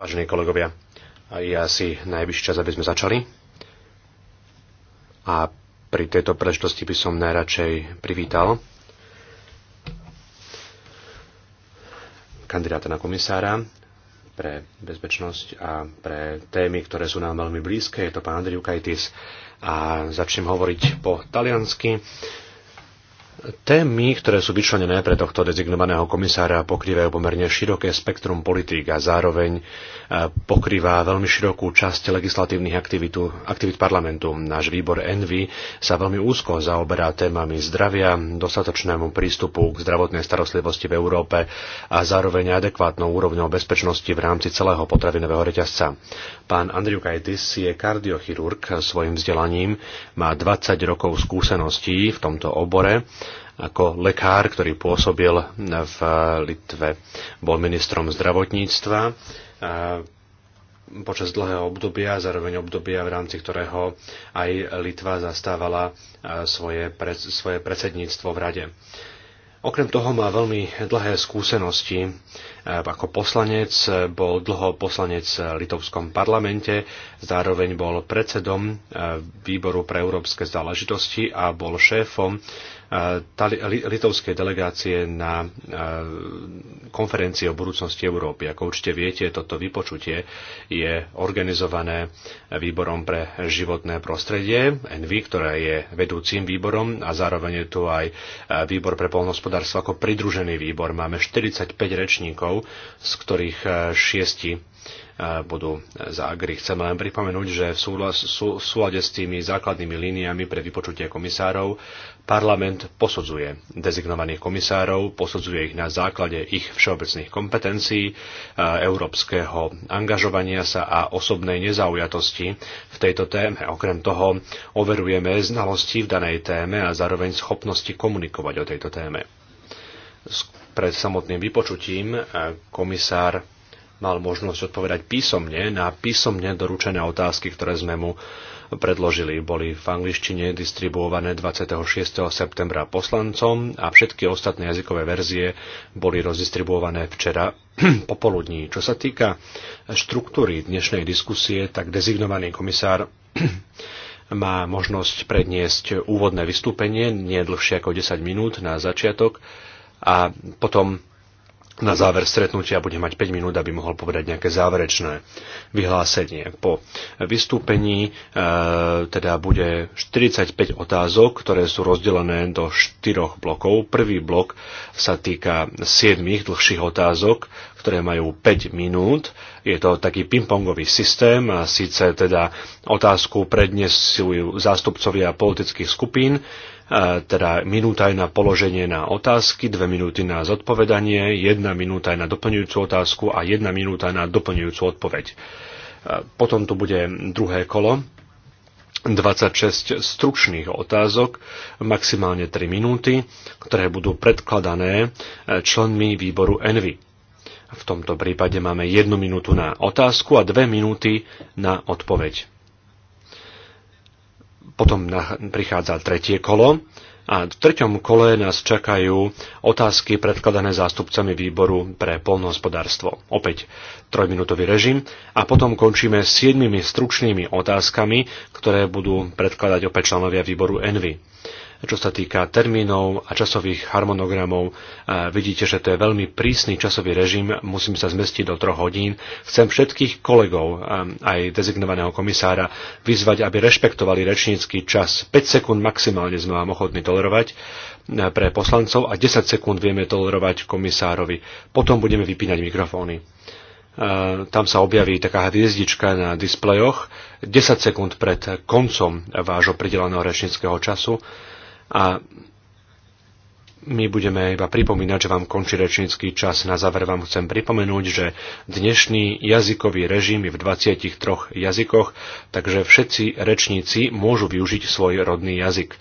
Vážení kolegovia, je asi najvyšší čas, aby sme začali. A pri tejto príležitosti by som najradšej privítal kandidáta na komisára pre bezpečnosť a pre témy, ktoré sú nám veľmi blízke. Je to pán Andriu Kajtis a začnem hovoriť po taliansky. Témy, ktoré sú vyčlenené pre tohto dezignovaného komisára, pokrývajú pomerne široké spektrum politík a zároveň e, pokrýva veľmi širokú časť legislatívnych aktivitu, aktivít parlamentu. Náš výbor Envy sa veľmi úzko zaoberá témami zdravia, dostatočnému prístupu k zdravotnej starostlivosti v Európe a zároveň adekvátnou úrovňou bezpečnosti v rámci celého potravinového reťazca. Pán Andriu Kajtis je kardiochirurg svojim vzdelaním, má 20 rokov skúseností v tomto obore ako lekár, ktorý pôsobil v Litve. Bol ministrom zdravotníctva počas dlhého obdobia, zároveň obdobia, v rámci ktorého aj Litva zastávala svoje, pred, svoje predsedníctvo v Rade. Okrem toho má veľmi dlhé skúsenosti ako poslanec, bol dlho poslanec v Litovskom parlamente, zároveň bol predsedom výboru pre európske záležitosti a bol šéfom litovskej delegácie na konferencii o budúcnosti Európy. Ako určite viete, toto vypočutie je organizované výborom pre životné prostredie, NV, ktoré je vedúcim výborom a zároveň je tu aj výbor pre polnohospodárstvo ako pridružený výbor. Máme 45 rečníkov, z ktorých 6 budú za Agri. Chcem len pripomenúť, že v súlade s tými základnými líniami pre vypočutie komisárov Parlament posudzuje dezignovaných komisárov, posudzuje ich na základe ich všeobecných kompetencií, e, európskeho angažovania sa a osobnej nezaujatosti v tejto téme. Okrem toho overujeme znalosti v danej téme a zároveň schopnosti komunikovať o tejto téme. Pred samotným vypočutím e, komisár mal možnosť odpovedať písomne na písomne doručené otázky, ktoré sme mu predložili. Boli v angličtine distribuované 26. septembra poslancom a všetky ostatné jazykové verzie boli rozdistribuované včera popoludní. Čo sa týka štruktúry dnešnej diskusie, tak dezignovaný komisár má možnosť predniesť úvodné vystúpenie, nie dlhšie ako 10 minút na začiatok a potom na záver stretnutia bude mať 5 minút, aby mohol povedať nejaké záverečné vyhlásenie. Po vystúpení e, teda bude 45 otázok, ktoré sú rozdelené do 4 blokov. Prvý blok sa týka 7 dlhších otázok, ktoré majú 5 minút. Je to taký pingpongový systém a síce teda otázku prednesujú zástupcovia politických skupín teda minúta aj na položenie na otázky, dve minúty na zodpovedanie, jedna minúta aj na doplňujúcu otázku a jedna minúta na doplňujúcu odpoveď. Potom tu bude druhé kolo, 26 stručných otázok, maximálne 3 minúty, ktoré budú predkladané členmi výboru ENVY. V tomto prípade máme 1 minútu na otázku a 2 minúty na odpoveď. Potom prichádza tretie kolo a v treťom kole nás čakajú otázky predkladané zástupcami výboru pre polnohospodárstvo. Opäť trojminútový režim a potom končíme s siedmimi stručnými otázkami, ktoré budú predkladať opäť členovia výboru Envy čo sa týka termínov a časových harmonogramov. Eh, vidíte, že to je veľmi prísny časový režim, musím sa zmestiť do troch hodín. Chcem všetkých kolegov, eh, aj dezignovaného komisára, vyzvať, aby rešpektovali rečnícky čas. 5 sekúnd maximálne sme vám ochotní tolerovať eh, pre poslancov a 10 sekúnd vieme tolerovať komisárovi. Potom budeme vypínať mikrofóny tam sa objaví taká hviezdička na displejoch 10 sekúnd pred koncom vášho prideleného rečníckého času a my budeme iba pripomínať, že vám končí rečnícky čas. Na záver vám chcem pripomenúť, že dnešný jazykový režim je v 23 jazykoch, takže všetci rečníci môžu využiť svoj rodný jazyk.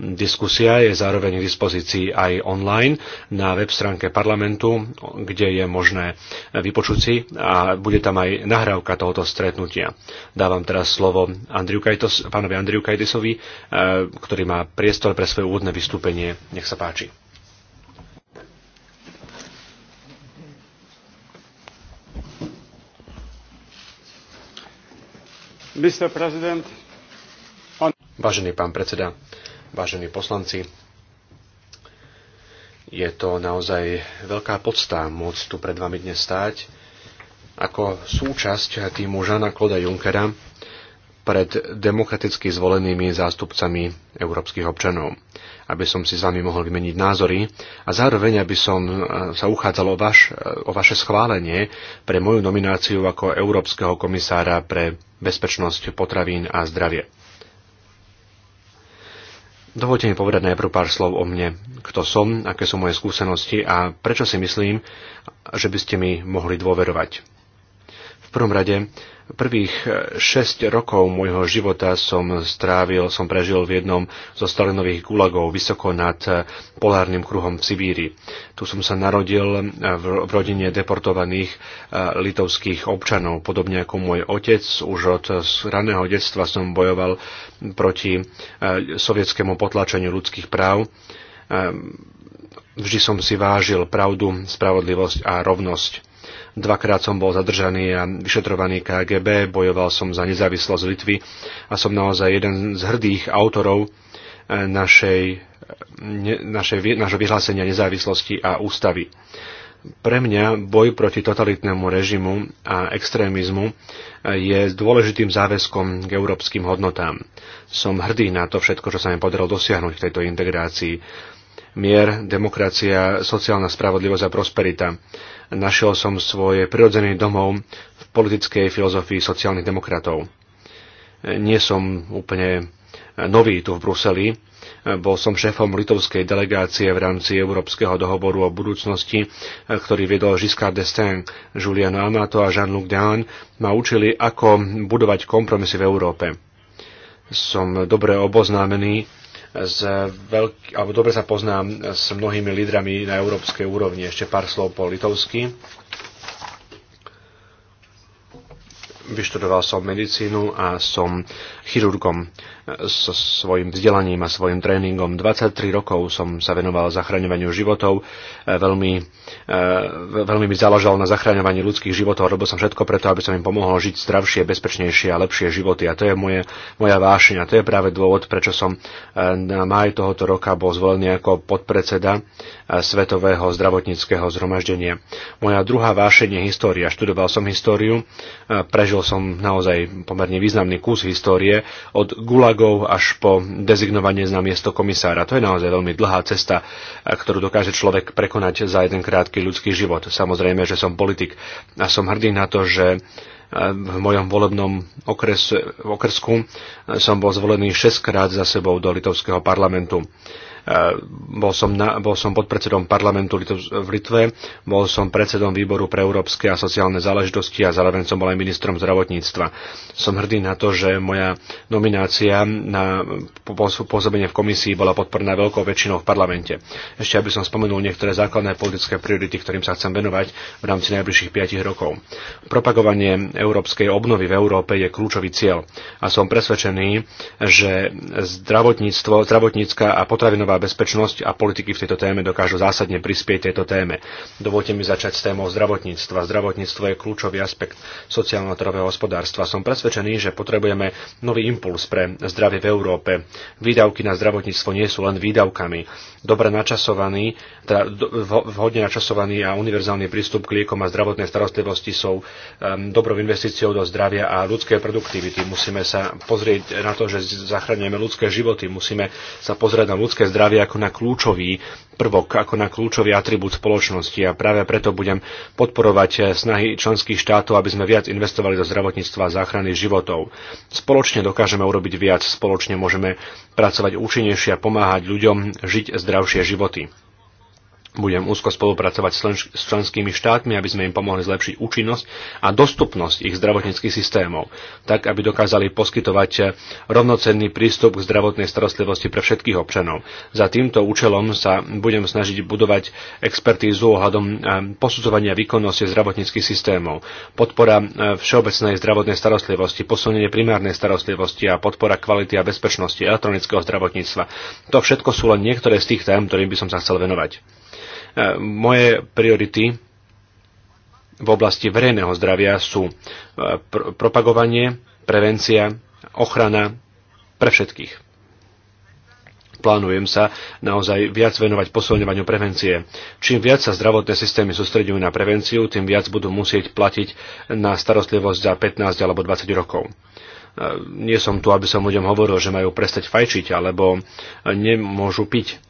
Diskusia je zároveň k dispozícii aj online na web stránke parlamentu, kde je možné vypočuť si a bude tam aj nahrávka tohoto stretnutia. Dávam teraz slovo Andriu Kajtos, pánovi Andriu Kajtisovi, eh, ktorý má priestor pre svoje úvodné vystúpenie. Nech sa páči. On... Vážený pán predseda, vážení poslanci. Je to naozaj veľká podstá môcť tu pred vami dnes stáť ako súčasť týmu Žana Kloda Junckera pred demokraticky zvolenými zástupcami európskych občanov, aby som si s vami mohol vymeniť názory a zároveň, aby som e, sa uchádzal o, vaš, e, o vaše schválenie pre moju nomináciu ako európskeho komisára pre bezpečnosť potravín a zdravie. Dovolte mi povedať najprv pár slov o mne, kto som, aké sú moje skúsenosti a prečo si myslím, že by ste mi mohli dôverovať. V prvom rade Prvých 6 eh, rokov môjho života som strávil, som prežil v jednom zo stalinových gulagov vysoko nad eh, polárnym kruhom v Sibíri. Tu som sa narodil eh, v rodine deportovaných litovských občanov. Podobne ako môj otec, už od raného detstva som bojoval proti sovietskému potlačeniu ľudských práv. Vždy som si vážil pravdu, spravodlivosť a rovnosť Dvakrát som bol zadržaný a vyšetrovaný KGB, bojoval som za nezávislosť Litvy a som naozaj jeden z hrdých autorov eh, našej, eh, našej, našho vyhlásenia nezávislosti a ústavy. Pre mňa boj proti totalitnému režimu a extrémizmu eh, je dôležitým záväzkom k európskym hodnotám. Som hrdý na to všetko, čo sa mi podarilo dosiahnuť v tejto integrácii mier, demokracia, sociálna spravodlivosť a prosperita. Našiel som svoje prirodzený domov v politickej filozofii sociálnych demokratov. Nie som úplne nový tu v Bruseli. Bol som šéfom litovskej delegácie v rámci Európskeho dohovoru o budúcnosti, ktorý viedol Giscard d'Estaing, Julian Amato a Jean-Luc Dehaene, ma učili, ako budovať kompromisy v Európe. Som dobre oboznámený s veľk- alebo dobre sa poznám s mnohými lídrami na európskej úrovni. Ešte pár slov po litovsky. Vyštudoval som medicínu a som chirurgom e, so svojim vzdelaním a svojim tréningom. 23 rokov som sa venoval zachraňovaniu životov, e, veľmi, e, veľmi mi záležalo na zachraňovaní ľudských životov, robil som všetko preto, aby som im pomohol žiť zdravšie, bezpečnejšie a lepšie životy. A to je moje, moja vášeň a to je práve dôvod, prečo som na máj tohoto roka bol zvolený ako podpredseda Svetového zdravotníckého zhromaždenia. Moja druhá vášeň je história. Študoval som históriu, prežil som naozaj pomerne významný kus histórie, od gulagov až po dezignovanie na miesto komisára. To je naozaj veľmi dlhá cesta, ktorú dokáže človek prekonať za jeden krátky ľudský život. Samozrejme, že som politik a som hrdý na to, že e, v mojom volebnom okres, okresku e, som bol zvolený 6 krát za sebou do litovského parlamentu. Eh, bol som, na, bol som podpredsedom parlamentu v Litve, bol som predsedom výboru pre európske a sociálne záležitosti a zároveň som bol aj ministrom zdravotníctva. Som hrdý na to, že moja nominácia na pôsobenie v komisii bola podporná veľkou väčšinou v parlamente. Ešte aby som spomenul niektoré základné politické priority, ktorým sa chcem venovať v rámci najbližších 5 rokov. Propagovanie európskej obnovy v Európe je kľúčový cieľ a som presvedčený, že zdravotníctvo, zdravotnícka a potravinová bezpečnosť a politiky v tejto téme dokážu zásadne prispieť tejto téme. Dovolte mi začať s témou zdravotníctva. Zdravotníctvo je kľúčový aspekt sociálno-trhového hospodárstva. Som presvedčený, že potrebujeme nový impuls pre zdravie v Európe. Výdavky na zdravotníctvo nie sú len výdavkami. Dobre načasovaný, teda vhodne načasovaný a univerzálny prístup k liekom a zdravotnej starostlivosti sú um, dobrou investíciou do zdravia a ľudskej produktivity. Musíme sa pozrieť na to, že zachránime ľudské životy, musíme sa pozrieť na ľudské zdravie zdravie ako na kľúčový prvok, ako na kľúčový atribút spoločnosti a práve preto budem podporovať snahy členských štátov, aby sme viac investovali do zdravotníctva a záchrany životov. Spoločne dokážeme urobiť viac, spoločne môžeme pracovať účinnejšie a pomáhať ľuďom žiť zdravšie životy. Budem úzko spolupracovať s členskými štátmi, aby sme im pomohli zlepšiť účinnosť a dostupnosť ich zdravotníckých systémov, tak aby dokázali poskytovať eh, rovnocenný prístup k zdravotnej starostlivosti pre všetkých občanov. Za týmto účelom sa budem snažiť budovať expertízu ohľadom eh, posudzovania výkonnosti zdravotníckých systémov, podpora eh, všeobecnej zdravotnej starostlivosti, posunenie primárnej starostlivosti a podpora kvality a bezpečnosti elektronického zdravotníctva. To všetko sú len niektoré z tých tém, ktorým by som sa chcel venovať. E, moje priority v oblasti verejného zdravia sú e, pr- propagovanie, prevencia, ochrana pre všetkých. Plánujem sa naozaj viac venovať posilňovaniu prevencie. Čím viac sa zdravotné systémy sústredujú na prevenciu, tým viac budú musieť platiť na starostlivosť za 15 alebo 20 rokov e, nie som tu, aby som ľuďom hovoril, že majú prestať fajčiť alebo nemôžu piť.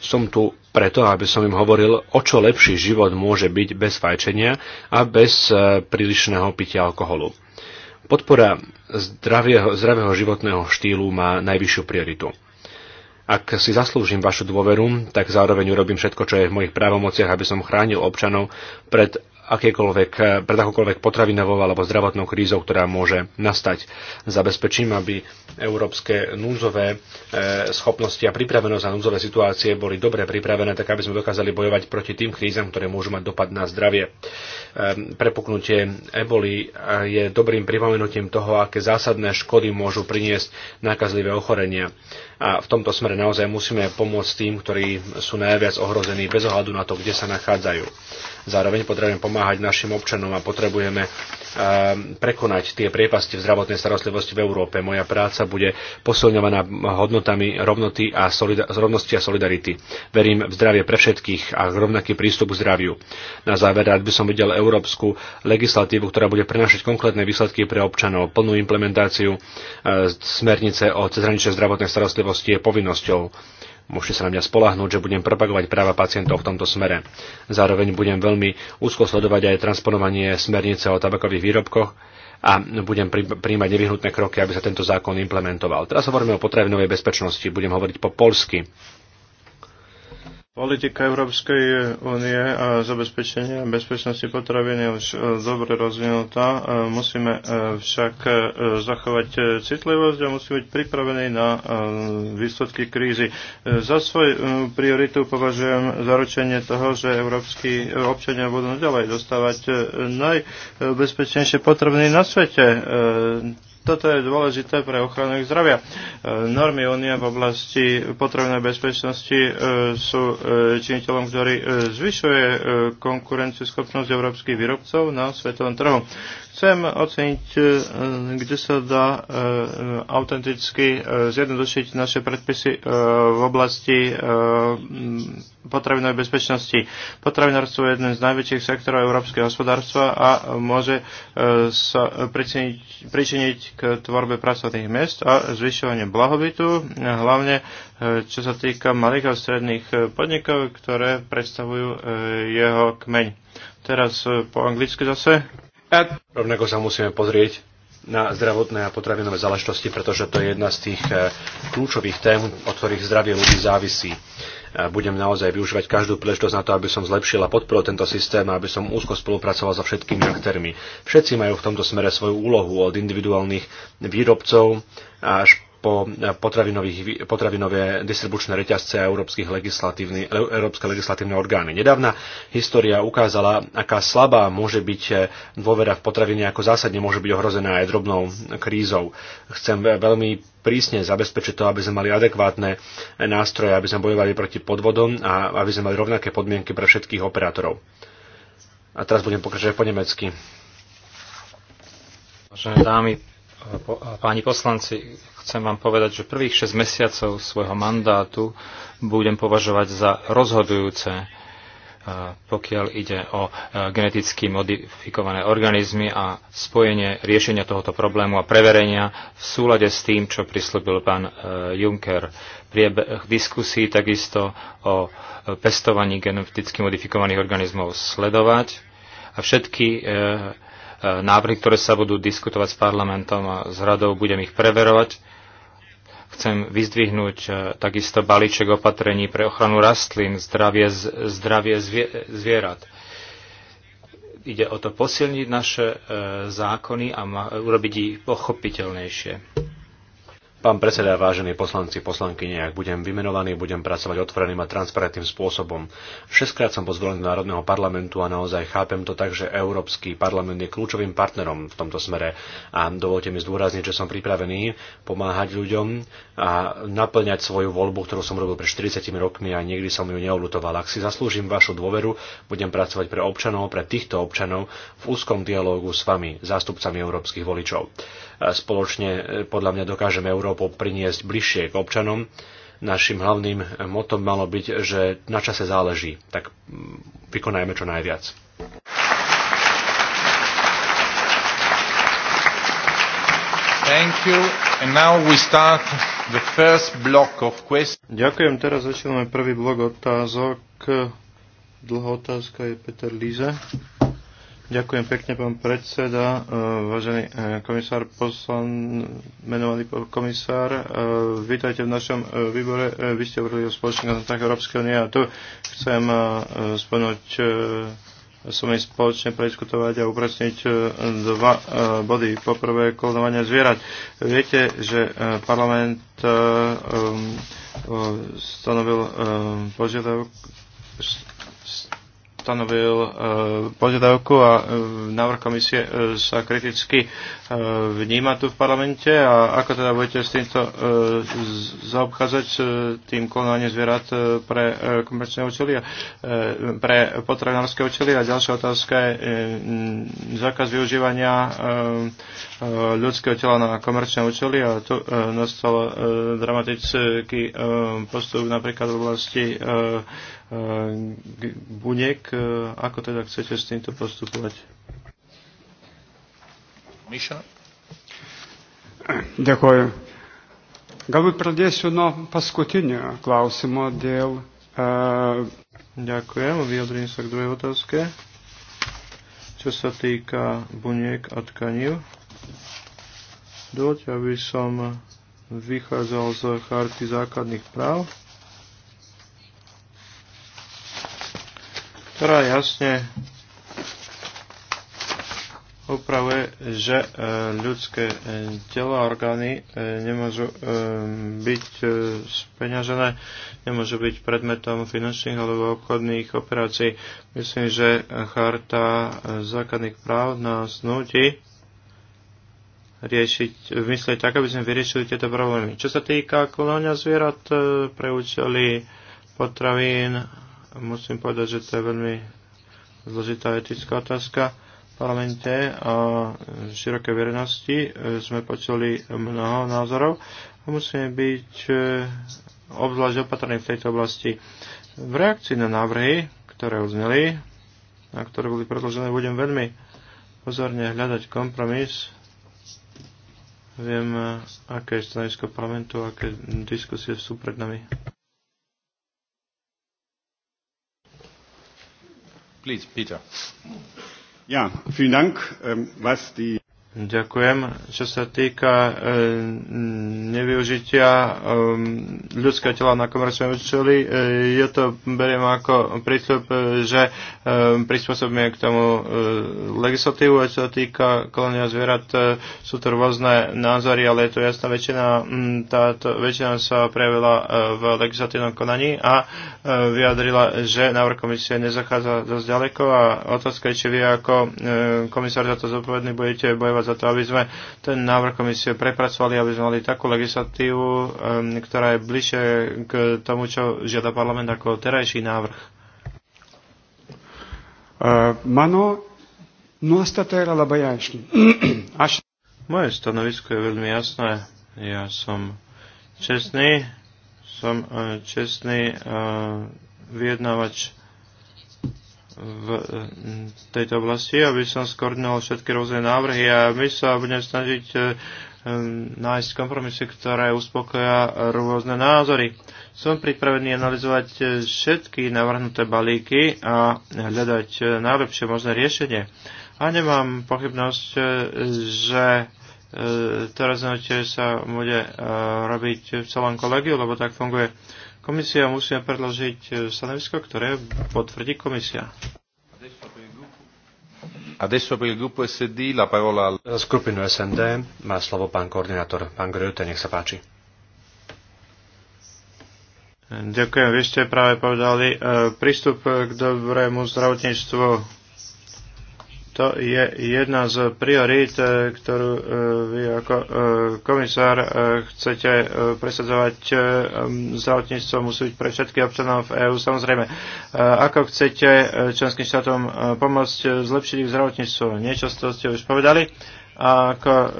Som tu preto, aby som im hovoril, o čo lepší život môže byť bez fajčenia a bez e, prílišného pitia alkoholu. Podpora zdravého, zdravého životného štýlu má najvyššiu prioritu. Ak si zaslúžim vašu dôveru, tak zároveň urobím všetko, čo je v mojich právomociach, aby som chránil občanov pred akékoľvek, eh, pred akokoľvek potravinovou alebo zdravotnou krízou, ktorá môže nastať. Zabezpečím, aby európske núdzové eh, schopnosti a pripravenosť na núzové situácie boli dobre pripravené, tak aby sme dokázali bojovať proti tým krízam, ktoré môžu mať dopad na zdravie. Eh, prepuknutie eboli je dobrým pripomenutím toho, aké zásadné škody môžu priniesť nákazlivé ochorenia. A v tomto smere naozaj musíme pomôcť tým, ktorí sú najviac ohrození bez ohľadu na to, kde sa nachádzajú. Zároveň potrebujeme pomáhať našim občanom a potrebujeme Um, prekonať tie priepasti v zdravotnej starostlivosti v Európe. Moja práca bude posilňovaná hodnotami rovnoty a solida- rovnosti a solidarity. Verím v zdravie pre všetkých a rovnaký prístup k zdraviu. Na záver rád by som videl európsku legislatívu, ktorá bude prenašať konkrétne výsledky pre občanov. Plnú implementáciu uh, smernice o cezhraničnej zdravotnej starostlivosti je povinnosťou Môžete sa na mňa spolahnúť, že budem propagovať práva pacientov v tomto smere. Zároveň budem veľmi úzko sledovať aj transponovanie smernice o tabakových výrobkoch a budem príjmať nevyhnutné kroky, aby sa tento zákon implementoval. Teraz hovoríme o potravinovej bezpečnosti, budem hovoriť po polsky. Politika Európskej únie a zabezpečenie bezpečnosti potravín je už e, dobre rozvinutá. E, musíme e, však zachovať citlivosť a musíme byť pripravení na výsledky krízy. Za svoju prioritu považujem zaručenie toho, že európsky občania budú ďalej dostávať najbezpečnejšie potraviny na svete toto je dôležité pre ochranu ich zdravia. E, normy únie v oblasti potrebnej bezpečnosti e, sú e, činiteľom, ktorý zvyšuje konkurencieschopnosť európskych výrobcov na svetovom trhu. Chcem oceniť, e, kde sa dá e, autenticky e, zjednodušiť naše predpisy v oblasti potravinovej bezpečnosti. Potravinárstvo je jeden z najväčších sektorov európskeho hospodárstva a môže sa pričiniť, k tvorbe pracovných miest a zvyšovanie blahobytu, hlavne čo sa týka malých a stredných podnikov, ktoré predstavujú jeho kmeň. Teraz po anglicky zase. Rovnako sa musíme pozrieť na zdravotné a potravinové záležitosti, pretože to je jedna z tých e, kľúčových tém, od ktorých zdravie ľudí závisí. E, budem naozaj využívať každú príležitosť na to, aby som zlepšil a podporil tento systém a aby som úzko spolupracoval so všetkými aktérmi. Všetci majú v tomto smere svoju úlohu od individuálnych výrobcov až po potravinové distribučné reťazce a e, európske legislatívne orgány. Nedávna história ukázala, aká slabá môže byť e, dôvera v potraviny, ako zásadne môže byť ohrozená aj drobnou krízou. Chcem veľmi prísne zabezpečiť to, aby sme mali adekvátne nástroje, aby sme bojovali proti podvodom a aby sme mali rovnaké podmienky pre všetkých operátorov. A teraz budem pokračovať po nemecky. Vážené dámy, páni poslanci, chcem vám povedať, že prvých 6 mesiacov svojho mandátu budem považovať za rozhodujúce, pokiaľ ide o geneticky modifikované organizmy a spojenie riešenia tohoto problému a preverenia v súlade s tým, čo prislúbil pán e, Juncker. Priebeh diskusí takisto o e, pestovaní geneticky modifikovaných organizmov sledovať a všetky e, Eh, návrhy, ktoré sa budú diskutovať s parlamentom a s radou, budem ich preverovať. Chcem vyzdvihnúť eh, takisto balíček opatrení pre ochranu rastlín, zdravie, zdravie zvierat. Ide o to posilniť naše eh, zákony a urobiť ich pochopiteľnejšie. Pán predseda, vážení poslanci, poslankyne, ak budem vymenovaný, budem pracovať otvoreným a transparentným spôsobom. Šestkrát som bol zvolený do Národného parlamentu a naozaj chápem to tak, že Európsky parlament je kľúčovým partnerom v tomto smere. A dovolte mi zdôrazniť, že som pripravený pomáhať ľuďom a naplňať svoju voľbu, ktorú som robil pred 40 rokmi a nikdy som ju neolutoval. Ak si zaslúžim vašu dôveru, budem pracovať pre občanov, pre týchto občanov v úzkom dialógu s vami, zástupcami európskych voličov spoločne e, podľa mňa dokážeme Európu priniesť bližšie k občanom. Našim hlavným e, motom malo byť, že na čase záleží, tak mm, vykonajme čo najviac. Thank you. And now we start the first block of Ďakujem. Teraz začíname prvý blok otázok. Dlhá otázka je Peter Líze. Ďakujem pekne, pán predseda. E, vážený e, komisár, poslan, menovaný komisár, e, vítajte v našom výbore. Vy ste hovorili o spoločných kontaktách Európskej únie a tu chcem spomenúť som ich spoločne prediskutovať a upresniť dva body. Poprvé, klonovanie zvierat. Viete, že parlament stanovil požiadavku stanovil e, požiadavku a e, návrh komisie e, sa kriticky vníma tu v parlamente a ako teda budete s týmto zaobchádzať tým klonovaním zvierat pre komerčné účely a pre potravinárske účely a ďalšia otázka je zákaz využívania ľudského tela na komerčné účely a tu nastal dramatický postup napríklad v oblasti buniek, E, ako teda chcete s týmto postupovať? Miša? Ďakujem. Galbūt pradėsiu nuo paskutinio klausimo dėl. E, Ďakujem, vyjadrím sa k druhej otázke. Čo sa týka buniek a tkanív, dovoľte, aby som vychádzal z charty základných práv. ktorá jasne upravuje, že e, ľudské e, telo orgány e, nemôžu byť speňažené, nemôžu byť predmetom finančných alebo obchodných operácií. Myslím, že charta základných práv nás nutí riešiť, myslieť tak, aby sme vyriešili tieto problémy. Čo sa týka kolónia zvierat pre účely potravín Musím povedať, že to je veľmi zložitá etická otázka. V parlamente a širokej verejnosti e, sme počuli mnoho názorov a musíme byť e, obzvlášť opatrní v tejto oblasti. V reakcii na návrhy, ktoré uzneli a ktoré boli predložené, budem veľmi pozorne hľadať kompromis. Viem, e, aké je stanovisko parlamentu, aké diskusie sú pred nami. Please, Peter. Ja, vielen Dank. Ähm, was die Ďakujem. Čo sa týka e, nevyužitia e, ľudského tela na komerčné účely, e, ja to beriem ako prístup, e, že e, prispôsobíme k tomu e, legislatívu. A čo sa týka kolónia zvierat, e, sú to rôzne názory, ale je to jasná väčšina. Mm, táto väčšina sa prejavila e, v legislatívnom konaní a e, vyjadrila, že návrh komisie nezachádza dosť ďaleko a otázka je, či vy ako e, komisár za to zodpovedný budete bojovať za to, aby sme ten návrh komisie prepracovali, aby sme mali takú legislatívu, ktorá je bližšie k tomu, čo žiada parlament ako terajší návrh. Mano, no moje stanovisko je veľmi jasné. Ja som čestný, som eh, čestný eh, vyjednávač v eh, tejto oblasti, aby som skoordinoval všetky rôzne návrhy a my sa budeme snažiť eh, eh, nájsť kompromisy, ktoré uspokoja rôzne názory. Som pripravený analyzovať všetky navrhnuté balíky a hľadať najlepšie možné riešenie. A nemám pochybnosť, že to rozhodnutie sa bude robiť v celom kolegiu, lebo tak funguje Komisia musia predložiť e, stanovisko, ktoré potvrdí komisia. Adesso per il gruppo SD la parola al... Skupinu SND má slovo pán koordinátor. Pán Grote, nech sa páči. Ďakujem. Vy ste práve povedali e, prístup k dobrému zdravotníctvu to je jedna z priorít, e, ktorú e, vy ako e, komisár chcete presadzovať. Zdravotníctvo musí byť pre všetkých občanov v EÚ, samozrejme. Ako chcete členským štátom pomôcť zlepšiť ich zdravotníctvo? Niečo z toho ste už povedali a ako e, e,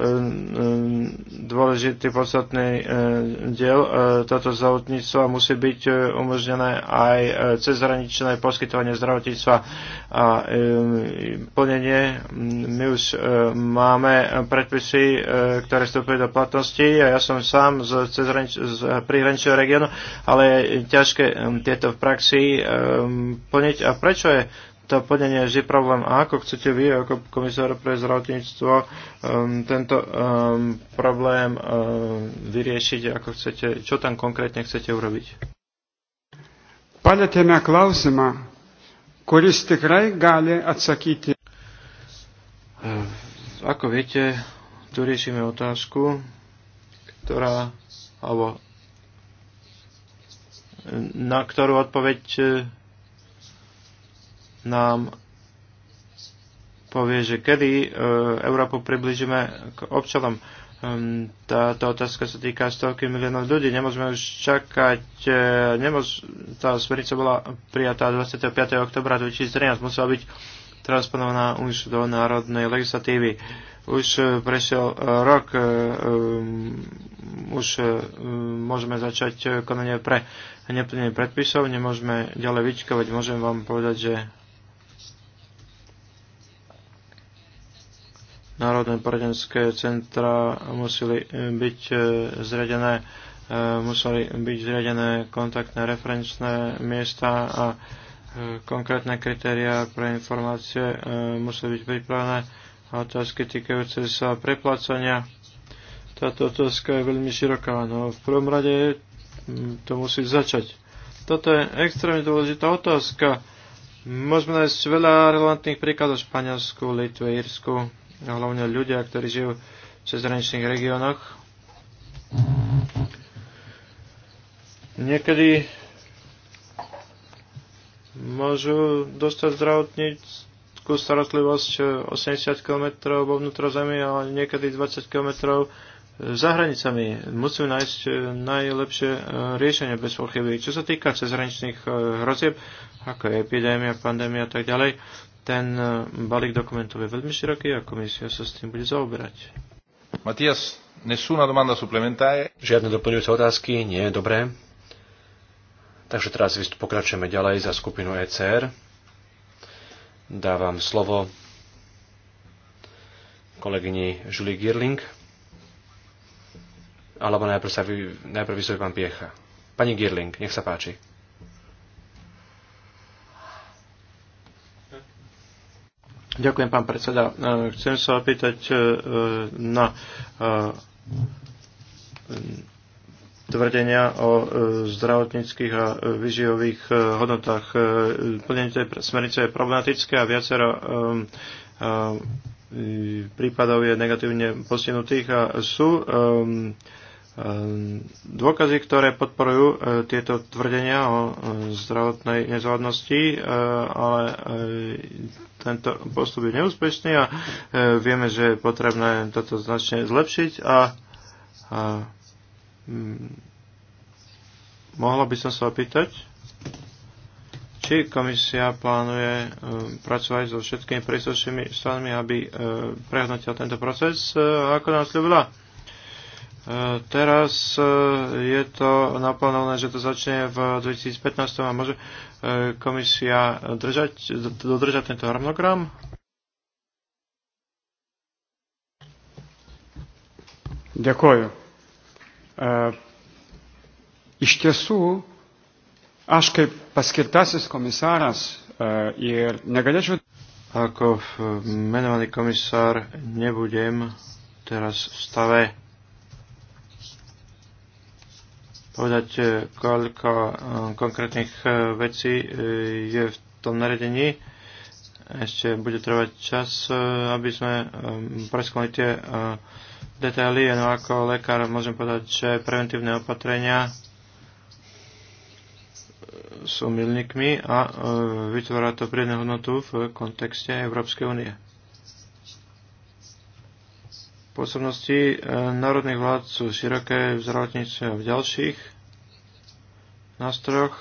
dôležitý podstatný e, diel toto zdravotníctva musí byť umožnené aj cezhraničné poskytovanie zdravotníctva a plnenie. My už máme predpisy, ktoré vstupujú do platnosti a ja som sám z, cezhranič- z prihraničného regiónu, ale je ťažké tieto v praxi plniť. A prečo je to plnenie je problém. A ako chcete vy, ako komisár pre zdravotníctvo, um, tento um, problém um, vyriešiť, ako chcete, čo tam konkrétne chcete urobiť? Palėtėme klausimą, kuris tikrai gali atsakyti. Uh, ako viete, tu riešime otázku, ktorá, alebo na ktorú odpoveď nám povie, že kedy e, Európu približíme k občanom. E, táto otázka sa týka stovky miliónov ľudí. Nemôžeme už čakať. E, Nemôž... Tá smernica bola prijatá 25. oktobra 2013. Musela byť transponovaná už do národnej legislatívy. Už prešiel rok, už môžeme začať konanie pre neplnenie predpisov, nemôžeme ďalej vyčkovať. Môžem vám povedať, že národné poradenské centra museli byť e, zriadené, e, museli byť zriadené kontaktné referenčné miesta a e, konkrétne kritéria pre informácie museli byť pripravené a otázky týkajúce sa preplácania. Táto otázka je veľmi široká, no v prvom rade to musí začať. Toto je extrémne dôležitá otázka. Môžeme nájsť veľa relevantných príkladov v Španielsku, Litve, Írsku hlavne ľudia, ktorí žijú v cezhraničných regiónoch. Niekedy môžu dostať zdravotníckú starostlivosť 80 km vo zemi ale niekedy 20 km za hranicami. Musím nájsť eh, najlepšie eh, riešenie bez pochyby. Čo sa týka cezhraničných eh, hrozieb, ako je epidémia, pandémia a tak ďalej, ten e, balík dokumentov je veľmi široký a komisia sa s tým bude zaoberať. Matias, nessuna domanda suplementare? Žiadne doplňujúce otázky? Nie, dobré. Takže teraz pokračujeme ďalej za skupinu ECR. Dávam slovo kolegyni Julie Girling. Alebo najprv, sa vy, najprv vystupí pán Piecha. Pani Girling, nech sa páči. Ďakujem, pán predseda. E, chcem sa opýtať e, na e, tvrdenia o zdravotníckých a vyživových hodnotách. Plnenie tej smernice je problematické a viacero prípadov je negatívne postihnutých a sú um, Ehm, dôkazy, ktoré podporujú e, tieto tvrdenia o e, zdravotnej nezvládnosti, e, ale tento postup je neúspešný a vieme, že je potrebné toto značne zlepšiť a, a mm, mohla by som sa opýtať, či komisia plánuje pracovať so všetkými príslušnými stranami, aby prehodnotila tento proces, ako nám slúbila Teraz e, je to naplánované, že to začne v 2015 a môže e, komisia držať, dodržať tento harmonogram? Ďakujem. Iš e, tiesų, aš kaip paskirtasis komisaras ir negalėčiau. Ako menovaný komisár nebudem teraz v stave povedať, e, koľko e, konkrétnych e, vecí je v tom naredení. Ešte bude trvať čas, aby sme preskúmali tie detaily, no ako lekár môžem povedať, že preventívne opatrenia sú milníkmi a vytvára to priedne hodnotu v kontexte Európskej únie. Pôsobnosti e, národných vlád sú široké v zdravotníctve a v ďalších nástrojoch.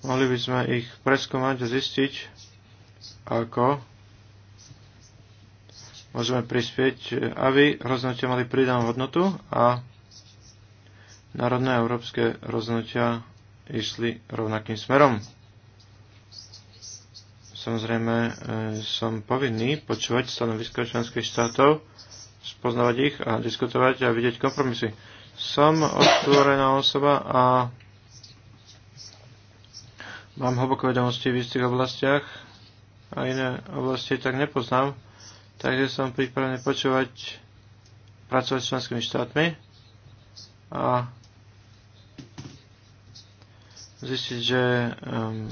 Mohli by sme ich preskúmať a zistiť, ako môžeme prispieť, aby rozhodnutia mali pridanú hodnotu a národné a európske rozhodnutia išli rovnakým smerom. Samozrejme, e, som povinný počúvať stanovisko členských štátov spoznávať ich a diskutovať a vidieť kompromisy. Som otvorená osoba a mám hlboké vedomosti v istých oblastiach a iné oblasti tak nepoznám, takže som pripravený počúvať, pracovať s členskými štátmi a zistiť, že um,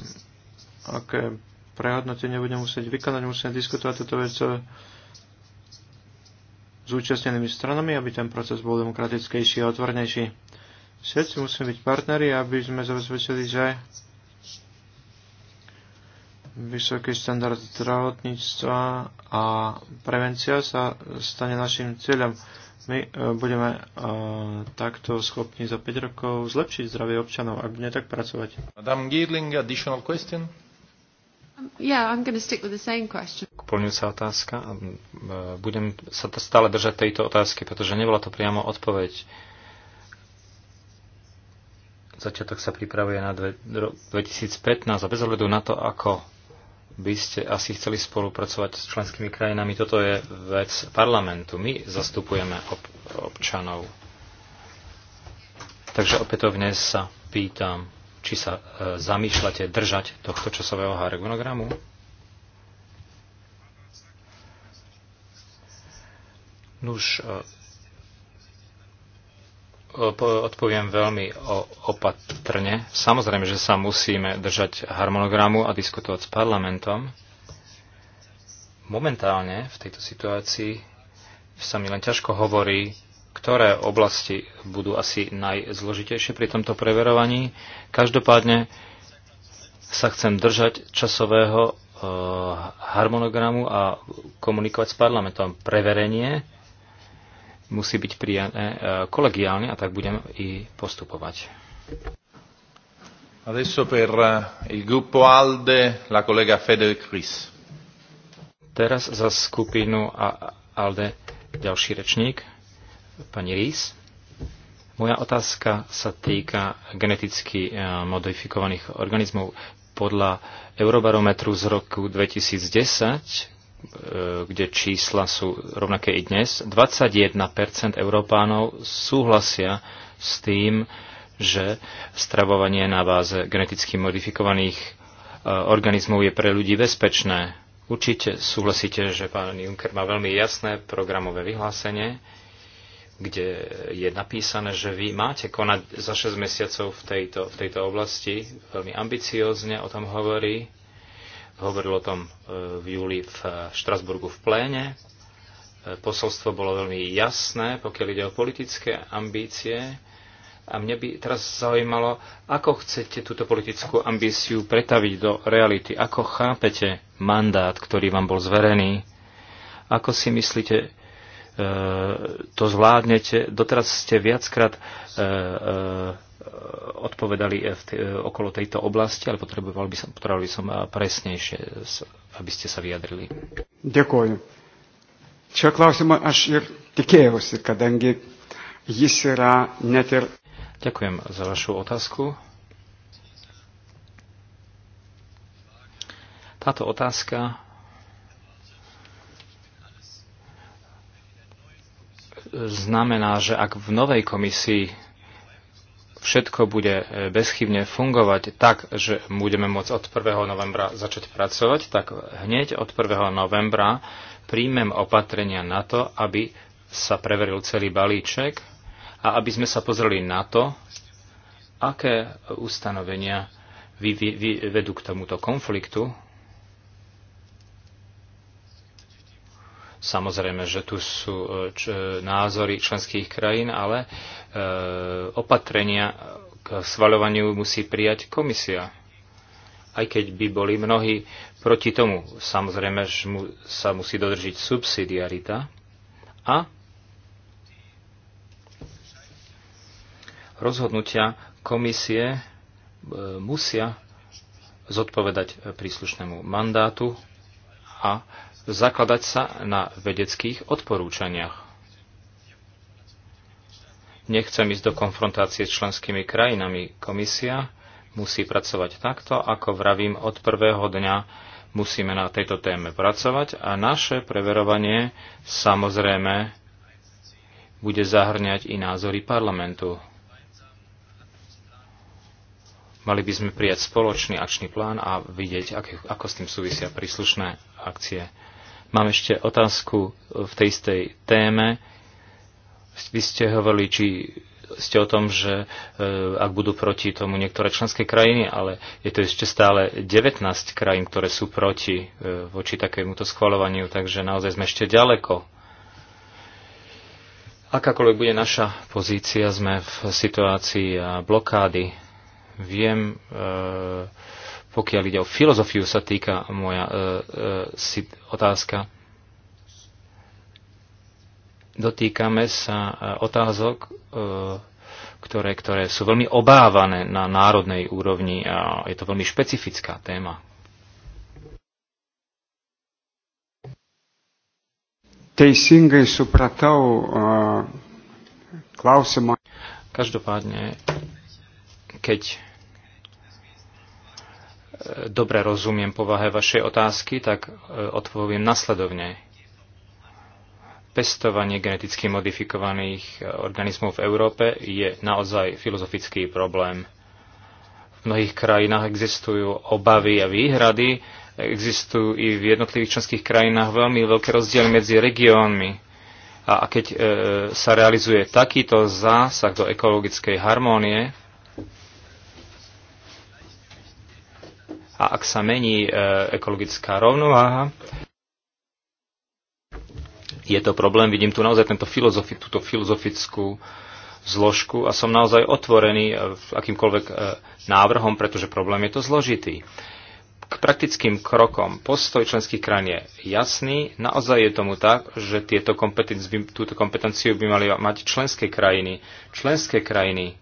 aké prehodnotenie budem musieť vykonať, musím diskutovať túto vec zúčastnenými stranami, aby ten proces bol demokratickejší a otvornejší. Všetci musíme byť partneri, aby sme zabezpečili, že vysoký štandard zdravotníctva a prevencia sa stane našim cieľom. My e, budeme e, takto schopní za 5 rokov zlepšiť zdravie občanov, ak nie tak pracovať. Madame Giedling, additional question? Yeah, otázka. E, budem sa stále držať tejto otázky, pretože nebola to priamo odpoveď. Začiatok sa pripravuje na 2015 a bez ohľadu na to, ako by ste asi chceli spolupracovať s členskými krajinami. Toto je vec parlamentu. My zastupujeme ob- občanov. Takže opätovne sa pýtam, či sa e, zamýšľate držať tohto časového harmonogramu? Nuž, e, odpoviem veľmi opatrne. Samozrejme, že sa musíme držať harmonogramu a diskutovať s parlamentom. Momentálne v tejto situácii sa mi len ťažko hovorí ktoré oblasti budú asi najzložitejšie pri tomto preverovaní. Každopádne sa chcem držať časového e, harmonogramu a komunikovať s parlamentom. Preverenie musí byť prijané e, kolegiálne a tak budem i postupovať. Adesso per eh, il gruppo ALDE la collega Fede Chris. Teraz za skupinu ALDE ďalší rečník pani Rís. Moja otázka sa týka geneticky eh, modifikovaných organizmov. Podľa Eurobarometru z roku 2010, eh, kde čísla sú rovnaké i dnes, 21 Európánov súhlasia s tým, že stravovanie na báze geneticky modifikovaných eh, organizmov je pre ľudí bezpečné. Určite súhlasíte, že pán Juncker má veľmi jasné programové vyhlásenie, kde je napísané, že vy máte konať za 6 mesiacov v tejto, v tejto oblasti. Veľmi ambiciozne o tom hovorí. Hovoril o tom e, v júli v e, Štrasburgu v pléne. E, posolstvo bolo veľmi jasné, pokiaľ ide o politické ambície. A mne by teraz zaujímalo, ako chcete túto politickú ambíciu pretaviť do reality. Ako chápete mandát, ktorý vám bol zverený? Ako si myslíte, to zvládnete. Doteraz ste viackrát e, e, odpovedali v t- okolo tejto oblasti, ale potreboval by som, potreboval by som e, presnejšie, aby ste sa vyjadrili. Ďakujem. Šio klausimą aš ir tikėjausi, kadangi jis yra net ir. Ďakujem za vašu otázku. Táto otázka znamená, že ak v novej komisii všetko bude e, bezchybne fungovať tak, že budeme môcť od 1. novembra začať pracovať, tak hneď od 1. novembra príjmem opatrenia na to, aby sa preveril celý balíček a aby sme sa pozreli na to, aké ustanovenia vedú k tomuto konfliktu Samozrejme, že tu sú e, e, názory členských krajín, ale e, opatrenia k svaľovaniu musí prijať komisia. Aj keď by boli mnohí proti tomu. Samozrejme, že mu, sa musí dodržiť subsidiarita a rozhodnutia komisie musia zodpovedať príslušnému mandátu a zakladať sa na vedeckých odporúčaniach. Nechcem ísť do konfrontácie s členskými krajinami. Komisia musí pracovať takto, ako vravím, od prvého dňa musíme na tejto téme pracovať a naše preverovanie samozrejme bude zahrňať i názory parlamentu. Mali by sme prijať spoločný akčný plán a vidieť, ako s tým súvisia príslušné akcie. Mám ešte otázku e, v tej istej téme. Vy ste hovorili, či ste o tom, že e, ak budú proti tomu niektoré členské krajiny, ale je to ešte stále 19 krajín, ktoré sú proti e, voči takémuto schvaľovaniu, takže naozaj sme ešte ďaleko. Akákoľvek bude naša pozícia, sme v situácii blokády. Viem, e pokiaľ ide o filozofiu, sa týka moja uh, e, e otázka. Dotýkame sa e, otázok, e, ktoré, ktoré sú veľmi obávané na národnej úrovni a je to veľmi špecifická téma. Teisingai supratau klausimą. Každopádne, keď dobre rozumiem povahe vašej otázky, tak e, odpoviem nasledovne. Pestovanie geneticky modifikovaných e, organizmov v Európe je naozaj filozofický problém. V mnohých krajinách existujú obavy a výhrady, existujú i v jednotlivých členských krajinách veľmi veľké rozdiely medzi regiónmi. A keď e, sa realizuje takýto zásah do ekologickej harmónie, a ak sa mení e, ekologická rovnováha, je to problém. Vidím tu naozaj tento filozofi, túto filozofickú zložku a som naozaj otvorený e, akýmkoľvek e, návrhom, pretože problém je to zložitý. K praktickým krokom postoj členských krajín je jasný. Naozaj je tomu tak, že tieto kompetenci, túto kompetenciu by mali mať členské krajiny. Členské krajiny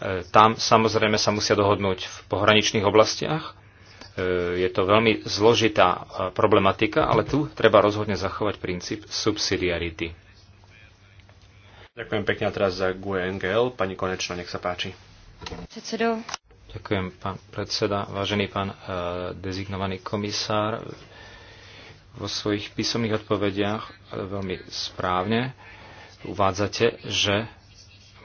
E, tam samozrejme sa musia dohodnúť v pohraničných oblastiach. E, je to veľmi zložitá e, problematika, ale tu treba rozhodne zachovať princíp subsidiarity. Ďakujem pekne teraz za GUNGL. Pani Konečno, nech sa páči. Predsedo. Ďakujem, pán predseda. Vážený pán dezignovaný komisár, vo svojich písomných odpovediach veľmi správne uvádzate, že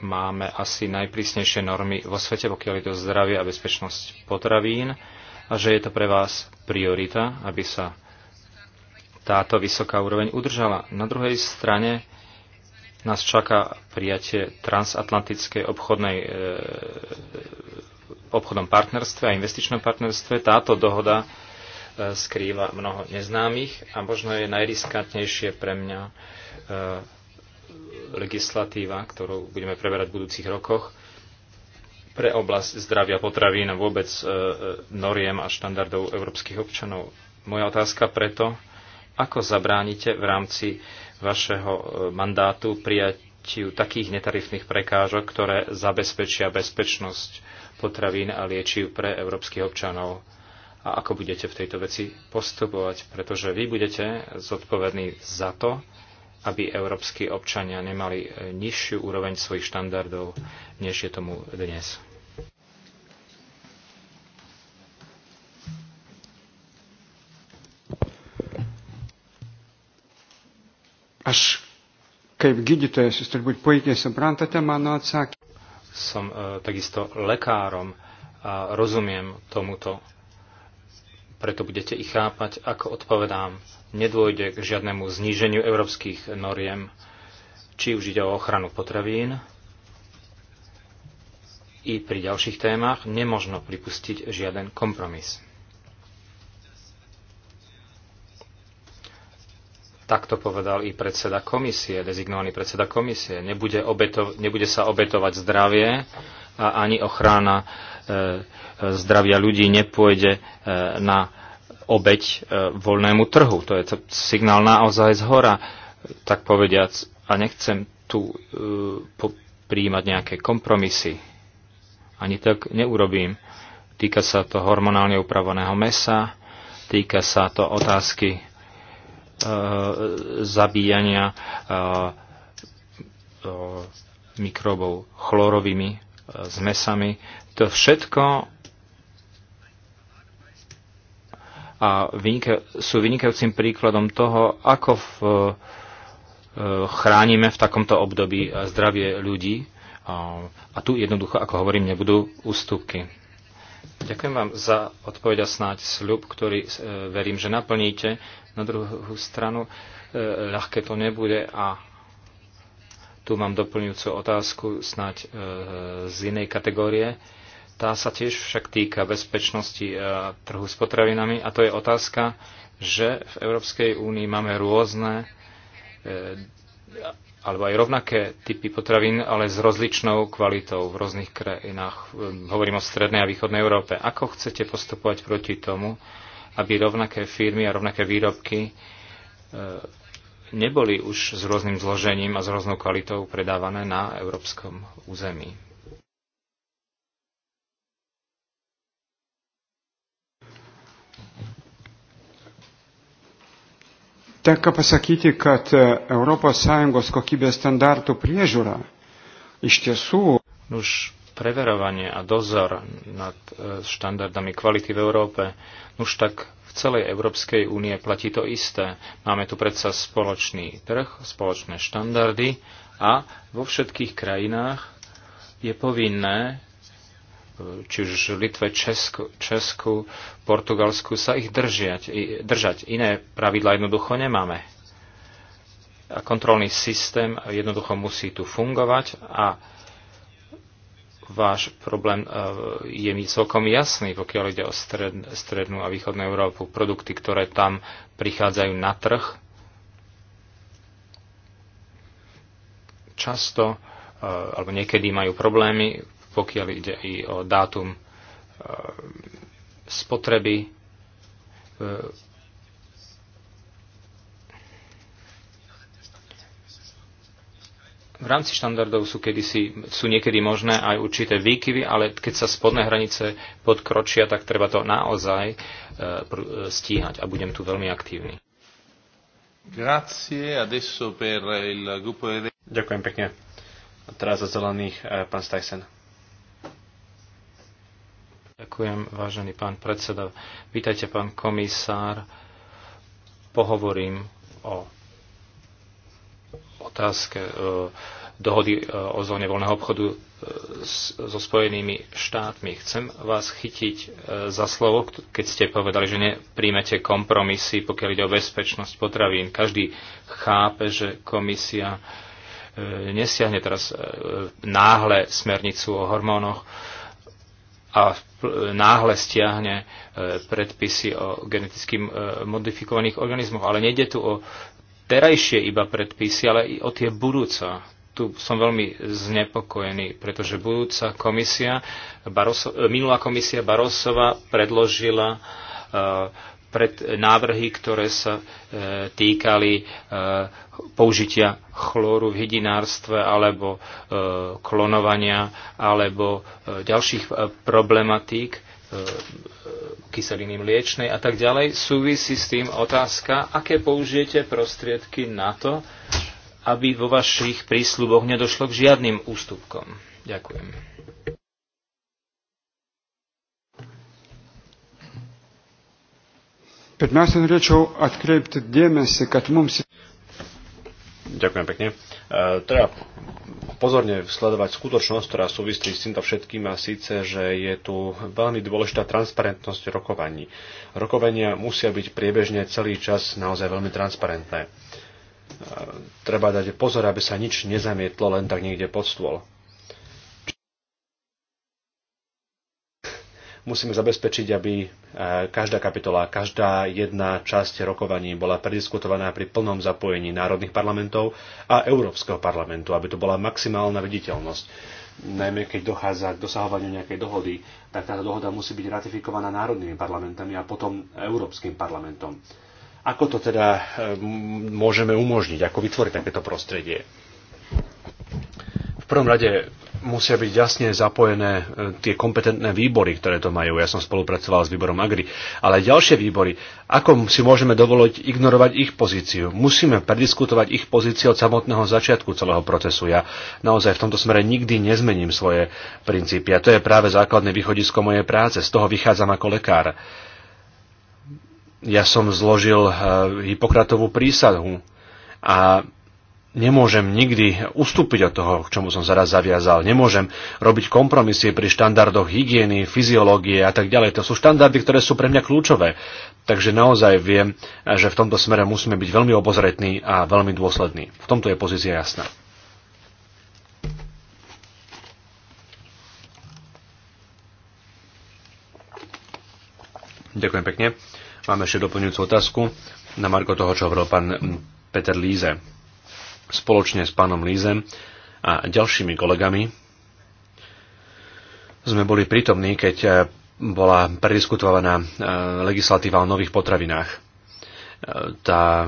máme asi najprísnejšie normy vo svete, pokiaľ je to zdravie a bezpečnosť potravín a že je to pre vás priorita, aby sa táto vysoká úroveň udržala. Na druhej strane nás čaká prijatie transatlantickej obchodnej, e, obchodnom partnerstve a investičnom partnerstve. Táto dohoda e, skrýva mnoho neznámych a možno je najriskantnejšie pre mňa e, legislatíva, ktorú budeme preberať v budúcich rokoch, pre oblasť zdravia potravín a vôbec e, e noriem a štandardov európskych občanov. Moja otázka preto, ako zabránite v rámci vašeho e, mandátu prijatiu takých netarifných prekážok, ktoré zabezpečia bezpečnosť potravín a liečiv pre európskych občanov a ako budete v tejto veci postupovať, pretože vy budete zodpovední za to, aby európsky občania nemali e, nižšiu úroveň svojich štandardov, než je tomu dnes. Až keď Aš kaip gydytojas, jūs turbūt puikiai suprantate mano atsakymą. Som e, takisto lekárom a rozumiem tomuto preto budete ich chápať, ako odpovedám, nedôjde k žiadnemu zníženiu európskych noriem, či už ide o ochranu potravín i pri ďalších témach nemožno pripustiť žiaden kompromis. Takto povedal i predseda komisie, dezignovaný predseda komisie. Nebude, obeto, nebude sa obetovať zdravie a ani ochrana E, zdravia ľudí nepôjde e, na obeď e, voľnému trhu. To je to signál naozaj z hora, tak povediac. A nechcem tu prijímať nejaké kompromisy. Ani tak neurobím. Týka sa to hormonálne upraveného mesa, týka sa to otázky e, zabíjania e, e, mikrobov chlorovými s mesami. To všetko a vynika- sú vynikajúcim príkladom toho, ako v, e, chránime v takomto období zdravie ľudí. A tu jednoducho, ako hovorím, nebudú ústupky. Ďakujem vám za odpoveď a snáď sľub, ktorý e, verím, že naplníte. Na druhú stranu e, ľahké to nebude a tu mám doplňujúcu otázku, snáď e, z inej kategórie. Tá sa tiež však týka bezpečnosti e, trhu s potravinami a to je otázka, že v Európskej únii máme rôzne e, alebo aj rovnaké typy potravín, ale s rozličnou kvalitou v rôznych krajinách. Hovorím o strednej a východnej Európe. Ako chcete postupovať proti tomu, aby rovnaké firmy a rovnaké výrobky neboli už s rôznym zložením a s rôznou kvalitou predávané na európskom území. Tenka pasakyti, kad ES kokybės standartų priežiūra iš tiesų. Už preverovanie a dozor nad e, štandardami kvality v Európe, už tak celej Európskej únie platí to isté. Máme tu predsa spoločný trh, spoločné štandardy a vo všetkých krajinách je povinné, či už Litve, Česku, Česku Portugalsku, sa ich držiať, držať. Iné pravidla jednoducho nemáme. A kontrolný systém jednoducho musí tu fungovať a váš problém e, je mi celkom jasný, pokiaľ ide o stred, strednú a východnú Európu. Produkty, ktoré tam prichádzajú na trh, často e, alebo niekedy majú problémy, pokiaľ ide i o dátum e, spotreby v rámci štandardov sú, kedysi, sú niekedy možné aj určité výkyvy, ale keď sa spodné hranice podkročia, tak treba to naozaj e, e, stíhať a budem tu veľmi aktívny. Ďakujem pekne. A teraz za zelených e, pán Stajsen. Ďakujem, vážený pán predseda. Vítajte, pán komisár. Pohovorím o otázke e, dohody e, o zóne voľného obchodu e, so Spojenými štátmi. Chcem vás chytiť za slovo, keď ste povedali, že nepríjmete kompromisy, pokiaľ ide o bezpečnosť potravín. Každý chápe, že komisia nesiahne teraz náhle smernicu o hormónoch a náhle stiahne predpisy o geneticky modifikovaných organizmoch. Ale nejde tu o terajšie iba predpisy, ale i o tie budúca. Tu som veľmi znepokojený, pretože budúca komisia, Baroso, e, minulá komisia Barosova predložila e, pred návrhy, ktoré sa e, týkali použitia chlóru v hydinárstve alebo klonovania alebo ďalších problematík. E, e, kyseliny mliečnej a tak ďalej, súvisí s tým otázka, aké použijete prostriedky na to, aby vo vašich prísľuboch nedošlo k žiadnym ústupkom. Ďakujem. Pred nás Pirmiausia, norėčiau atkreipti dėmesį, kad mums Ďakujem pekne. E, treba pozorne sledovať skutočnosť, ktorá súvisí s týmto všetkým a síce, že je tu veľmi dôležitá transparentnosť rokovaní. Rokovania musia byť priebežne celý čas naozaj veľmi transparentné. E, treba dať pozor, aby sa nič nezamietlo len tak niekde pod stôl musíme zabezpečiť, aby e, každá kapitola, každá jedna časť rokovaní bola prediskutovaná pri plnom zapojení národných parlamentov a Európskeho parlamentu, aby to bola maximálna viditeľnosť. Najmä keď dochádza k dosahovaniu nejakej dohody, tak táto dohoda musí byť ratifikovaná národnými parlamentami a potom Európskym parlamentom. Ako to teda e, môžeme umožniť? Ako vytvoriť takéto prostredie? V prvom rade musia byť jasne zapojené e, tie kompetentné výbory, ktoré to majú. Ja som spolupracoval s výborom Agri, ale ďalšie výbory. Ako si môžeme dovoliť ignorovať ich pozíciu? Musíme prediskutovať ich pozíciu od samotného začiatku celého procesu. Ja naozaj v tomto smere nikdy nezmením svoje princípy. A to je práve základné východisko mojej práce. Z toho vychádzam ako lekár. Ja som zložil e, Hipokratovú prísahu a nemôžem nikdy ustúpiť od toho, k čomu som sa raz zaviazal. Nemôžem robiť kompromisie pri štandardoch hygieny, fyziológie a tak ďalej. To sú štandardy, ktoré sú pre mňa kľúčové. Takže naozaj viem, že v tomto smere musíme byť veľmi obozretní a veľmi dôslední. V tomto je pozícia jasná. Ďakujem pekne. Máme ešte doplňujúcu otázku na Marko toho, čo hovoril pán Peter Líze spoločne s pánom Lízem a ďalšími kolegami sme boli prítomní, keď eh, bola prediskutovaná eh, legislatíva o nových potravinách tá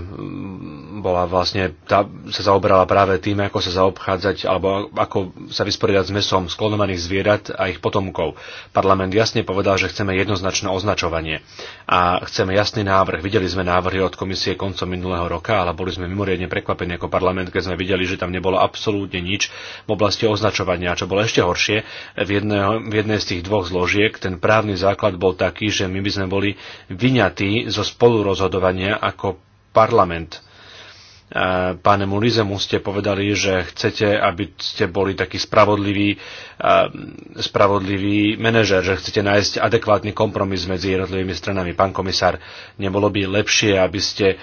bola vlastne, tá sa zaoberala práve tým, ako sa zaobchádzať alebo ako sa vysporiadať s mesom sklonovaných zvierat a ich potomkov. Parlament jasne povedal, že chceme jednoznačné označovanie a chceme jasný návrh. Videli sme návrhy od komisie koncom minulého roka, ale boli sme mimoriadne prekvapení ako parlament, keď sme videli, že tam nebolo absolútne nič v oblasti označovania. A čo bolo ešte horšie, v, jedného, v jednej z tých dvoch zložiek ten právny základ bol taký, že my by sme boli vyňatí zo spolurozhodovania ako parlament. E, páne Mulizemu ste povedali, že chcete, aby ste boli taký spravodlivý, e, spravodlivý manažer, že chcete nájsť adekvátny kompromis medzi jednotlivými stranami. Pán komisár, nebolo by lepšie, aby ste e,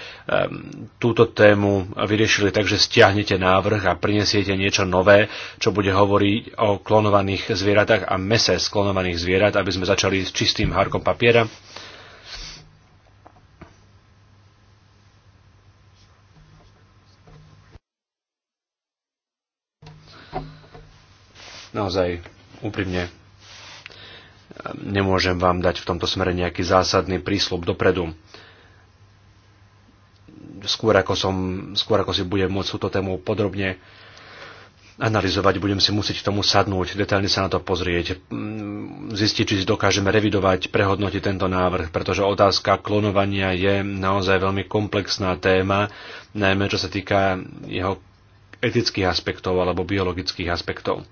túto tému vyriešili tak, že stiahnete návrh a prinesiete niečo nové, čo bude hovoriť o klonovaných zvieratách a mese z klonovaných zvierat, aby sme začali s čistým hárkom papiera? naozaj úprimne nemôžem vám dať v tomto smere nejaký zásadný príslub dopredu. Skôr ako, som, skôr ako si budem môcť túto tému podrobne analyzovať, budem si musieť k tomu sadnúť, detailne sa na to pozrieť, zistiť, či si dokážeme revidovať, prehodnotiť tento návrh, pretože otázka klonovania je naozaj veľmi komplexná téma, najmä čo sa týka jeho etických aspektov alebo biologických aspektov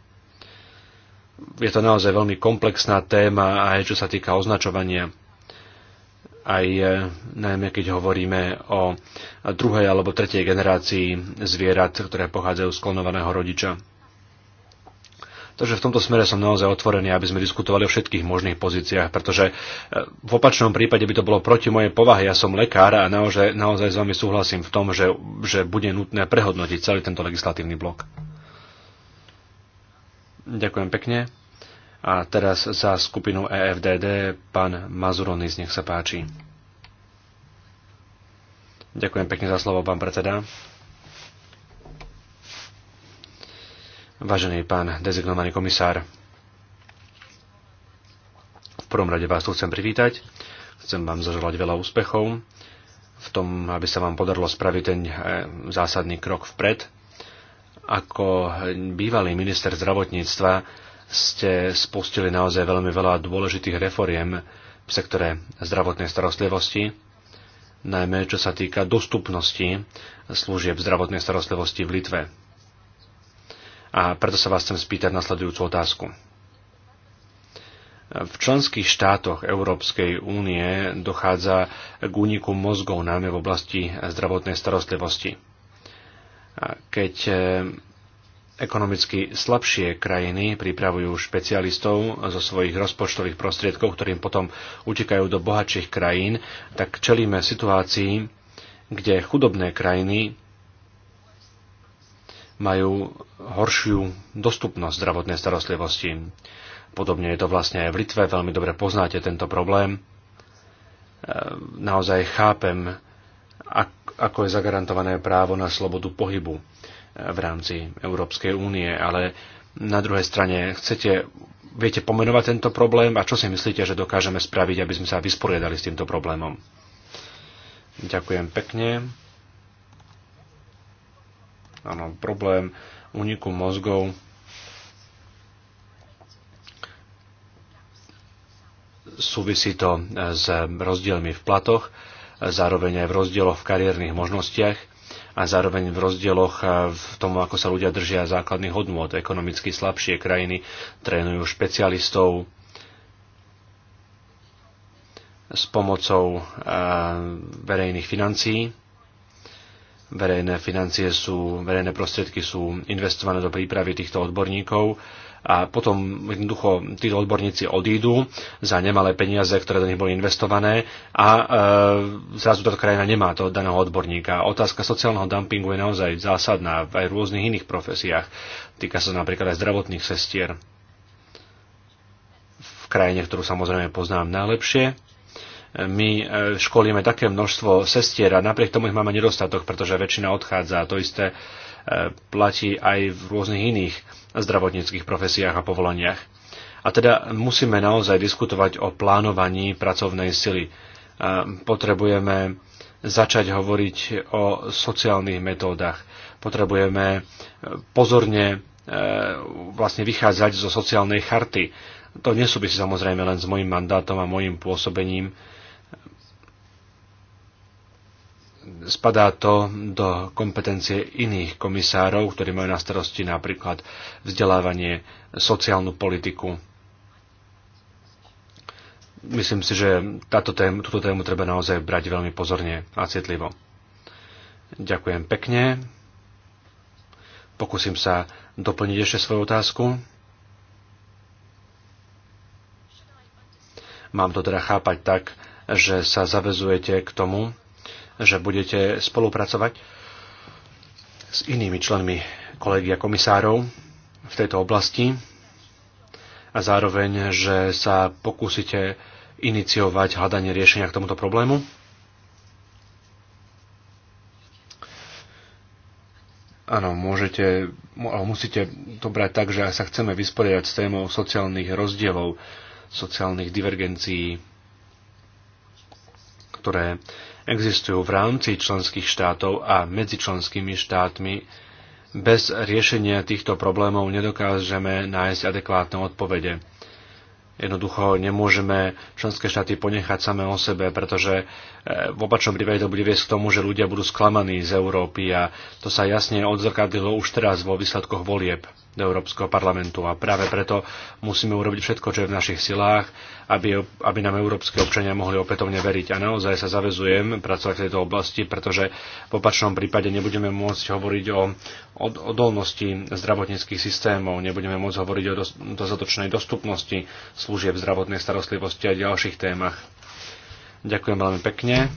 je to naozaj veľmi komplexná téma aj čo sa týka označovania. Aj e, najmä keď hovoríme o druhej alebo tretej generácii zvierat, ktoré pochádzajú z klonovaného rodiča. Takže v tomto smere som naozaj otvorený, aby sme diskutovali o všetkých možných pozíciách, pretože e, v opačnom prípade by to bolo proti mojej povahe. Ja som lekár a naozaj, naozaj s vami súhlasím v tom, že, že bude nutné prehodnotiť celý tento legislatívny blok. Ďakujem pekne. A teraz za skupinu EFDD pán z nech sa páči. Ďakujem pekne za slovo, pán predseda. Vážený pán dezignovaný komisár, v prvom rade vás tu chcem privítať. Chcem vám zaželať veľa úspechov v tom, aby sa vám podarilo spraviť ten eh, zásadný krok vpred ako bývalý minister zdravotníctva ste spustili naozaj veľmi veľa dôležitých reforiem v sektore zdravotnej starostlivosti, najmä čo sa týka dostupnosti služieb zdravotnej starostlivosti v Litve. A preto sa vás chcem spýtať nasledujúcu otázku. V členských štátoch Európskej únie dochádza k úniku mozgov najmä v oblasti zdravotnej starostlivosti keď e, ekonomicky slabšie krajiny pripravujú špecialistov zo svojich rozpočtových prostriedkov, ktorým potom utekajú do bohatších krajín, tak čelíme situácii, kde chudobné krajiny majú horšiu dostupnosť zdravotnej starostlivosti. Podobne je to vlastne aj v Litve, veľmi dobre poznáte tento problém. E, naozaj chápem, ak ako je zagarantované právo na slobodu pohybu e, v rámci Európskej únie, ale na druhej strane chcete, viete pomenovať tento problém a čo si myslíte, že dokážeme spraviť, aby sme sa vysporiadali s týmto problémom? Ďakujem pekne. Áno, problém úniku mozgov súvisí to e, s rozdielmi v platoch zároveň aj v rozdieloch v kariérnych možnostiach a zároveň v rozdieloch v tom, ako sa ľudia držia základných hodnôt. Ekonomicky slabšie krajiny trénujú špecialistov s pomocou verejných financií. Verejné financie sú, verejné prostriedky sú investované do prípravy týchto odborníkov a potom jednoducho títo odborníci odídu za nemalé peniaze, ktoré do nich boli investované a e, zrazu táto krajina nemá toho daného odborníka. Otázka sociálneho dumpingu je naozaj zásadná v aj rôznych iných profesiách. Týka sa napríklad aj zdravotných sestier v krajine, ktorú samozrejme poznám najlepšie, my e, školíme také množstvo sestier a napriek tomu ich máme nedostatok, pretože väčšina odchádza a to isté e, platí aj v rôznych iných zdravotníckých profesiách a povolaniach. A teda musíme naozaj diskutovať o plánovaní pracovnej sily. Potrebujeme začať hovoriť o sociálnych metódach. Potrebujeme e, pozorne e, vlastne vychádzať zo sociálnej charty. To nesúvisí samozrejme len s mojim mandátom a mojim pôsobením, spadá to do kompetencie iných komisárov, ktorí majú na starosti napríklad vzdelávanie, sociálnu politiku. Myslím si, že táto tému, túto tému treba naozaj brať veľmi pozorne a citlivo. Ďakujem pekne. Pokúsim sa doplniť ešte svoju otázku. Mám to teda chápať tak, že sa zavezujete k tomu, že budete spolupracovať s inými členmi kolegia komisárov v tejto oblasti a zároveň, že sa pokúsite iniciovať hľadanie riešenia k tomuto problému. Áno, môžete, ale musíte to brať tak, že sa chceme vysporiadať s témou sociálnych rozdielov, sociálnych divergencií, ktoré existujú v rámci členských štátov a medzi členskými štátmi, bez riešenia týchto problémov nedokážeme nájsť adekvátne odpovede. Jednoducho nemôžeme členské štáty ponechať samé o sebe, pretože e, v opačnom prípade to bude viesť k tomu, že ľudia budú sklamaní z Európy a to sa jasne odzrkadilo už teraz vo výsledkoch volieb do Európskeho parlamentu a práve preto musíme urobiť všetko, čo je v našich silách, aby, aby nám európske občania mohli opätovne veriť. A naozaj sa zavezujem pracovať v tejto oblasti, pretože v opačnom prípade nebudeme môcť hovoriť o odolnosti zdravotníckých systémov, nebudeme môcť hovoriť o dostatočnej dostupnosti služieb zdravotnej starostlivosti a ďalších témach. Ďakujem veľmi pekne.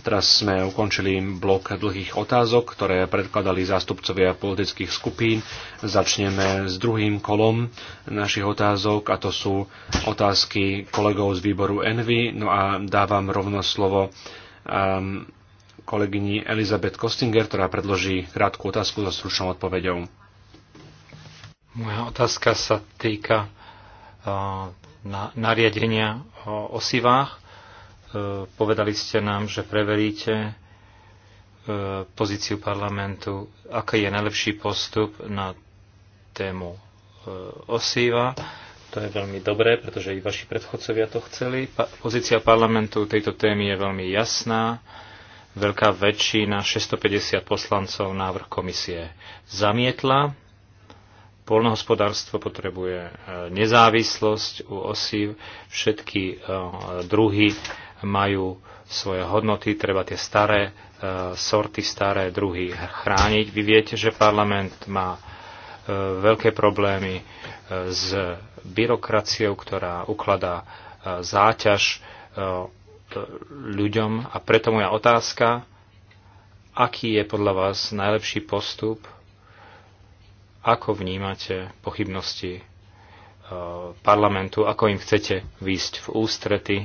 Teraz sme ukončili blok dlhých otázok, ktoré predkladali zástupcovia politických skupín. Začneme s druhým kolom našich otázok a to sú otázky kolegov z výboru Envy. No a dávam rovno slovo um, kolegyni Elizabeth Kostinger, ktorá predloží krátku otázku so stručnou odpoveďou. Moja otázka sa týka uh, na, nariadenia o osivách E, povedali ste nám, že preveríte e, pozíciu parlamentu, aký je najlepší postup na tému e, osýva. To je veľmi dobré, pretože i vaši predchodcovia to chceli. pozícia parlamentu tejto témy je veľmi jasná. Veľká väčšina, 650 poslancov, návrh komisie zamietla. Polnohospodárstvo potrebuje nezávislosť u osív. Všetky druhy majú svoje hodnoty, treba tie staré e, sorty, staré druhy chrániť. Vy viete, že parlament má e, veľké problémy e, s byrokraciou, ktorá ukladá záťaž ľuďom. A preto moja otázka, aký je podľa vás najlepší postup, ako vnímate pochybnosti parlamentu, ako im chcete výjsť v ústrety,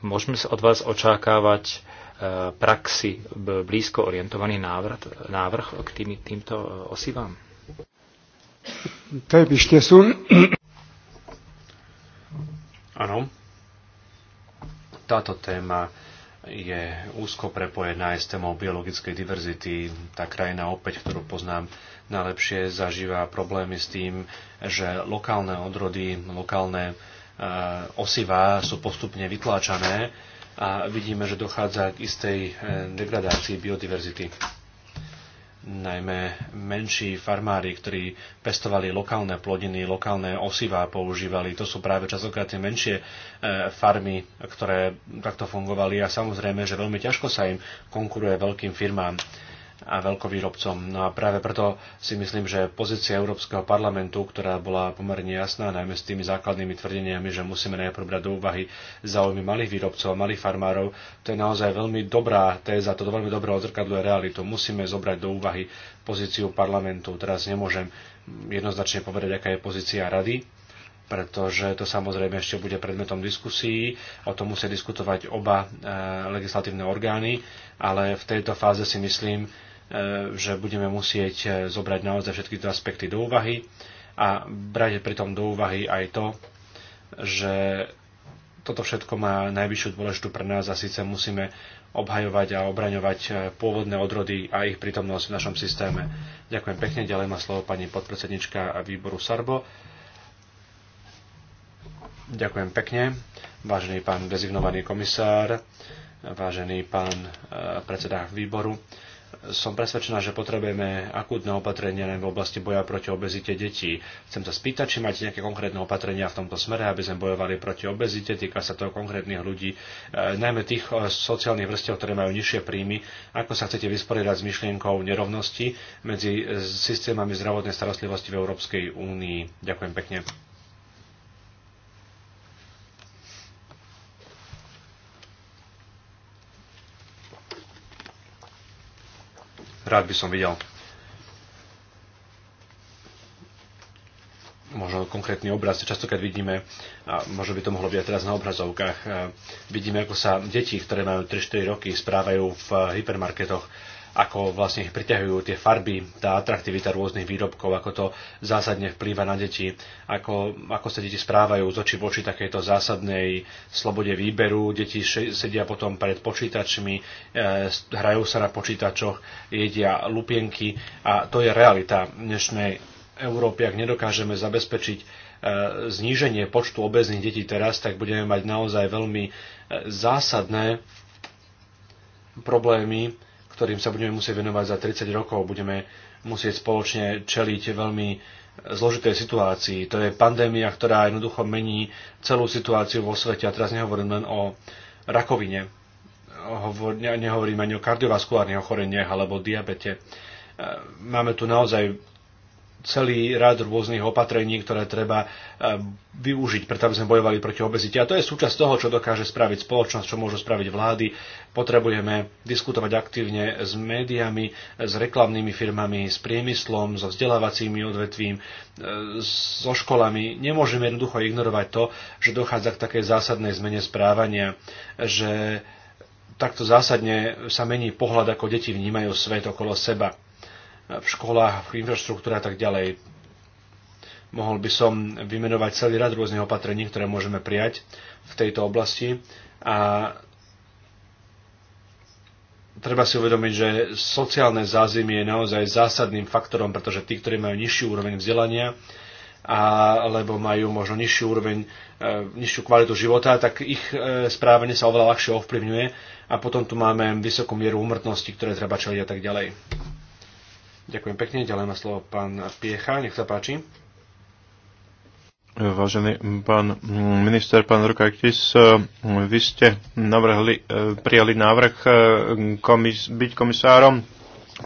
Môžeme od vás očakávať e, praxi blízko orientovaný návrh, návrh k tým, týmto e, osivám? Taip, iš sú. Áno. Táto téma je úzko prepojená aj s témou biologickej diverzity. Tá krajina opäť, ktorú poznám najlepšie, zažíva problémy s tým, že lokálne odrody, lokálne uh, Eh, osiva sú postupne vytláčané a vidíme, že dochádza k istej eh, degradácii biodiverzity. Najmä menší farmári, ktorí pestovali lokálne plodiny, lokálne osivá používali, to sú práve častokrát tie menšie eh, farmy, ktoré takto fungovali a samozrejme, že veľmi ťažko sa im konkuruje veľkým firmám a veľkovýrobcom. No a práve preto si myslím, že pozícia Európskeho parlamentu, ktorá bola pomerne jasná, najmä s tými základnými tvrdeniami, že musíme najprv brať do úvahy záujmy malých výrobcov a malých farmárov, to je naozaj veľmi dobrá téza, to veľmi dobre odzrkadluje realitu. Musíme zobrať do úvahy pozíciu parlamentu. Teraz nemôžem jednoznačne povedať, aká je pozícia rady, pretože to samozrejme ešte bude predmetom diskusí, o tom musia diskutovať oba eh, legislatívne orgány, ale v tejto fáze si myslím, E, že budeme musieť e, zobrať naozaj všetky tie aspekty do úvahy a brať pritom do úvahy aj to, že toto všetko má najvyššiu dôležitú pre nás a síce musíme obhajovať a obraňovať e, pôvodné odrody a ich prítomnosť v našom systéme. Ďakujem pekne, ďalej má slovo pani podpredsednička výboru Sarbo. Ďakujem pekne, vážený pán dezignovaný komisár, vážený pán predseda výboru som presvedčená, že potrebujeme akútne opatrenia len v oblasti boja proti obezite detí. Chcem sa spýtať, či máte nejaké konkrétne opatrenia v tomto smere, aby sme bojovali proti obezite. Týka sa to konkrétnych ľudí, e, najmä tých e, sociálnych vrstiev, ktoré majú nižšie príjmy. Ako sa chcete vysporiadať s myšlienkou nerovnosti medzi e, systémami zdravotnej starostlivosti v Európskej únii? Ďakujem pekne. rád by som videl možno konkrétny obraz. keď vidíme, a možno by to mohlo byť aj teraz na obrazovkách, vidíme, ako sa deti, ktoré majú 3-4 roky, správajú v hypermarketoch ako vlastne ich priťahujú tie farby, tá atraktivita rôznych výrobkov, ako to zásadne vplýva na deti, ako, ako sa deti správajú z očí voči takejto zásadnej slobode výberu. Deti sedia potom pred počítačmi, e, hrajú sa na počítačoch, jedia lupienky a to je realita dnešnej Európy. Ak nedokážeme zabezpečiť e, zníženie počtu obezných detí teraz, tak budeme mať naozaj veľmi e, zásadné problémy ktorým sa budeme musieť venovať za 30 rokov. Budeme musieť spoločne čeliť veľmi zložitej situácii. To je pandémia, ktorá jednoducho mení celú situáciu vo svete. A teraz nehovorím len o rakovine. Hovor, nehovorím ani o kardiovaskulárnych ochoreniach alebo diabete. Máme tu naozaj celý rad rôznych opatrení, ktoré treba e, využiť, preto aby sme bojovali proti obezite. A to je súčasť toho, čo dokáže spraviť spoločnosť, čo môžu spraviť vlády. Potrebujeme diskutovať aktívne s médiami, s reklamnými firmami, s priemyslom, so vzdelávacími odvetvím, e, so školami. Nemôžeme jednoducho ignorovať to, že dochádza k takej zásadnej zmene správania, že takto zásadne sa mení pohľad, ako deti vnímajú svet okolo seba v školách, v infraštruktúre a tak ďalej. Mohol by som vymenovať celý rad rôznych opatrení, ktoré môžeme prijať v tejto oblasti a treba si uvedomiť, že sociálne zázemie je naozaj zásadným faktorom, pretože tí, ktorí majú nižšiu úroveň vzdelania, alebo majú možno nižšiu úroveň, e, nižšiu kvalitu života, tak ich e, správanie sa oveľa ľahšie ovplyvňuje a potom tu máme vysokú mieru úmrtnosti, ktoré treba čeliť a tak ďalej. Ďakujem pekne. Ďalej má slovo pán Piecha. Nech sa páči. Vážený pán minister, pán Rukajtis, e, vy ste navrhli, e, prijali návrh e, komis, byť komisárom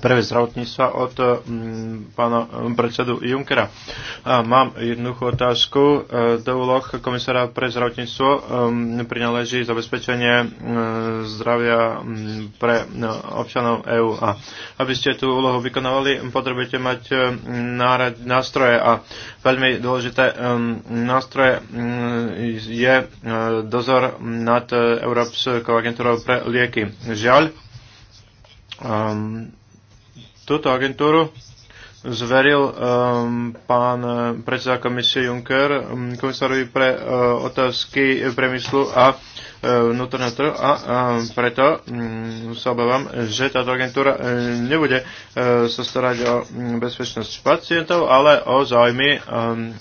prvé zdravotníctva od mm, pána mm, predsedu Junkera. A mám jednoduchú otázku. E, do úloh komisára pre zdravotníctvo mm, prináleží zabezpečenie zdravia pre no, občanov EÚ. A aby ste tú úlohu vykonávali, potrebujete mať e, nástroje a veľmi dôležité e, nástroje je dozor nad Európskou agentúrou pre lieky. Žiaľ, Túto agentúru zveril um, pán eh, predseda komisie Juncker um, komisárovi pre uh, otázky priemyslu a uh, vnútorného trhu a uh, preto um, sa obávam, že táto agentúra uh, nebude uh, sa starať o um, bezpečnosť pacientov, ale o záujmy um,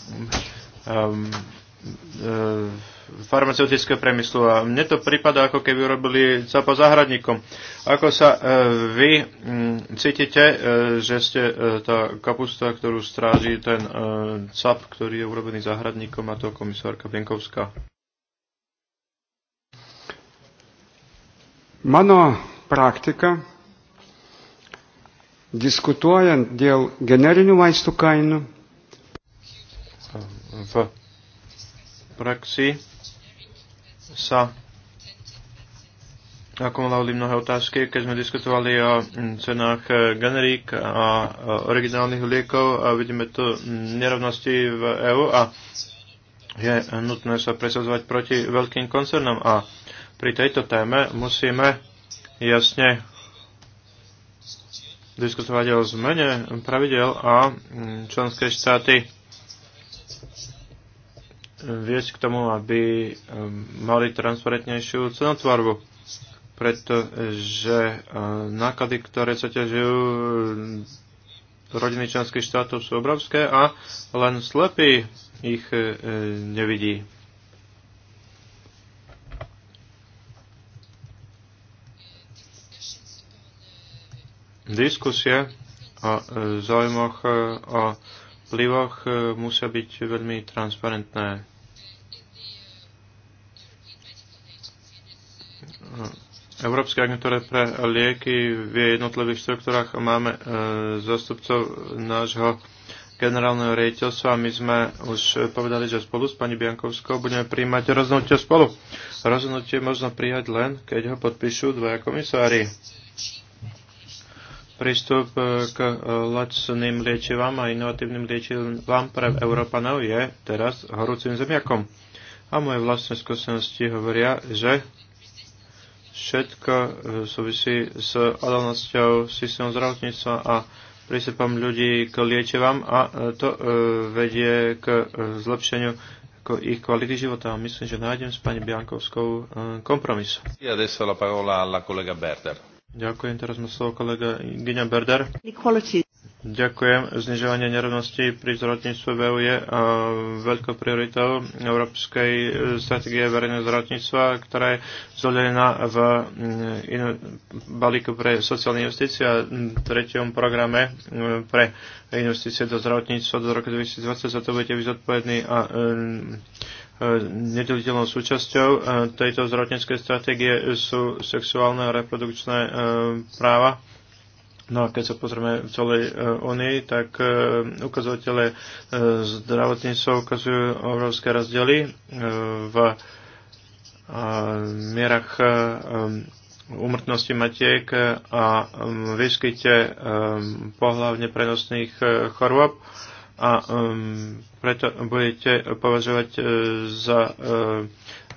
um, uh, farmaceutického priemyslu. A mne to prípada, ako keby urobili po zahradníkom. Ako sa e, vy mm, cítite, e, že ste e, tá kapusta, ktorú stráži ten cap, ktorý je urobený záhradníkom, a to komisárka Pienkovská? Mano praktika diskutujem diel generinu vajstu kainu, V praxi sa akumulovali mnohé otázky, keď sme diskutovali o cenách eh, generík a originálnych liekov a vidíme tu nerovnosti v EÚ a je nutné sa presadzovať proti veľkým koncernom a pri tejto téme musíme jasne diskutovať o zmene pravidel a mm, členské štáty viesť k tomu, aby um, mali transparentnejšiu cenotvorbu pretože uh, náklady, ktoré sa ťažujú um, rodiny členských štátov sú obrovské a len slepý ich uh, nevidí. Diskusie o uh, zaujímoch, o vplyvoch musia byť veľmi transparentné. Európskej agentúre pre lieky v jednotlivých štruktúrach máme e, zastupcov nášho generálneho rejiteľstva a my sme už povedali, že spolu s pani Biankovskou budeme príjmať rozhodnutie spolu. Rozhodnutie možno prijať len, keď ho podpíšu dvaja komisári. Prístup e, k e, lacným liečivám a inovatívnym liečivám pre Európanov je teraz horúcim zemiakom. A moje vlastné skúsenosti hovoria, že všetko e, súvisí s odolnosťou systému zdravotníctva a prístupom ľudí k liečivám a e, to e, vedie k zlepšeniu ich kvality života. Myslím, že nájdem s pani Biankovskou kompromis. Ďakujem, teraz má slovo kolega Gina Berder. Ďakujem. Znižovanie nerovností pri zdravotníctve v EU je e, veľkou prioritou Európskej e, strategie verejného zdravotníctva, ktorá je zohľadená v e, balíku pre sociálne investície a tretiom programe pre investície do zdravotníctva do roku 2020. Za to budete vy zodpovední a nedeliteľnou súčasťou tejto zdravotníckej stratégie sú sexuálne a reprodukčné práva No a keď sa pozrieme v celej e, Unii, tak e, ukazovatele e, zdravotníctva ukazujú obrovské rozdiely v mierach umrtnosti matiek a výskyte pohľavne prenosných chorôb a preto budete považovať za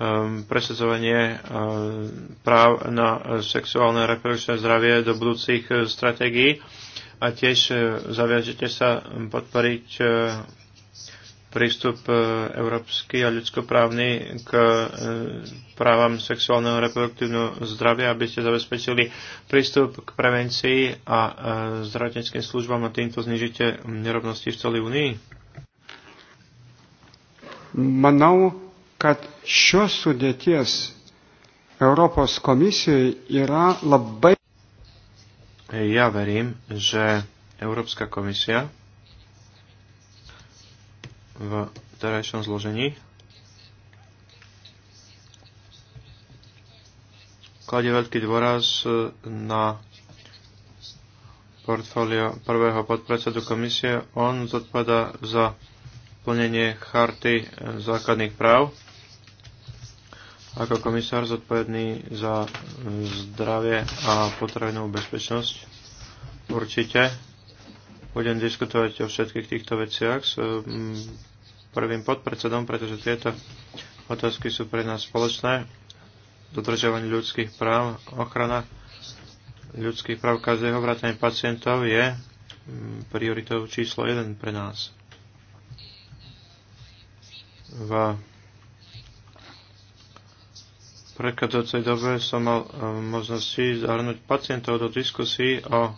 um, presadzovanie um, práv na sexuálne a reprodukčné zdravie do budúcich uh, stratégií a tiež uh, zaviažete sa podporiť uh, prístup uh, európsky a ľudskoprávny k uh, právam sexuálneho a reproduktívneho zdravia, aby ste zabezpečili prístup k prevencii a uh, zdravotníckým službám a týmto znižíte nerovnosti v celej únii? Manau, kad šios sudėties Europos komisijai yra labai. Ja verím, že Európska komisia v terajšom zložení kladie veľký dôraz na portfólio prvého podpredsedu komisie. On zodpada za plnenie charty základných práv ako komisár zodpovedný za mm, zdravie a potravinovú bezpečnosť určite budem diskutovať o všetkých týchto veciach s mm, prvým podpredsedom, pretože tieto otázky sú pre nás spoločné. Dodržovanie ľudských práv, ochrana ľudských práv každého vrátane pacientov je mm, prioritou číslo jeden pre nás. V predchádzajúcej dobe som mal eh, možnosti zahrnúť pacientov do diskusí o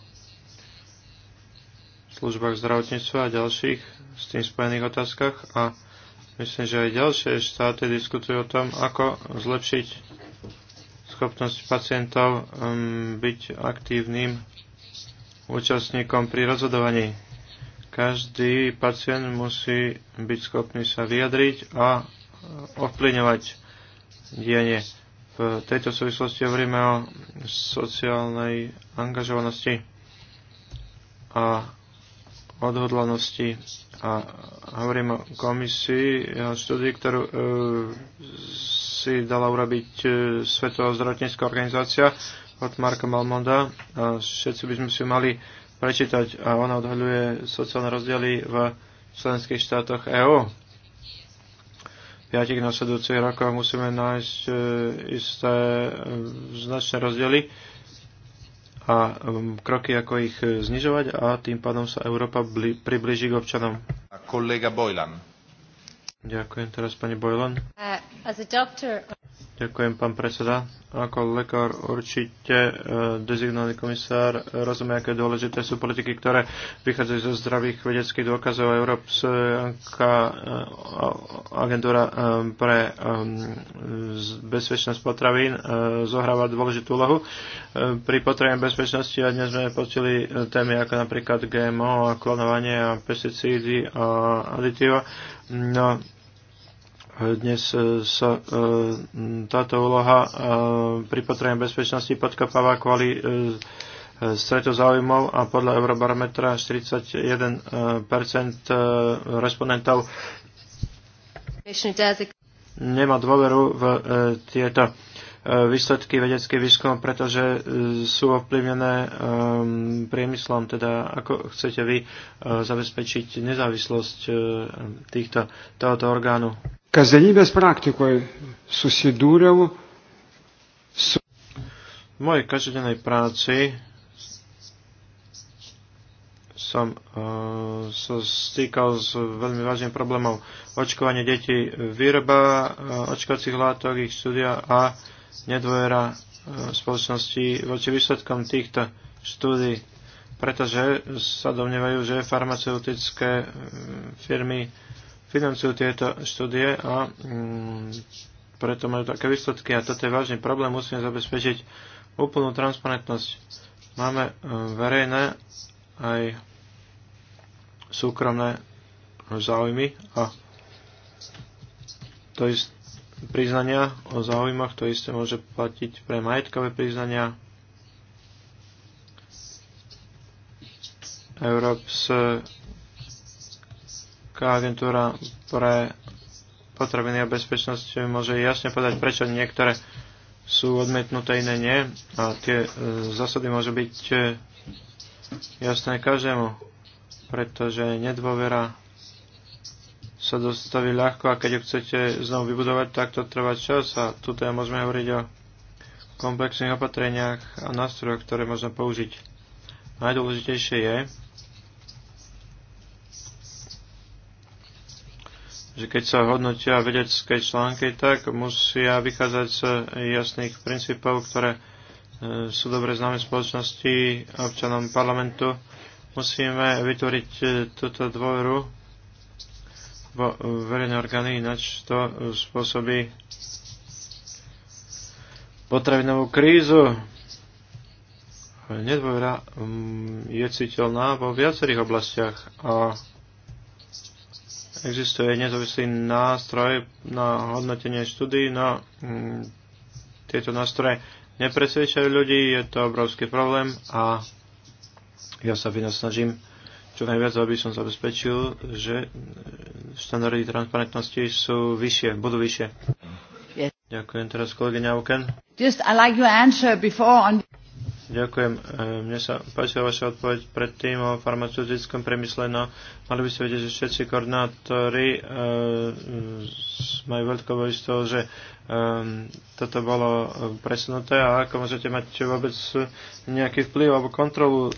službách zdravotníctva a ďalších s tým spojených otázkach a myslím, že aj ďalšie štáty diskutujú o tom, ako zlepšiť schopnosť pacientov ehm, byť aktívnym účastníkom pri rozhodovaní. Každý pacient musí byť schopný sa vyjadriť a eh, ovplyňovať dianie. V tejto súvislosti hovoríme o sociálnej angažovanosti a odhodlanosti a hovoríme o komisii o štúdii, ktorú e, si dala urobiť e, Svetová zdravotnícká organizácia od Marka Malmonda a všetci by sme si mali prečítať a ona odhaľuje sociálne rozdiely v členských štátoch EÚ piatich nasledujúcich rokov musíme nájsť e, isté e, značné rozdiely a e, kroky, ako ich znižovať a tým pádom sa Európa približí k občanom. A kolega Bojlan. Ďakujem teraz pani Bojlan. Uh, Ďakujem, pán predseda. Ako lekár určite e, dezignovaný komisár e, rozumie, aké dôležité sú politiky, ktoré vychádzajú zo zdravých vedeckých dôkazov. Európska e, agentúra pre bezpečnosť potravín zohráva dôležitú úlohu. Pri potrebe bezpečnosti a dnes sme počuli témy ako napríklad GMO, a klonovanie a pesticídy a aditíva. No, dnes e, sa e, táto úloha e, pri potrebe bezpečnosti podkopáva kvôli stretu záujmov a podľa Eurobarometra 41% respondentov nemá dôveru v tieto výsledky vedeckých výskum, pretože sú ovplyvnené priemyslom, teda ako chcete vy zabezpečiť nezávislosť týchto, tohoto orgánu kasdienybės praktikoje susidūriau su. V mojej každodennej práci som uh, sa stýkal s veľmi vážnym problémom očkovanie detí, výroba uh, očkovacích látok, ich štúdia a nedvojera uh, e, spoločnosti voči výsledkom týchto štúdí, pretože sa domnievajú, že farmaceutické firmy uh, financujú tieto štúdie a mm, preto majú také výsledky a toto je vážny problém, musíme zabezpečiť úplnú transparentnosť. Máme e, verejné aj súkromné záujmy a to je priznania o záujmach, to isté môže platiť pre majetkové priznania. Európske Európska agentúra pre potraviny a bezpečnosť môže jasne povedať, prečo niektoré sú odmietnuté, iné nie. A tie e, zásady môžu byť e, jasné každému, pretože nedôvera sa dostaví ľahko a keď ju chcete znovu vybudovať, tak to trvá čas a tu teda môžeme hovoriť o komplexných opatreniach a nástrojoch, ktoré môžeme použiť. Najdôležitejšie je, že keď sa hodnotia vedecké články, tak musia vychádzať z jasných princípov, ktoré e, sú dobre známe spoločnosti občanom parlamentu. Musíme vytvoriť e, túto dvoru, vo verejné orgány, ináč to spôsobí potravinovú krízu. Nedôvera mm, je citeľná vo viacerých oblastiach a existuje nezávislý nástroj na hodnotenie štúdí, no mm, tieto nástroje nepresvedčajú ľudí, je to obrovský problém a ja sa vynasnažím čo najviac, aby som zabezpečil, že štandardy transparentnosti sú vyššie, budú vyššie. Yes. Ďakujem teraz kolegyňa Oken. Just I like your answer before on Ďakujem. E, mne sa páčila vaša odpoveď predtým o farmaceutickom priemysle. No, mali by ste vedieť, že všetci koordinátori e, majú veľkú obavy že toho, že e, toto bolo presunuté a ako môžete mať vôbec nejaký vplyv alebo kontrolu,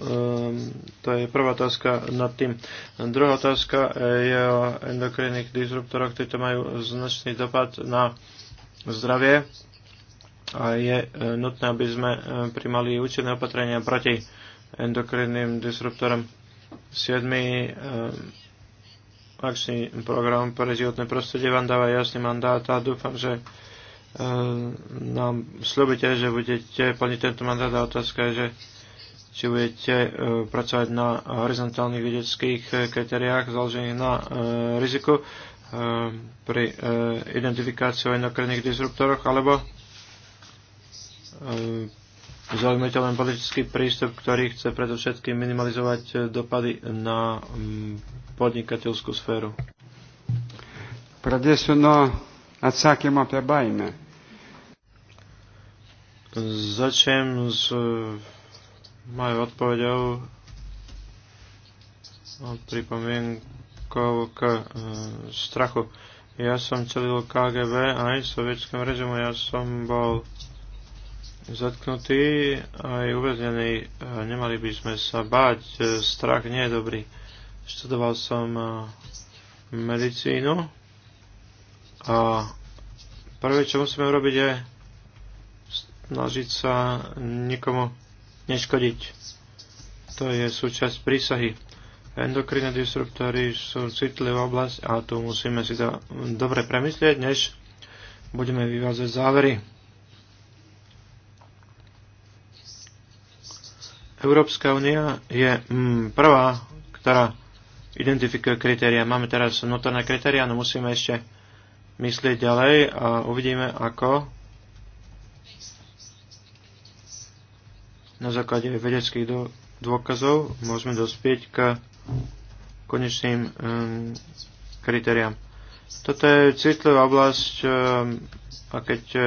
to je prvá otázka nad tým. Druhá otázka je o endokrinných disruptoroch, ktorí to majú značný dopad na zdravie a je e, nutné, aby sme e, primali účinné opatrenia proti endokrinným disruptorom. 7. E, akčný program pre životné prostredie vám dáva jasný mandát a dúfam, že nám slúbite, že budete plniť tento mandát a otázka je, že či budete pracovať na horizontálnych vedeckých kritériách založených na riziku pri identifikácii o endokrinných disruptoroch, alebo Ehm, Zaujíma len politický prístup, ktorý chce predovšetkým minimalizovať eh, dopady na mm, podnikateľskú sféru. Pradėsiu nuo apie baimę. Začnem s eh, mojou odpovedou pripomienkou k eh, strachu. Ja som čelil KGB aj sovietskému režimu. Ja som bol zatknutí, aj uväznení. Nemali by sme sa báť, e, strach nie je dobrý. Študoval som e, medicínu a prvé, čo musíme urobiť, je snažiť sa nikomu neškodiť. To je súčasť prísahy. Endokrinné disruptory sú citlivá oblasť a tu musíme si to dobre premyslieť, než budeme vyvázať závery. Európska únia je mm, prvá, ktorá identifikuje kritéria. Máme teraz notárne kritéria, no musíme ešte myslieť ďalej a uvidíme, ako na základe vedeckých dôkazov môžeme dospieť k konečným mm, kritériám. Toto je citlivá oblasť mm, a keď eh,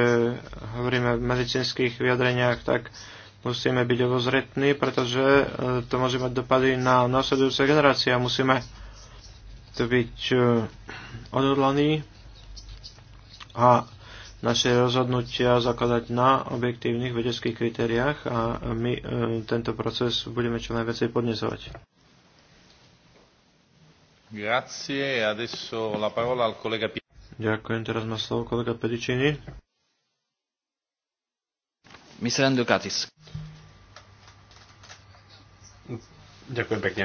hovoríme o medicínskych vyjadreniach, tak Musíme byť obozretní, pretože e, to môže mať dopady na následujúce generácie a musíme to byť e, odhodlaní a naše rozhodnutia zakladať na objektívnych vedeckých kritériách a my e, tento proces budeme čo najviacej podnesovať. Grazie, adesso la parola al collega Ďakujem, teraz má slovo kolega Pedicini. Mr. Andukatis. Ďakujem pekne.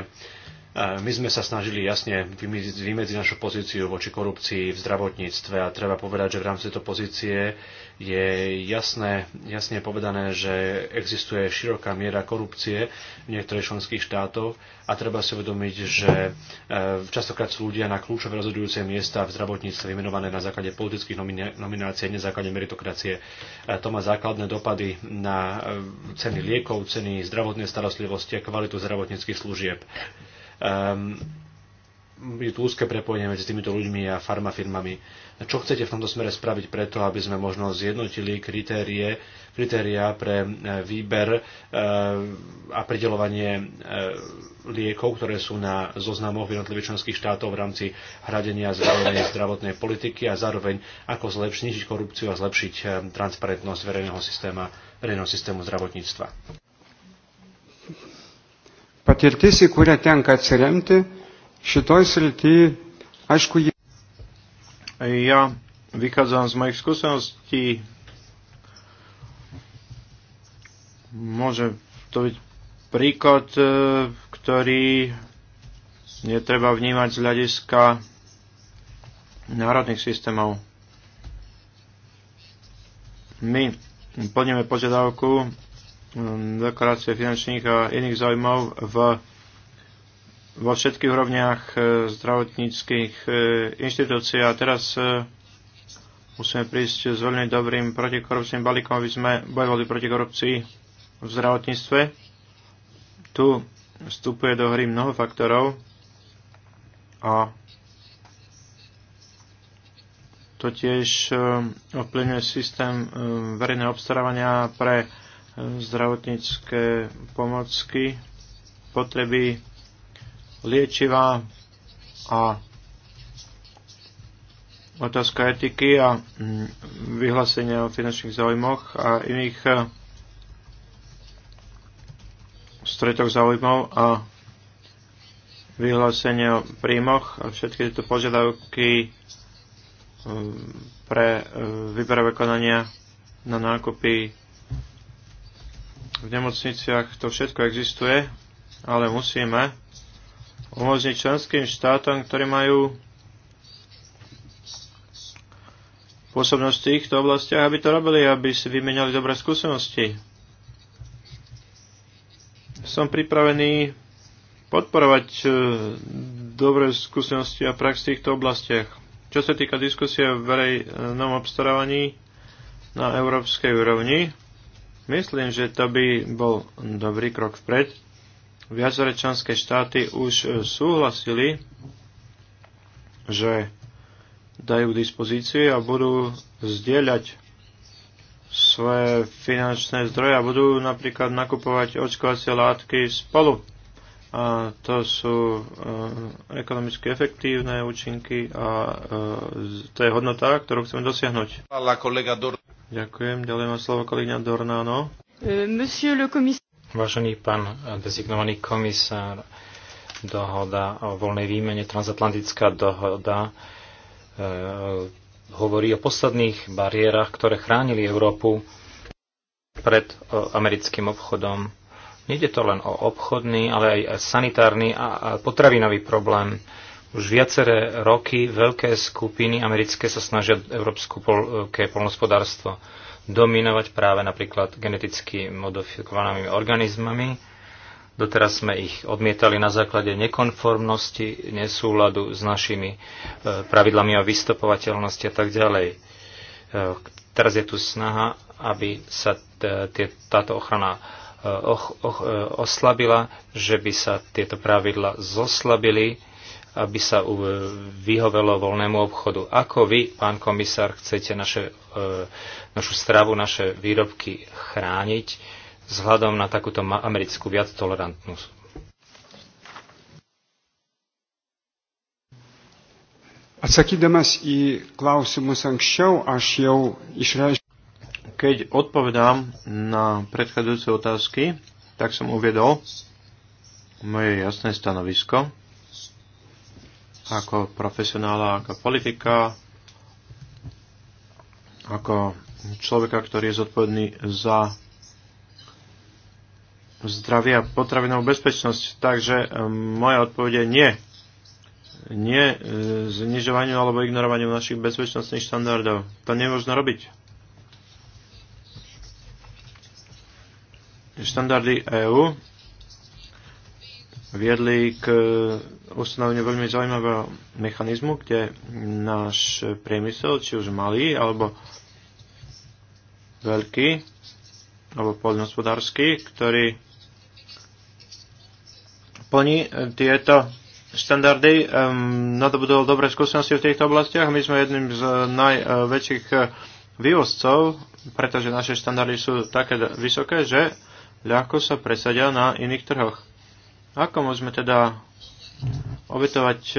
My sme sa snažili jasne vymedziť našu pozíciu voči korupcii v zdravotníctve a treba povedať, že v rámci tejto pozície je jasné, jasne povedané, že existuje široká miera korupcie v niektorých členských štátoch a treba si uvedomiť, že e, častokrát sú ľudia na kľúčové rozhodujúce miesta v zdravotníctve vymenované na základe politických nominácií, na základe meritokracie. E, to má základné dopady na e, ceny liekov, ceny zdravotnej starostlivosti a kvalitu zdravotníckých služieb. Ehm, je tu úzke prepojenie medzi týmito ľuďmi a farmafirmami. Čo chcete v tomto smere spraviť preto, aby sme možno zjednotili kritérie, kritéria pre e, výber e, a pridelovanie e, liekov, ktoré sú na zoznamoch jednotlivých členských štátov v rámci hradenia zároveň zdravotnej politiky a zároveň ako zlepšiť korupciu a zlepšiť transparentnosť verejného, systému, verejného systému zdravotníctva patirtis, į kurią tenka atsiremti, šitoj srity, aišku, jie. Ja vychádzam z mojich skúseností. Môže to byť príklad, e, ktorý netreba vnímať z hľadiska národných systémov. My plníme požiadavku Um, deklarácie finančných a iných zaujímav v, vo všetkých úrovniach e, zdravotníckých e, inštitúcií. A teraz e, musíme prísť s veľmi dobrým protikorupčným balíkom, aby sme bojovali proti korupcii v zdravotníctve. Tu vstupuje do hry mnoho faktorov a to tiež ovplyvňuje systém verejného obstarávania pre zdravotnícke pomocky, potreby liečiva a otázka etiky a vyhlásenia o finančných záujmoch a iných eh, stretoch záujmov a vyhlásenie o príjmoch a všetky tieto požiadavky eh, pre eh, výberové konania na nákupy v nemocniciach, to všetko existuje, ale musíme umožniť členským štátom, ktorí majú pôsobnosť v týchto oblastiach, aby to robili, aby si vymenali dobré skúsenosti. Som pripravený podporovať e, dobré skúsenosti a prax v týchto oblastiach. Čo sa týka diskusie o verejnom e, obstarávaní na európskej úrovni, Myslím, že to by bol dobrý krok vpred. Viacore členské štáty už e, súhlasili, že dajú k dispozícii a budú zdieľať svoje finančné zdroje a budú napríklad nakupovať očkovacie látky spolu. A to sú e, ekonomicky efektívne účinky a e, to je hodnota, ktorú chceme dosiahnuť. Ďakujem. Ďalej má slovo kolegyňa Dornáno. E, monsieur le commissaire. Vážený pán dezignovaný komisár, dohoda o voľnej výmene, transatlantická dohoda, e, hovorí o posledných bariérach, ktoré chránili Európu pred e, americkým obchodom. Nede to len o obchodný, ale aj sanitárny a, a potravinový problém. E, už viaceré roky veľké skupiny americké sa snažia európske eh, polnospodárstvo dominovať práve napríklad geneticky modifikovanými organizmami. Doteraz sme ich odmietali na základe nekonformnosti, nesúladu s našimi eh, pravidlami o vystopovateľnosti a tak ďalej. Eh, teraz je tu snaha, aby sa táto ochrana oslabila, že by sa tieto pravidla zoslabili aby sa e, vyhovelo voľnému obchodu. Ako vy, pán komisár, chcete naše, e, našu stravu, naše výrobky chrániť vzhľadom na takúto americkú viac tolerantnú? Keď odpovedám na predchádzajúce otázky, tak som uviedol moje jasné stanovisko ako profesionála, ako politika, ako človeka, ktorý je zodpovedný za zdravie a potravinovú bezpečnosť. Takže e, moja odpoveď je nie. Nie e, znižovaniu alebo ignorovaniu našich bezpečnostných štandardov. To nemôžno robiť. Štandardy EÚ viedli k e, ustanoveniu veľmi zaujímavého mechanizmu, kde náš priemysel, či už malý alebo veľký, alebo poľnohospodársky, ktorý plní e, tieto štandardy, um, nadobudol dobré skúsenosti v týchto oblastiach. My sme jedným z najväčších vývozcov, pretože naše štandardy sú také vysoké, že ľahko sa presadia na iných trhoch. Ako môžeme teda obetovať e,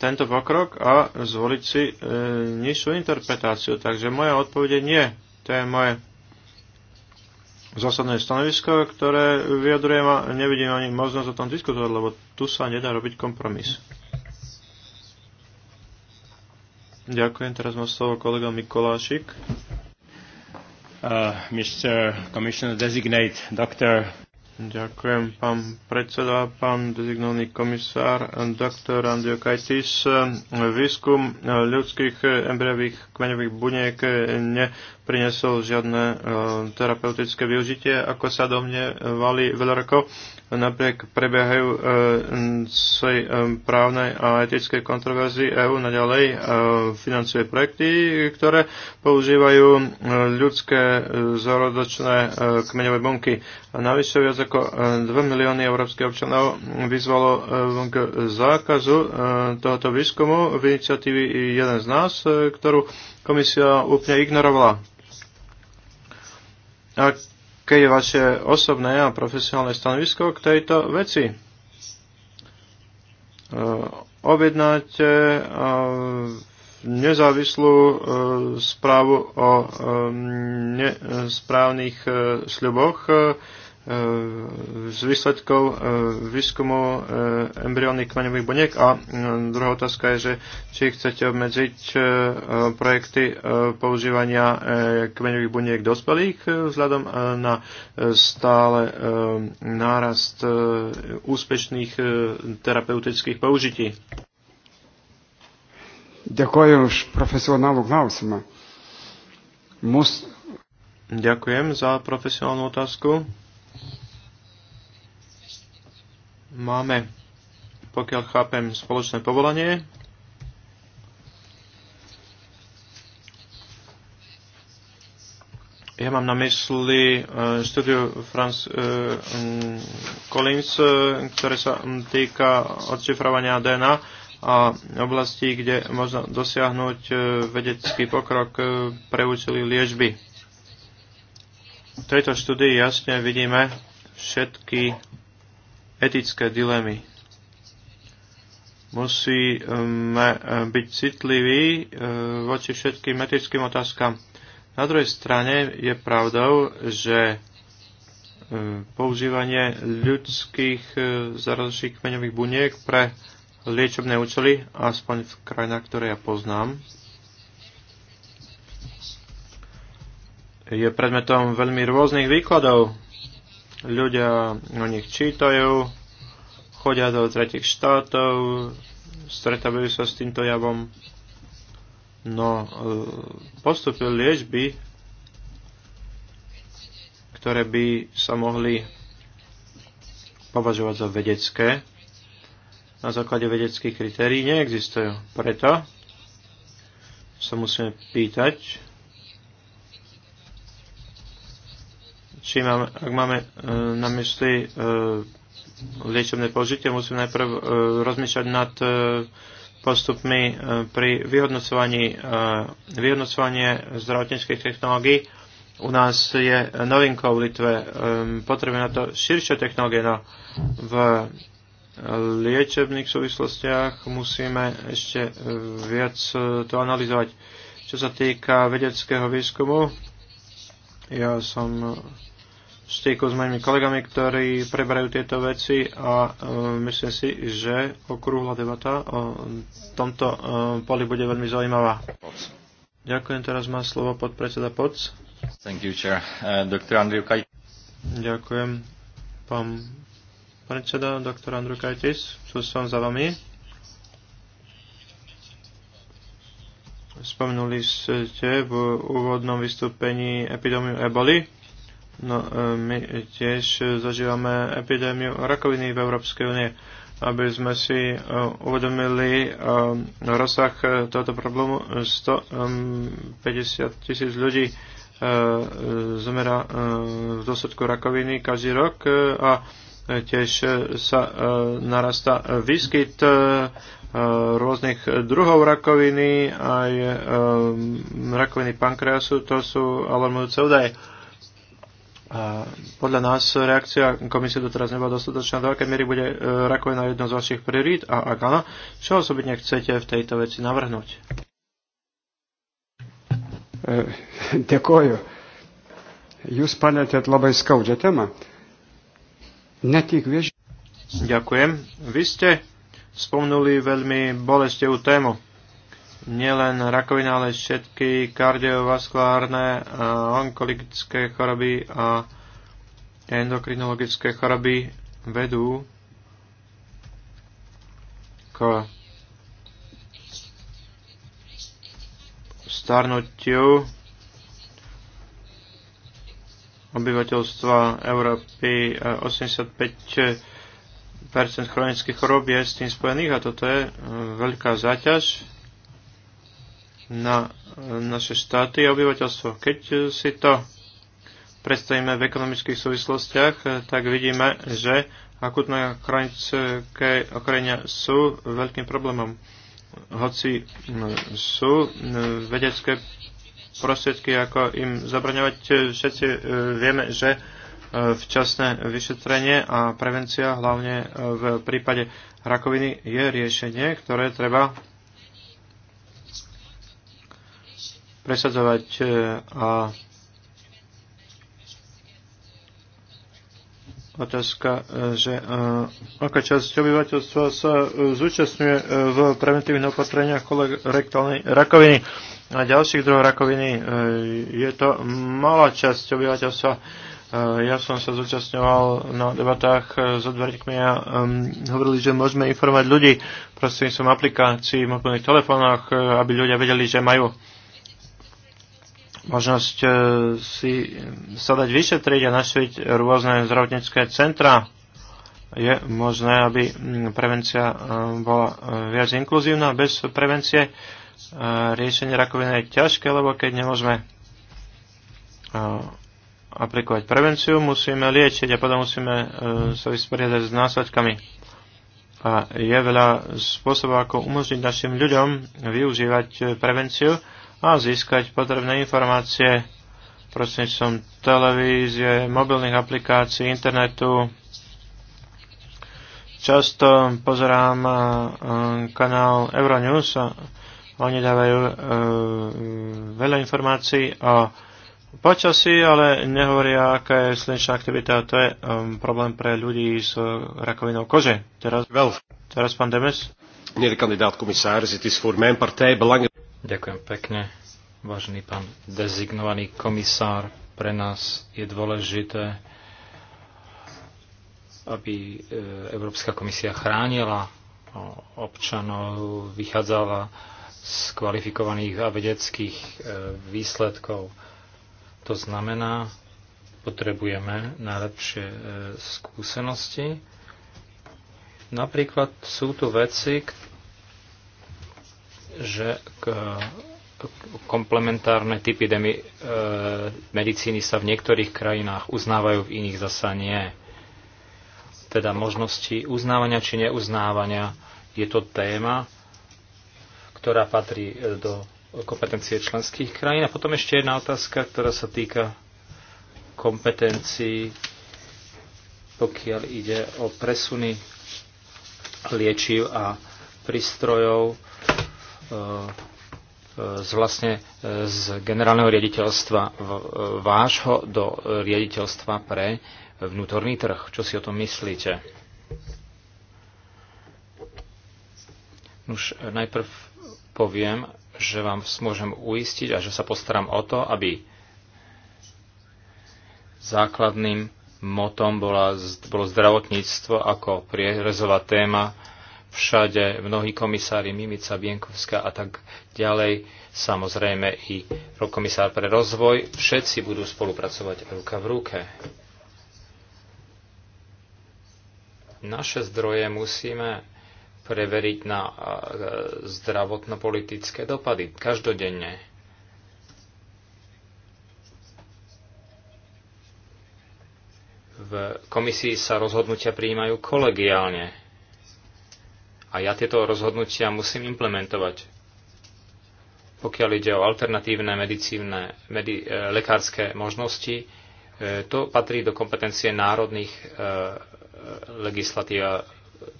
tento pokrok a zvoliť si e, nižšiu interpretáciu? Takže moja odpovede nie. To je moje zásadné stanovisko, ktoré vyjadrujem a nevidím ani možnosť o tom diskutovať, lebo tu sa nedá robiť kompromis. Ďakujem, teraz má slovo kolega Mikolášik. Uh, Mr. Commissioner Designate, Dr. Ďakujem, pán predseda, pán dezignovaný komisár, doktor Andio Kajtis. Výskum ľudských embryových kmeňových buniek neprinesol žiadne eh, terapeutické využitie, ako sa domnievali veľa rokov. Napriek prebiehajú eh, svoj eh, právnej a etickej kontroverzii EÚ naďalej financuje projekty, ktoré používajú ľudské zárodočné kmeňové bunky. Navyše viac ako 2 e, milióny európskych občanov vyzvalo e, k zákazu e, tohoto výskumu v iniciatívy Jeden z nás, ktorú komisia úplne ignorovala. Aké je vaše osobné a profesionálne stanovisko k tejto veci? Objednáte nezávislú správu o nesprávnych sľuboch E, z výsledkov e, výskumov e, embryónnych kmeňových buniek. A druhá otázka je, že či chcete obmedziť projekty používania kmeňových buniek dospelých vzhľadom na stále nárast úspešných terapeutických použití. Ďakujem už profesionálnu klausimu. Mus... Ďakujem za profesionálnu otázku. Máme, pokiaľ chápem, spoločné povolanie. Ja mám na mysli eh, štúdiu Franz eh, mm, Collins, eh, ktoré sa mm, týka odšifrovania DNA a oblasti, kde možno dosiahnuť vedecký pokrok pre účely liežby. V tejto štúdii jasne vidíme všetky etické dilemy. Musíme eh, byť citliví eh, voči všetkým etickým otázkam. Na druhej strane je pravdou, že eh, používanie ľudských zarazších kmeňových buniek pre liečebné účely, aspoň v krajinách, ktoré ja poznám, je predmetom veľmi rôznych výkladov ľudia o nich čítajú, chodia do tretich štátov, stretávajú sa s týmto javom. No, e, postupy liečby, ktoré by sa mohli považovať za vedecké, na základe vedeckých kritérií neexistujú. Preto sa musíme pýtať, či máme, ak máme e, na mysli e, liečebné použitie, musíme najprv e, rozmýšľať nad e, postupmi e, pri vyhodnocovaní. E, vyhodnocovanie zdravotníckých technológií u nás je novinkou v Litve. E, potrebujeme na to širšie technológie. No, v e, liečebných súvislostiach musíme ešte e, viac e, to analyzovať. Čo sa týka vedeckého výskumu, ja som e, styku s mojimi kolegami, ktorí preberajú tieto veci a e, myslím si, že okrúhla debata o tomto e, poli bude veľmi zaujímavá. Ďakujem, teraz má slovo podpredseda Poc. Thank you, chair. Uh, e, Dr. Andrew Kaj... Ďakujem, pán predseda, doktor Andrew Kajtis. Tu som za vami. Spomenuli ste v úvodnom vystúpení epidémiu eboli No, e, my tiež zažívame epidémiu rakoviny v Európskej únie. Aby sme si e, uvedomili e, rozsah tohoto problému, 150 tisíc ľudí zomera v dôsledku rakoviny každý rok a tiež sa narasta výskyt rôznych druhov rakoviny, aj rakoviny pankreasu, to sú alarmujúce údaje. A podľa nás reakcia komisie doteraz nebola dostatočná. Do akej miery bude e, rakovina jedno z vašich priorít? A ak áno, čo osobitne chcete v tejto veci navrhnúť? E, ďakujem. Jūs palėtėt labai skaudžią temą. Ne tik vieži. Ďakujem. Vy ste spomenuli veľmi bolestivú tému nielen rakovina, ale všetky kardiovaskulárne e, onkologické choroby a endokrinologické choroby vedú k starnutiu obyvateľstva Európy 85 e, chronických chorób je s tým spojených a toto je e, veľká záťaž na eh, naše štáty a obyvateľstvo. Keď eh, si to predstavíme v ekonomických súvislostiach, eh, tak vidíme, že akutné chronické okrenia sú veľkým problémom. Hoci hm, sú hm, vedecké prostriedky, ako im zabraňovať, všetci vieme, že včasné vyšetrenie a prevencia, hlavne v prípade rakoviny, je riešenie, ktoré treba presadzovať e, a otázka, e, že e, aká časť obyvateľstva sa zúčastňuje v preventívnych opatreniach kolorektálnej rakoviny a ďalších druhov rakoviny. Je to malá časť obyvateľstva. Ja som sa zúčastňoval na debatách s odborníkmi a hovorili, že môžeme informovať ľudí prostredníctvom aplikácií v mobilných telefónoch, aby ľudia vedeli, že majú možnosť e, si sa dať vyšetriť a našviť rôzne zdravotnícke centra. Je možné, aby mm, prevencia e, bola e, viac inkluzívna. Bez prevencie riešenie rakoviny je ťažké, lebo keď nemôžeme aplikovať prevenciu, musíme liečiť a potom musíme sa vysporiadať s následkami. A je veľa spôsobov, ako umožniť našim ľuďom využívať prevenciu a získať potrebné informácie prostredníctvom televízie, mobilných aplikácií, internetu. Často pozerám e, e, kanál Euronews a oni dávajú e, veľa informácií o počasí, ale nehovoria, aká je slnečná aktivita. To je problém pre ľudí s rakovinou kože. Teraz, teraz pán Demes. Nie, de kandidaat-commissaris, het is voor mijn partij Ďakujem pekne, vážený pán dezignovaný komisár. Pre nás je dôležité, aby e, Európska komisia chránila občanov, vychádzala z kvalifikovaných a vedeckých e, výsledkov. To znamená, potrebujeme najlepšie e, skúsenosti. Napríklad sú tu veci, že komplementárne typy demi, e, medicíny sa v niektorých krajinách uznávajú, v iných zasa nie. Teda možnosti uznávania či neuznávania je to téma, ktorá patrí e, do kompetencie členských krajín. A potom ešte jedna otázka, ktorá sa týka kompetencií, pokiaľ ide o presuny liečiv a prístrojov E, z vlastne e, z generálneho riaditeľstva e, vášho do riaditeľstva pre vnútorný trh. Čo si o tom myslíte? Už najprv poviem, že vám môžem uistiť a že sa postaram o to, aby základným motom bola, bolo zdravotníctvo ako prierezová téma všade, mnohí komisári Mimica, Bienkovská a tak ďalej, samozrejme i komisár pre rozvoj, všetci budú spolupracovať ruka v ruke. Naše zdroje musíme preveriť na e, zdravotnopolitické dopady každodenne. V komisii sa rozhodnutia prijímajú kolegiálne a ja tieto rozhodnutia musím implementovať. Pokiaľ ide o alternatívne medicívne, medi, e, lekárske možnosti, e, to patrí do kompetencie národných e, legislatív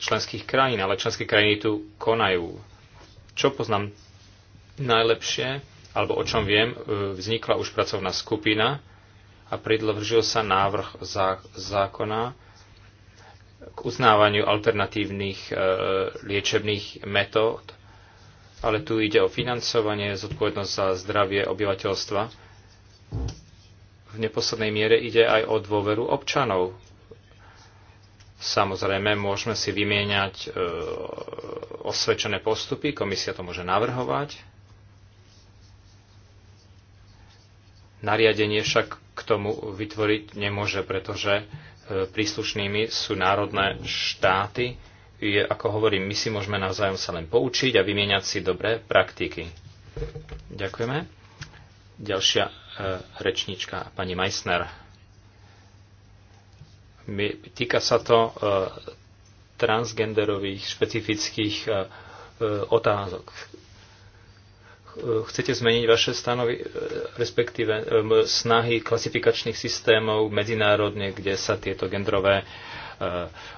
členských krajín, ale členské krajiny tu konajú. Čo poznám najlepšie, alebo o čom viem, e, vznikla už pracovná skupina a predložil sa návrh zákona k uznávaniu alternatívnych e, liečebných metód, ale tu ide o financovanie, zodpovednosť za zdravie obyvateľstva. V neposlednej miere ide aj o dôveru občanov. Samozrejme, môžeme si vymieňať e, osvedčené postupy, komisia to môže navrhovať. Nariadenie však k tomu vytvoriť nemôže, pretože E, príslušnými sú národné štáty. Je, ako hovorím, my si môžeme navzájom sa len poučiť a vymieňať si dobré praktiky. Ďakujeme. Ďalšia e, rečnička, pani Meissner. My, týka sa to e, transgenderových špecifických e, e otázok. E, chcete zmeniť vaše stanovy, e, respektíve e, snahy klasifikačných systémov medzinárodne, kde sa tieto gendrové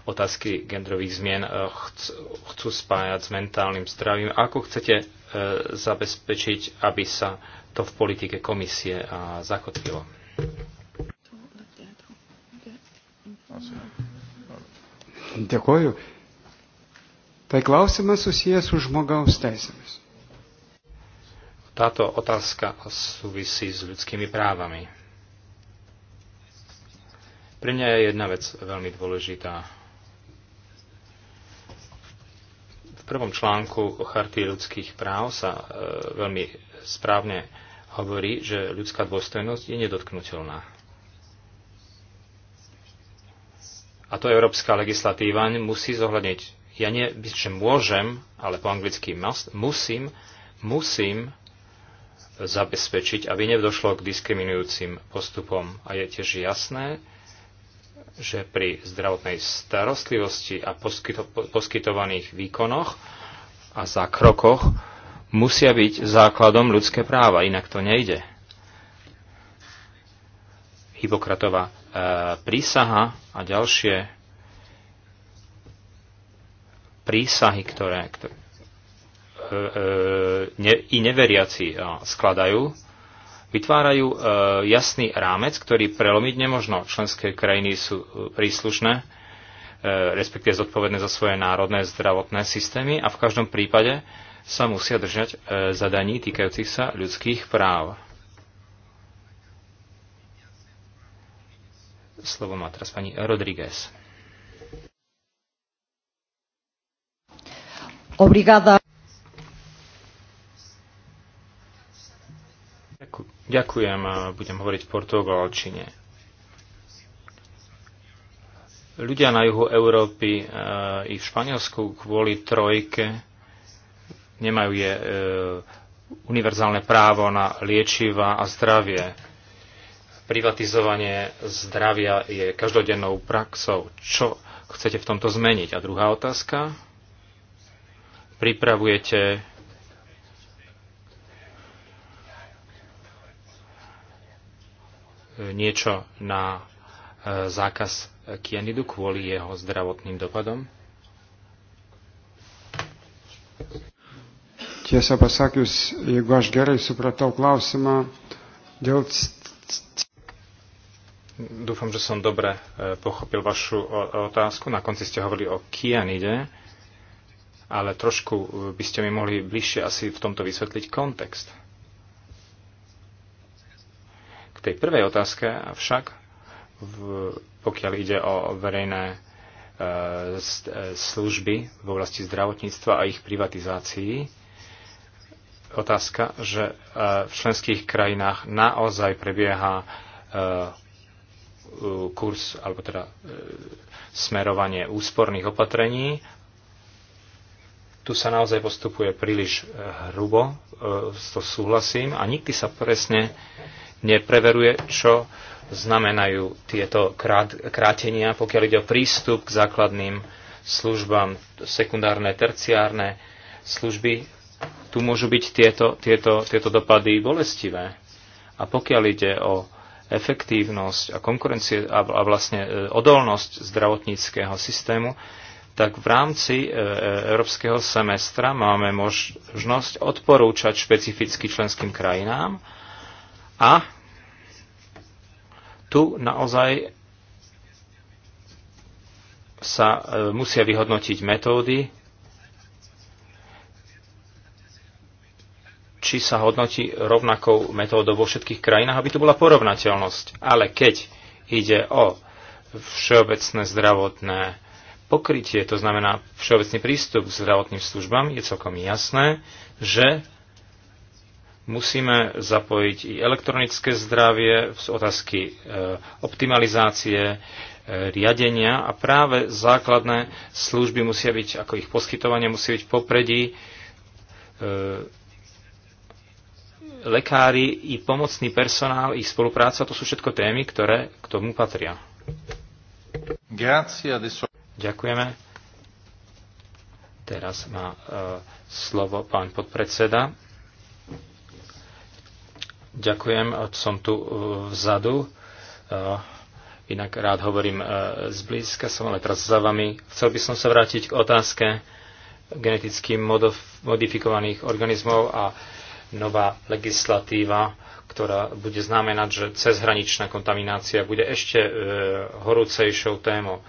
otázky gendrových zmien chcú spájať s mentálnym zdravím. Ako chcete zabezpečiť, aby sa to v politike komisie zakotvilo? Ďakujem. Tak klausimas susijęs su žmogaus teisėmis. Táto otázka súvisí s ľudskými právami. Pre mňa je jedna vec veľmi dôležitá. V prvom článku o charty ľudských práv sa e, veľmi správne hovorí, že ľudská dôstojnosť je nedotknutelná. A to európska legislatíva musí zohľadniť. Ja nie, že môžem, ale po anglicky must, musím, musím zabezpečiť, aby nedošlo k diskriminujúcim postupom. A je tiež jasné, že pri zdravotnej starostlivosti a poskyto- poskytovaných výkonoch a zákrokoch musia byť základom ľudské práva, inak to nejde. Hipokratová e, prísaha a ďalšie prísahy, ktoré, ktoré E, e, ne, i neveriaci skladajú, vytvárajú e, jasný rámec, ktorý prelomiť nemožno. Členské krajiny sú príslušné, respektíve zodpovedné za svoje národné zdravotné systémy a v každom prípade sa musia držať zadaní týkajúcich sa ľudských práv. Slovo má teraz pani Rodríguez. Obrigada. Ďakujem budem hovoriť v portugalčine. Ľudia na juhu Európy e, i v Španielsku kvôli trojke nemajú je, e, univerzálne právo na liečiva a zdravie. Privatizovanie zdravia je každodennou praxou. Čo chcete v tomto zmeniť? A druhá otázka. Pripravujete niečo na e, zákaz kianidu kvôli jeho zdravotným dopadom? Tiesa pasakius, jeigu aš gerai supratau klausimą, dėl... Dúfam, že som dobre e, pochopil vašu otázku. Na konci ste hovorili o kianide, ale trošku e, by ste mi mohli bližšie asi v tomto vysvetliť kontext tej prvej otázke však, v, pokiaľ ide o verejné e, e, služby v oblasti zdravotníctva a ich privatizácií, otázka, že e, v členských krajinách naozaj prebieha e, kurz, alebo teda e, smerovanie úsporných opatrení tu sa naozaj postupuje príliš e, hrubo, s to súhlasím, a nikdy sa presne nepreveruje, čo znamenajú tieto krátenia, pokiaľ ide o prístup k základným službám, sekundárne, terciárne služby. Tu môžu byť tieto, tieto, tieto dopady bolestivé. A pokiaľ ide o efektívnosť a konkurencie a vlastne e, odolnosť zdravotníckého systému, tak v rámci e, e, európskeho semestra máme možnosť odporúčať špecificky členským krajinám a tu naozaj sa e, musia vyhodnotiť metódy, či sa hodnotí rovnakou metódou vo všetkých krajinách, aby tu bola porovnateľnosť. Ale keď ide o všeobecné zdravotné pokrytie, to znamená všeobecný prístup k zdravotným službám, je celkom jasné, že Musíme zapojiť i elektronické zdravie v otázky e, optimalizácie, e, riadenia a práve základné služby musia byť, ako ich poskytovanie musí byť popredí e, lekári i pomocný personál, ich spolupráca, to sú všetko témy, ktoré k tomu patria. Ďakujeme. Teraz má e, slovo pán podpredseda Ďakujem, som tu e, vzadu. E, inak rád hovorím e, zblízka, som ale teraz za vami. Chcel by som sa vrátiť k otázke geneticky modifikovaných organizmov a nová legislatíva, ktorá bude znamenať, že cezhraničná kontaminácia bude ešte horúcejšou témou.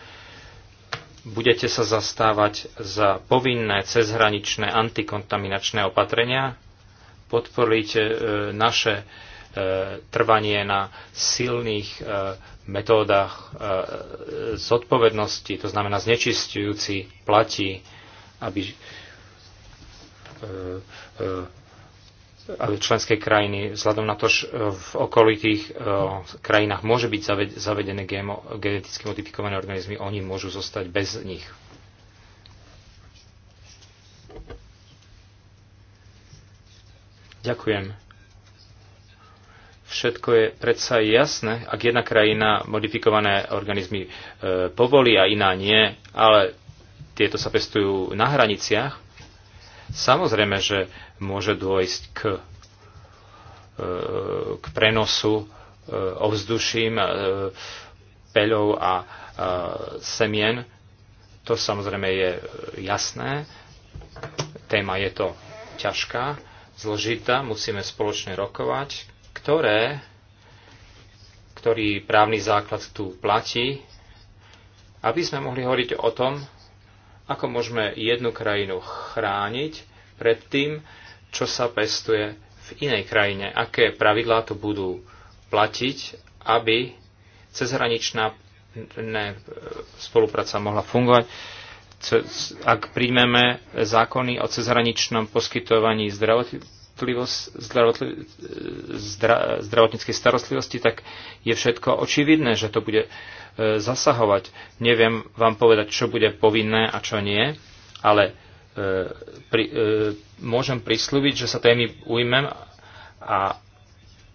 Budete sa zastávať za povinné cezhraničné antikontaminačné opatrenia? podporiť e, naše e, trvanie na silných e, metódach zodpovednosti, to znamená znečistujúci platí, aby, aby členské krajiny, vzhľadom na to, že v okolitých krajinách môže byť zavedené geneticky modifikované organizmy, oni môžu zostať bez nich. Ďakujem. Všetko je predsa jasné, ak jedna krajina modifikované organizmy e, povolí a iná nie, ale tieto sa pestujú na hraniciach. Samozrejme, že môže dôjsť k, e, k prenosu e, ovzduším, e, peľov a e, semien. To samozrejme je jasné. Téma je to ťažká zložitá, musíme spoločne rokovať, ktoré, ktorý právny základ tu platí, aby sme mohli hovoriť o tom, ako môžeme jednu krajinu chrániť pred tým, čo sa pestuje v inej krajine, aké pravidlá tu budú platiť, aby cezhraničná spolupráca mohla fungovať ak príjmeme zákony o cezhraničnom poskytovaní zdravotníckej starostlivosti, tak je všetko očividné, že to bude e, zasahovať. Neviem vám povedať, čo bude povinné a čo nie, ale e, pri, e, môžem prislúbiť, že sa témy ujmem a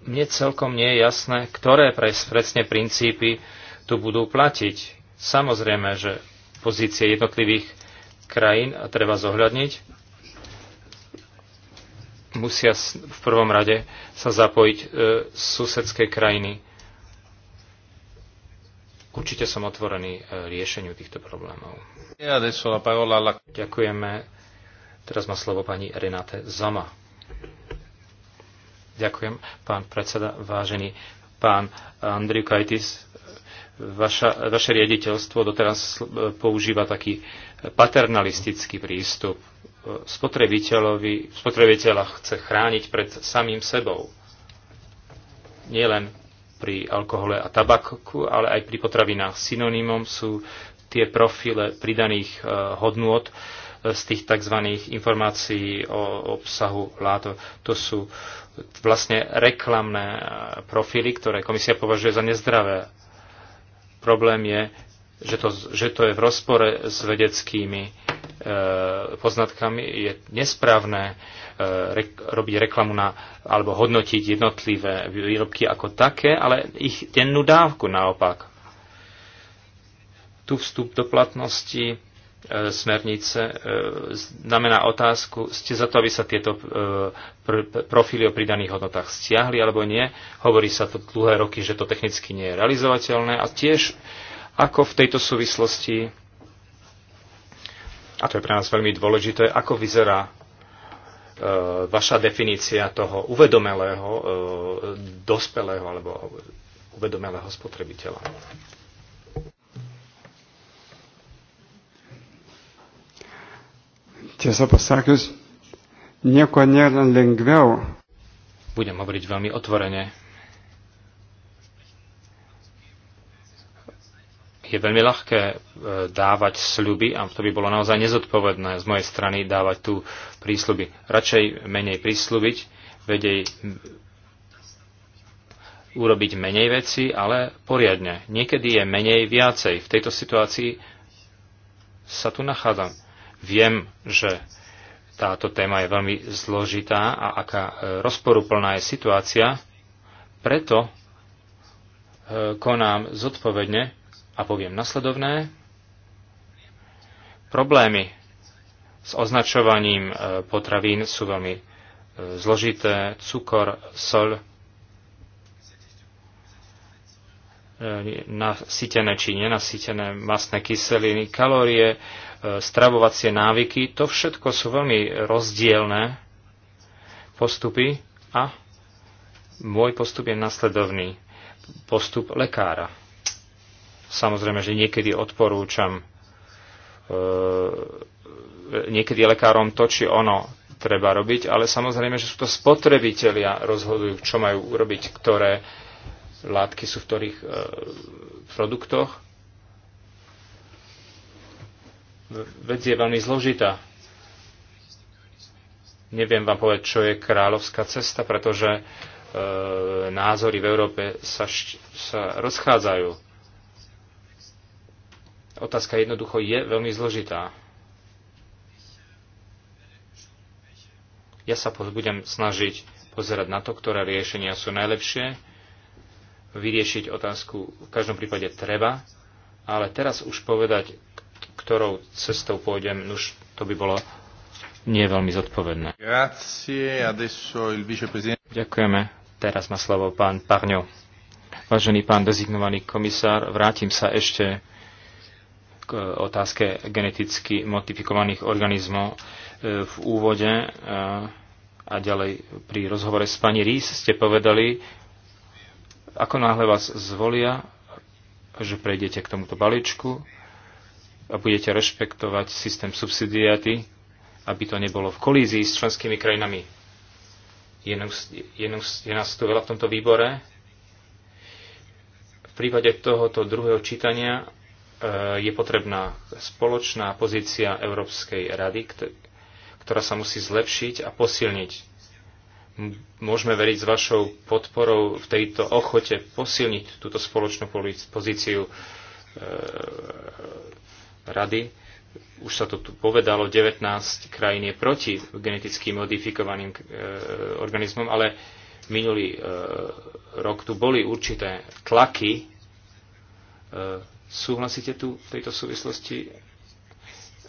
mne celkom nie je jasné, ktoré presne princípy tu budú platiť. Samozrejme, že pozície jednotlivých krajín a treba zohľadniť. Musia v prvom rade sa zapojiť e, susedské krajiny. Určite som otvorený e, riešeniu týchto problémov. Ja e, la... Ďakujeme. Teraz má slovo pani Renate Zama. Ďakujem, pán predseda, vážený pán Andriu Kajtis vaša, vaše riaditeľstvo doteraz používa taký paternalistický prístup. Spotrebiteľovi, spotrebiteľa chce chrániť pred samým sebou. Nielen pri alkohole a tabaku, ale aj pri potravinách. Synonymom sú tie profile pridaných e, hodnôt e, z tých tzv. informácií o obsahu látov. To sú vlastne reklamné e, profily, ktoré komisia považuje za nezdravé Problém je, že to, že to je v rozpore s vedeckými e, poznatkami. Je nesprávne e, re, robiť reklamu na, alebo hodnotiť jednotlivé výrobky ako také, ale ich dennú dávku naopak. Tu vstup do platnosti E, smernice e, znamená otázku, ste za to, aby sa tieto e, profily o pridaných hodnotách stiahli alebo nie. Hovorí sa to dlhé roky, že to technicky nie je realizovateľné a tiež ako v tejto súvislosti, a to je pre nás veľmi dôležité, ako vyzerá vaša definícia toho uvedomelého, dospelého alebo uvedomelého spotrebiteľa. Tiesą pasakius, nieko nėra lengviau. Budem hovoriť veľmi otvorene. Je veľmi ľahké e, dávať sľuby a to by bolo naozaj nezodpovedné z mojej strany dávať tu prísľuby. Radšej menej prísľubiť, vedej urobiť menej veci, ale poriadne. Niekedy je menej viacej. V tejto situácii sa tu nachádzam Viem, že táto téma je veľmi zložitá a aká e, rozporuplná je situácia, preto e, konám zodpovedne a poviem nasledovné. Problémy s označovaním e, potravín sú veľmi zložité. Cukor, sol, E, nasytené či nenasytené masné kyseliny, kalórie, e, stravovacie návyky, to všetko sú veľmi rozdielne postupy a môj postup je nasledovný. Postup lekára. Samozrejme, že niekedy odporúčam e, niekedy lekárom to či ono treba robiť, ale samozrejme, že sú to spotrebitelia rozhodujú, čo majú urobiť, ktoré látky sú v ktorých e, produktoch. Vec je veľmi zložitá. Neviem vám povedať, čo je kráľovská cesta, pretože e, názory v Európe sa, sa rozchádzajú. Otázka jednoducho je veľmi zložitá. Ja sa budem snažiť pozerať na to, ktoré riešenia sú najlepšie vyriešiť otázku v každom prípade treba, ale teraz už povedať, ktorou cestou pôjdem, už to by bolo nie veľmi zodpovedné. Ďakujeme. Teraz má slovo pán Parňo. Vážený pán dezignovaný komisár, vrátim sa ešte k otázke geneticky modifikovaných organizmov e, v úvode e, a ďalej pri rozhovore s pani Rís ste povedali, ako náhle vás zvolia, že prejdete k tomuto balíčku a budete rešpektovať systém subsidiaty, aby to nebolo v kolízii s členskými krajinami. Je, je, je nás tu veľa v tomto výbore. V prípade tohoto druhého čítania eh, je potrebná spoločná pozícia Európskej rady, ktorá sa musí zlepšiť a posilniť môžeme veriť s vašou podporou v tejto ochote posilniť túto spoločnú pozíciu e, rady. Už sa to tu povedalo, 19 krajín je proti geneticky modifikovaným e, organizmom, ale minulý e, rok tu boli určité tlaky. E, súhlasíte tu v tejto súvislosti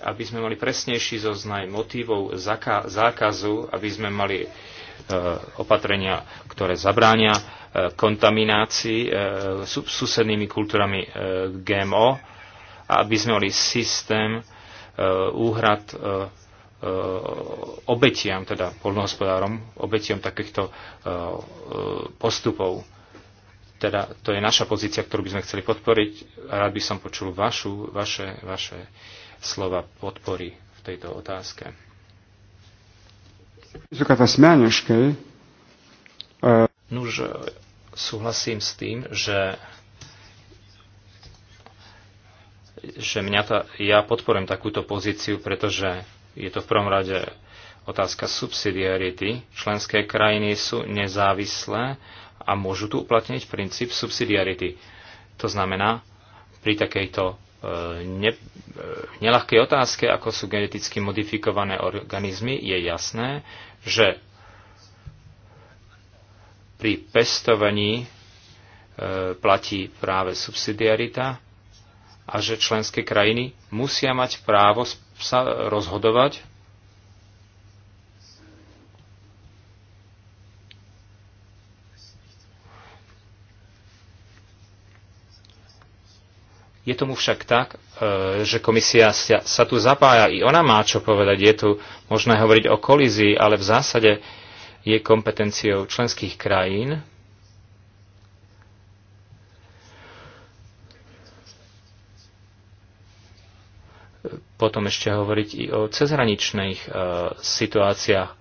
aby sme mali presnejší zoznaj motivov zákazu, aby sme mali E, opatrenia, ktoré zabránia e, kontaminácii e, susednými kultúrami GMO aby sme mali systém úhrad obetiam, teda polnohospodárom, obetiam takýchto postupov. Teda to je naša pozícia, ktorú by sme chceli podporiť a rád by som počul vašu, vaše, vaše slova podpory v tejto otázke. E, Nuž, e, súhlasím s tým, že že mňa ta, ja podporujem takúto pozíciu, pretože je to v prvom rade otázka subsidiarity. Členské krajiny sú nezávislé a môžu tu uplatniť princíp subsidiarity. To znamená, pri takejto ne, nelahkej otázke, ako sú geneticky modifikované organizmy, je jasné, že pri pestovaní e, platí práve subsidiarita a že členské krajiny musia mať právo sa rozhodovať Je tomu však tak, e, že komisia sa tu zapája. I ona má čo povedať. Je tu možné hovoriť o kolízii, ale v zásade je kompetenciou členských krajín. Potom ešte hovoriť i o cezhraničných e, situáciách.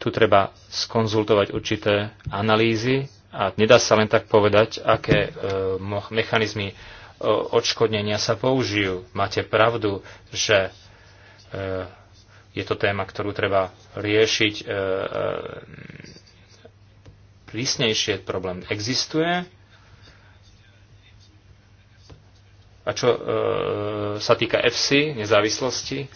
Tu treba skonzultovať určité analýzy a nedá sa len tak povedať, aké e, mechanizmy odškodnenia sa použijú. Máte pravdu, že e, je to téma, ktorú treba riešiť e, e, prísnejšie. Problém existuje. A čo sa týka FC, nezávislosti,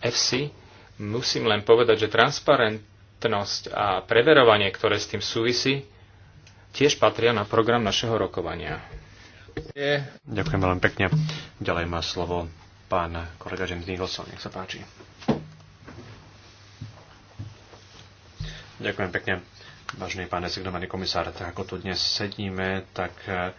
FC, musím len povedať, že transparentnosť a preverovanie, ktoré s tým súvisí, tiež patria na program našeho rokovania. Je. Ďakujem veľmi pekne. Ďalej má slovo pán kolega James Nicholson. Nech sa páči. Ďakujem pekne. Vážený pán designovaný komisár, tak ako tu dnes sedíme, tak eh,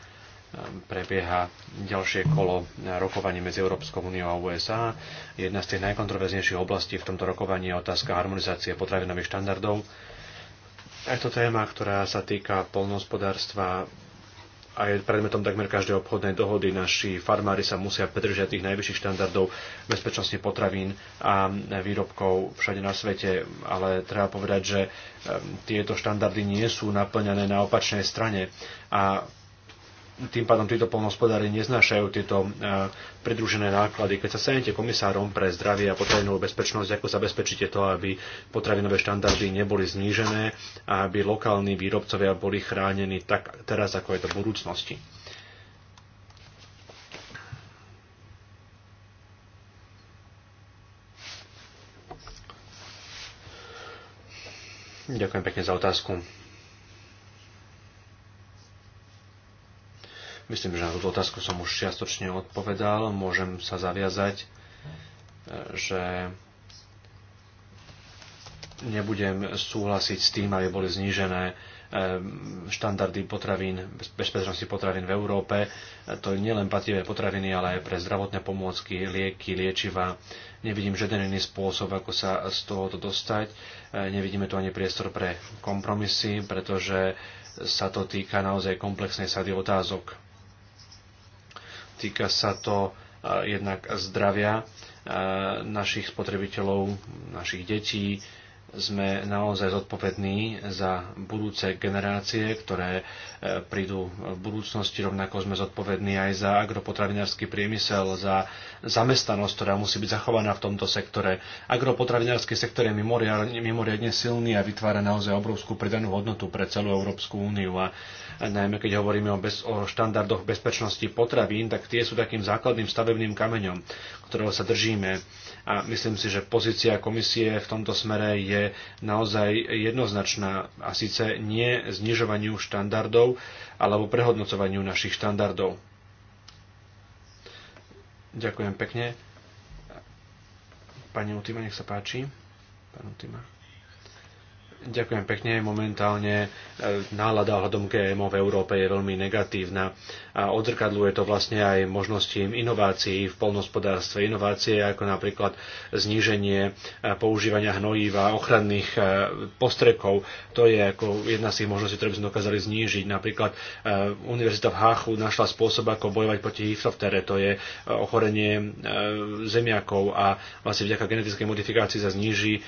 prebieha ďalšie kolo rokovaní medzi Európskou úniou a USA. Jedna z tých najkontroverznejších oblastí v tomto rokovaní je otázka harmonizácie potravinových štandardov. Je to téma, ktorá sa týka polnohospodárstva a je predmetom takmer každej obchodnej dohody. Naši farmári sa musia pridržať tých najvyšších štandardov bezpečnosti potravín a výrobkov všade na svete, ale treba povedať, že ehm, tieto štandardy nie sú naplňané na opačnej strane a tým pádom títo polnohospodári neznášajú tieto e, pridružené náklady. Keď sa stanete komisárom pre zdravie a potravinovú bezpečnosť, ako zabezpečíte to, aby potravinové štandardy neboli znížené a aby lokálni výrobcovia boli chránení tak teraz, ako je to v budúcnosti? Ďakujem pekne za otázku. Myslím, že na túto otázku som už čiastočne odpovedal. Môžem sa zaviazať, e, že nebudem súhlasiť s tým, aby boli znížené e, štandardy potravín, bezpečnosti potravín v Európe. E, to nielen patrivé potraviny, ale aj pre zdravotné pomôcky, lieky, liečiva. Nevidím žiaden iný spôsob, ako sa z tohoto dostať. Nevidíme tu ani priestor pre kompromisy, pretože sa to týka naozaj komplexnej sady otázok. Týka sa to jednak zdravia našich spotrebiteľov, našich detí, sme naozaj zodpovední za budúce generácie, ktoré e, prídu v budúcnosti. Rovnako sme zodpovední aj za agropotravinársky priemysel, za zamestnanosť, ktorá musí byť zachovaná v tomto sektore. Agropotravinársky sektor je mimoriadne, silný a vytvára naozaj obrovskú pridanú hodnotu pre celú Európsku úniu. A najmä keď hovoríme o, bez, o štandardoch bezpečnosti potravín, tak tie sú takým základným stavebným kameňom, ktorého sa držíme a myslím si, že pozícia komisie v tomto smere je naozaj jednoznačná a síce nie znižovaniu štandardov alebo prehodnocovaniu našich štandardov. Ďakujem pekne. Pani Utima, nech sa páči. Pán Utima. Ďakujem pekne. Momentálne e, nálada ohľadom GMO v Európe je veľmi negatívna a odzrkadľuje to vlastne aj možnosti inovácií v polnospodárstve. Inovácie ako napríklad zníženie e, používania hnojív a ochranných e, postrekov. To je ako jedna z tých možností, ktoré by sme dokázali znížiť. Napríklad Univerzita v Háchu našla spôsob, ako bojovať proti hyfloftere. To je ochorenie zemiakov a vlastne vďaka genetickej modifikácii sa zníži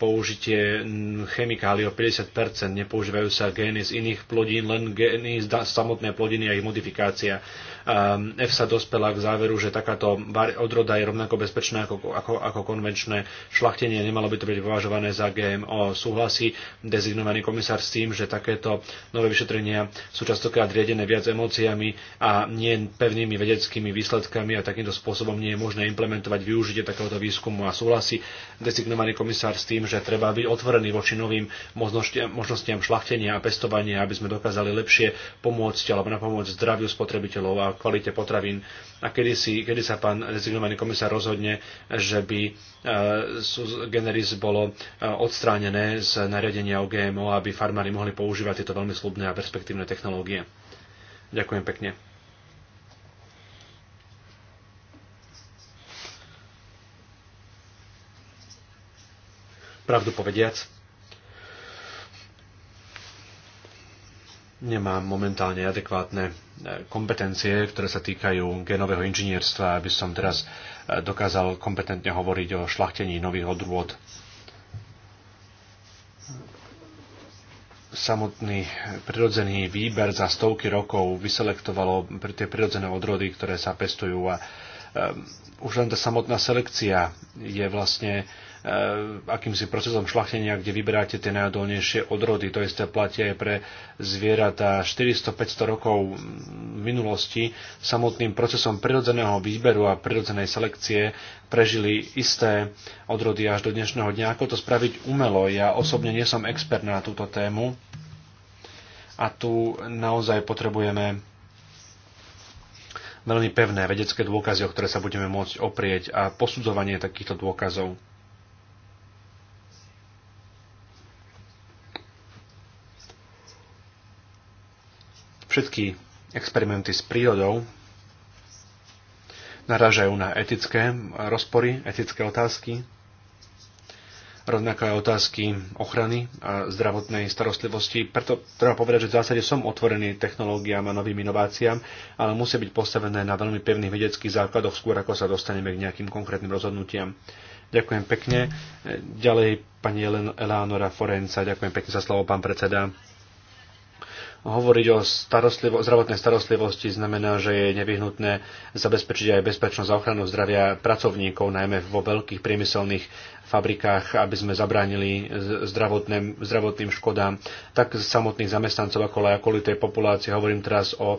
použitie chemikálov chemikálií o 50%, nepoužívajú sa gény z iných plodín, len gény z samotné plodiny a ich modifikácia. EFSA ehm, dospela k záveru, že takáto odroda je rovnako bezpečná ako, ako, ako konvenčné šlachtenie. Nemalo by to byť považované za GMO. Súhlasí dezignovaný komisár s tým, že takéto nové vyšetrenia sú častokrát riadené viac emóciami a nie pevnými vedeckými výsledkami a takýmto spôsobom nie je možné implementovať využitie takéhoto výskumu a súhlasí dezignovaný komisár s tým, že treba byť otvorený voči novým možnostiam šlachtenia a pestovania, aby sme dokázali lepšie pomôcť alebo napomôcť zdraviu spotrebiteľov a kvalite potravín a kedy, si, kedy sa pán rezignovaný komisár rozhodne, že by e, generis bolo e, odstránené z nariadenia o GMO, aby farmári mohli používať tieto veľmi slubné a perspektívne technológie. Ďakujem pekne. Pravdu povediac, nemám momentálne adekvátne e, kompetencie, ktoré sa týkajú genového inžinierstva, aby som teraz e, dokázal kompetentne hovoriť o šlachtení nových odrôd. Samotný prirodzený výber za stovky rokov vyselektovalo tie prirodzené odrody, ktoré sa pestujú a um, už len tá samotná selekcia je vlastne uh, Eh, akýmsi procesom šlachtenia, kde vyberáte tie najodolnejšie odrody. To isté platí aj pre zvieratá. 400-500 rokov v minulosti samotným procesom prirodzeného výberu a prirodzenej selekcie prežili isté odrody až do dnešného dňa. Ako to spraviť umelo? Ja osobne nie som expert na túto tému a tu naozaj potrebujeme veľmi pevné vedecké dôkazy, o ktoré sa budeme môcť oprieť a posudzovanie takýchto dôkazov. Všetky experimenty s prírodou naražajú na etické rozpory, etické otázky, rovnako aj otázky ochrany a zdravotnej starostlivosti. Preto treba povedať, že v zásade som otvorený technológiám a novým inováciám, ale musia byť postavené na veľmi pevných vedeckých základoch skôr, ako sa dostaneme k nejakým konkrétnym rozhodnutiam. Ďakujem pekne. Ďalej pani Eleonora Forenca. Ďakujem pekne za slovo, pán predseda. Hovoriť o starostlivo- zdravotnej starostlivosti znamená, že je nevyhnutné zabezpečiť aj bezpečnosť a ochranu zdravia pracovníkov, najmä vo veľkých priemyselných fabrikách, aby sme zabránili zdravotným, zdravotným škodám, tak samotných zamestnancov ako aj okolitej populácie. Hovorím teraz o e,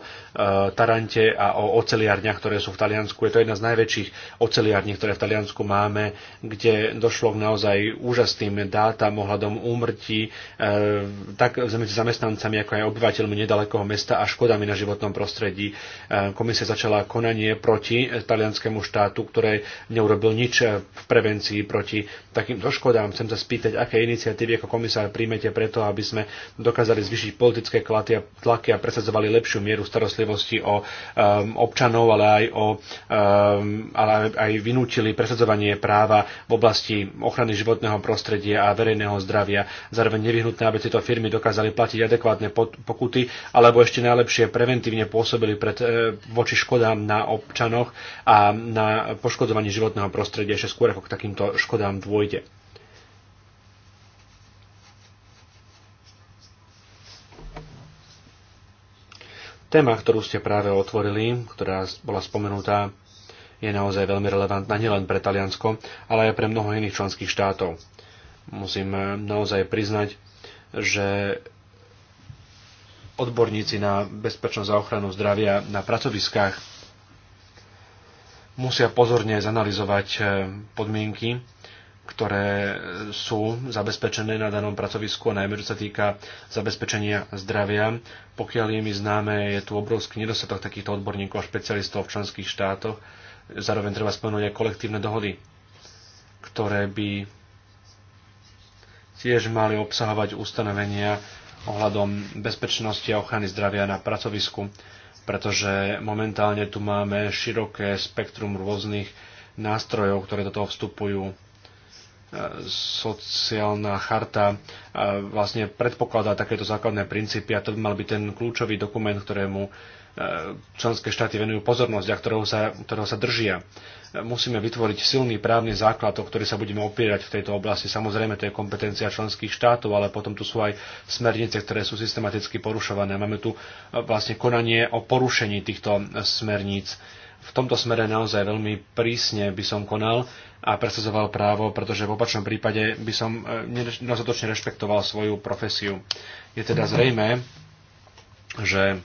Tarante a o oceliarniach, ktoré sú v Taliansku. Je to jedna z najväčších oceliarní, ktoré v Taliansku máme, kde došlo k naozaj úžasným dátam ohľadom úmrtí, e, tak medzi zamestnancami ako aj obyvateľmi nedalekého mesta a škodami na životnom prostredí. E, komisia začala konanie proti talianskému štátu, ktoré neurobil nič v prevencii proti takýmto škodám. Chcem sa spýtať, aké iniciatívy ako komisár príjmete preto, aby sme dokázali zvyšiť politické tlaky a presadzovali lepšiu mieru starostlivosti o um, občanov, ale aj, o, um, ale aj vynúčili presadzovanie práva v oblasti ochrany životného prostredia a verejného zdravia. Zároveň nevyhnutné, aby tieto firmy dokázali platiť adekvátne pokuty, alebo ešte najlepšie preventívne pôsobili pred, e, voči škodám na občanoch a na poškodovaní životného prostredia ešte skôr ako k takýmto škodám pôjde. Téma, ktorú ste práve otvorili, ktorá bola spomenutá, je naozaj veľmi relevantná nielen pre Taliansko, ale aj pre mnoho iných členských štátov. Musím eh, naozaj priznať, že odborníci na bezpečnosť a ochranu zdravia na pracoviskách musia pozorne zanalizovať eh, podmienky ktoré sú zabezpečené na danom pracovisku a najmä čo sa týka zabezpečenia zdravia. Pokiaľ je mi známe, je tu obrovský nedostatok takýchto odborníkov a špecialistov v členských štátoch. Zároveň treba spomenúť aj kolektívne dohody, ktoré by tiež mali obsahovať ustanovenia ohľadom bezpečnosti a ochrany zdravia na pracovisku, pretože momentálne tu máme široké spektrum rôznych nástrojov, ktoré do toho vstupujú sociálna charta vlastne predpokladá takéto základné princípy a to by mal byť ten kľúčový dokument, ktorému e, členské štáty venujú pozornosť a ktorého sa, ktorého sa držia. Musíme vytvoriť silný právny základ, o ktorý sa budeme opierať v tejto oblasti. Samozrejme, to je kompetencia členských štátov, ale potom tu sú aj smernice, ktoré sú systematicky porušované. Máme tu e, vlastne konanie o porušení týchto e, smerníc v tomto smere naozaj veľmi prísne by som konal a presadzoval právo, pretože v opačnom prípade by som e, nedostatočne rešpektoval svoju profesiu. Je teda mhm. zrejmé, že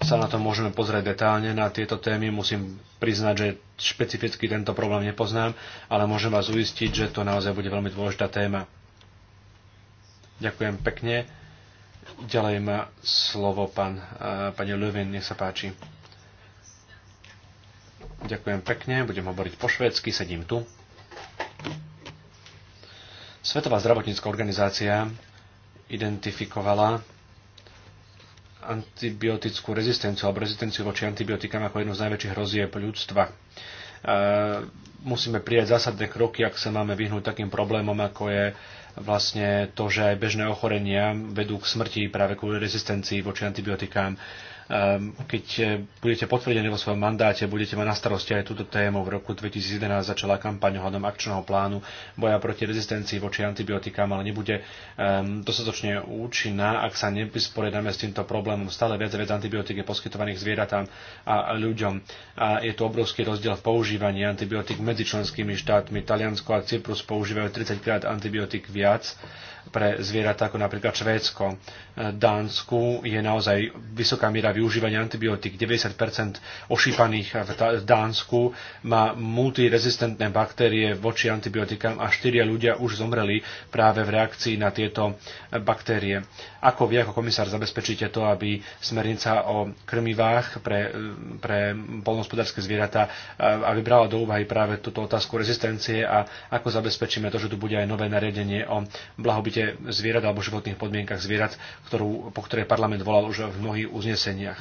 sa na to môžeme pozrieť detálne na tieto témy. Musím priznať, že špecificky tento problém nepoznám, ale môžem vás uistiť, že to naozaj bude veľmi dôležitá téma. Ďakujem pekne. Ďalej má slovo pán, e, pani Lövin, nech sa páči. Ďakujem pekne, budem hovoriť po švédsky, sedím tu. Svetová zdravotnícka organizácia identifikovala antibiotickú rezistenciu alebo rezistenciu voči antibiotikám ako jednu z najväčších hrozieb ľudstva. E, musíme prijať zásadné kroky, ak sa máme vyhnúť takým problémom, ako je vlastne to, že aj bežné ochorenia vedú k smrti práve kvôli rezistencii voči antibiotikám. Ehm, keď e, budete potvrdení vo svojom mandáte, budete mať na starosti aj túto tému. V roku 2011 začala kampaň ohľadom akčného plánu boja proti rezistencii voči antibiotikám, ale nebude ehm, dostatočne účinná, ak sa nevysporiadame s týmto problémom. Stále viac a viac antibiotík je poskytovaných zvieratám a ľuďom. A je tu obrovský rozdiel v používaní antibiotík medzi členskými štátmi. Taliansko a Cyprus používajú 30 krát antibiotík viac pre zvieratá ako napríklad Švédsko. E, Dánsku je naozaj vysoká miera využívania antibiotík. 90% ošípaných v Dánsku má multirezistentné baktérie voči antibiotikám a štyria ľudia už zomreli práve v reakcii na tieto e, baktérie. Ako vy ako komisár zabezpečíte to, aby smernica o krmivách pre, e, pre polnospodárske zvieratá a brala do úvahy práve túto otázku rezistencie a ako zabezpečíme to, že tu bude aj nové nariadenie o blahobytí blahobite zvierat alebo životných podmienkach zvierat, ktorú, po ktorej parlament volal už v mnohých uzneseniach.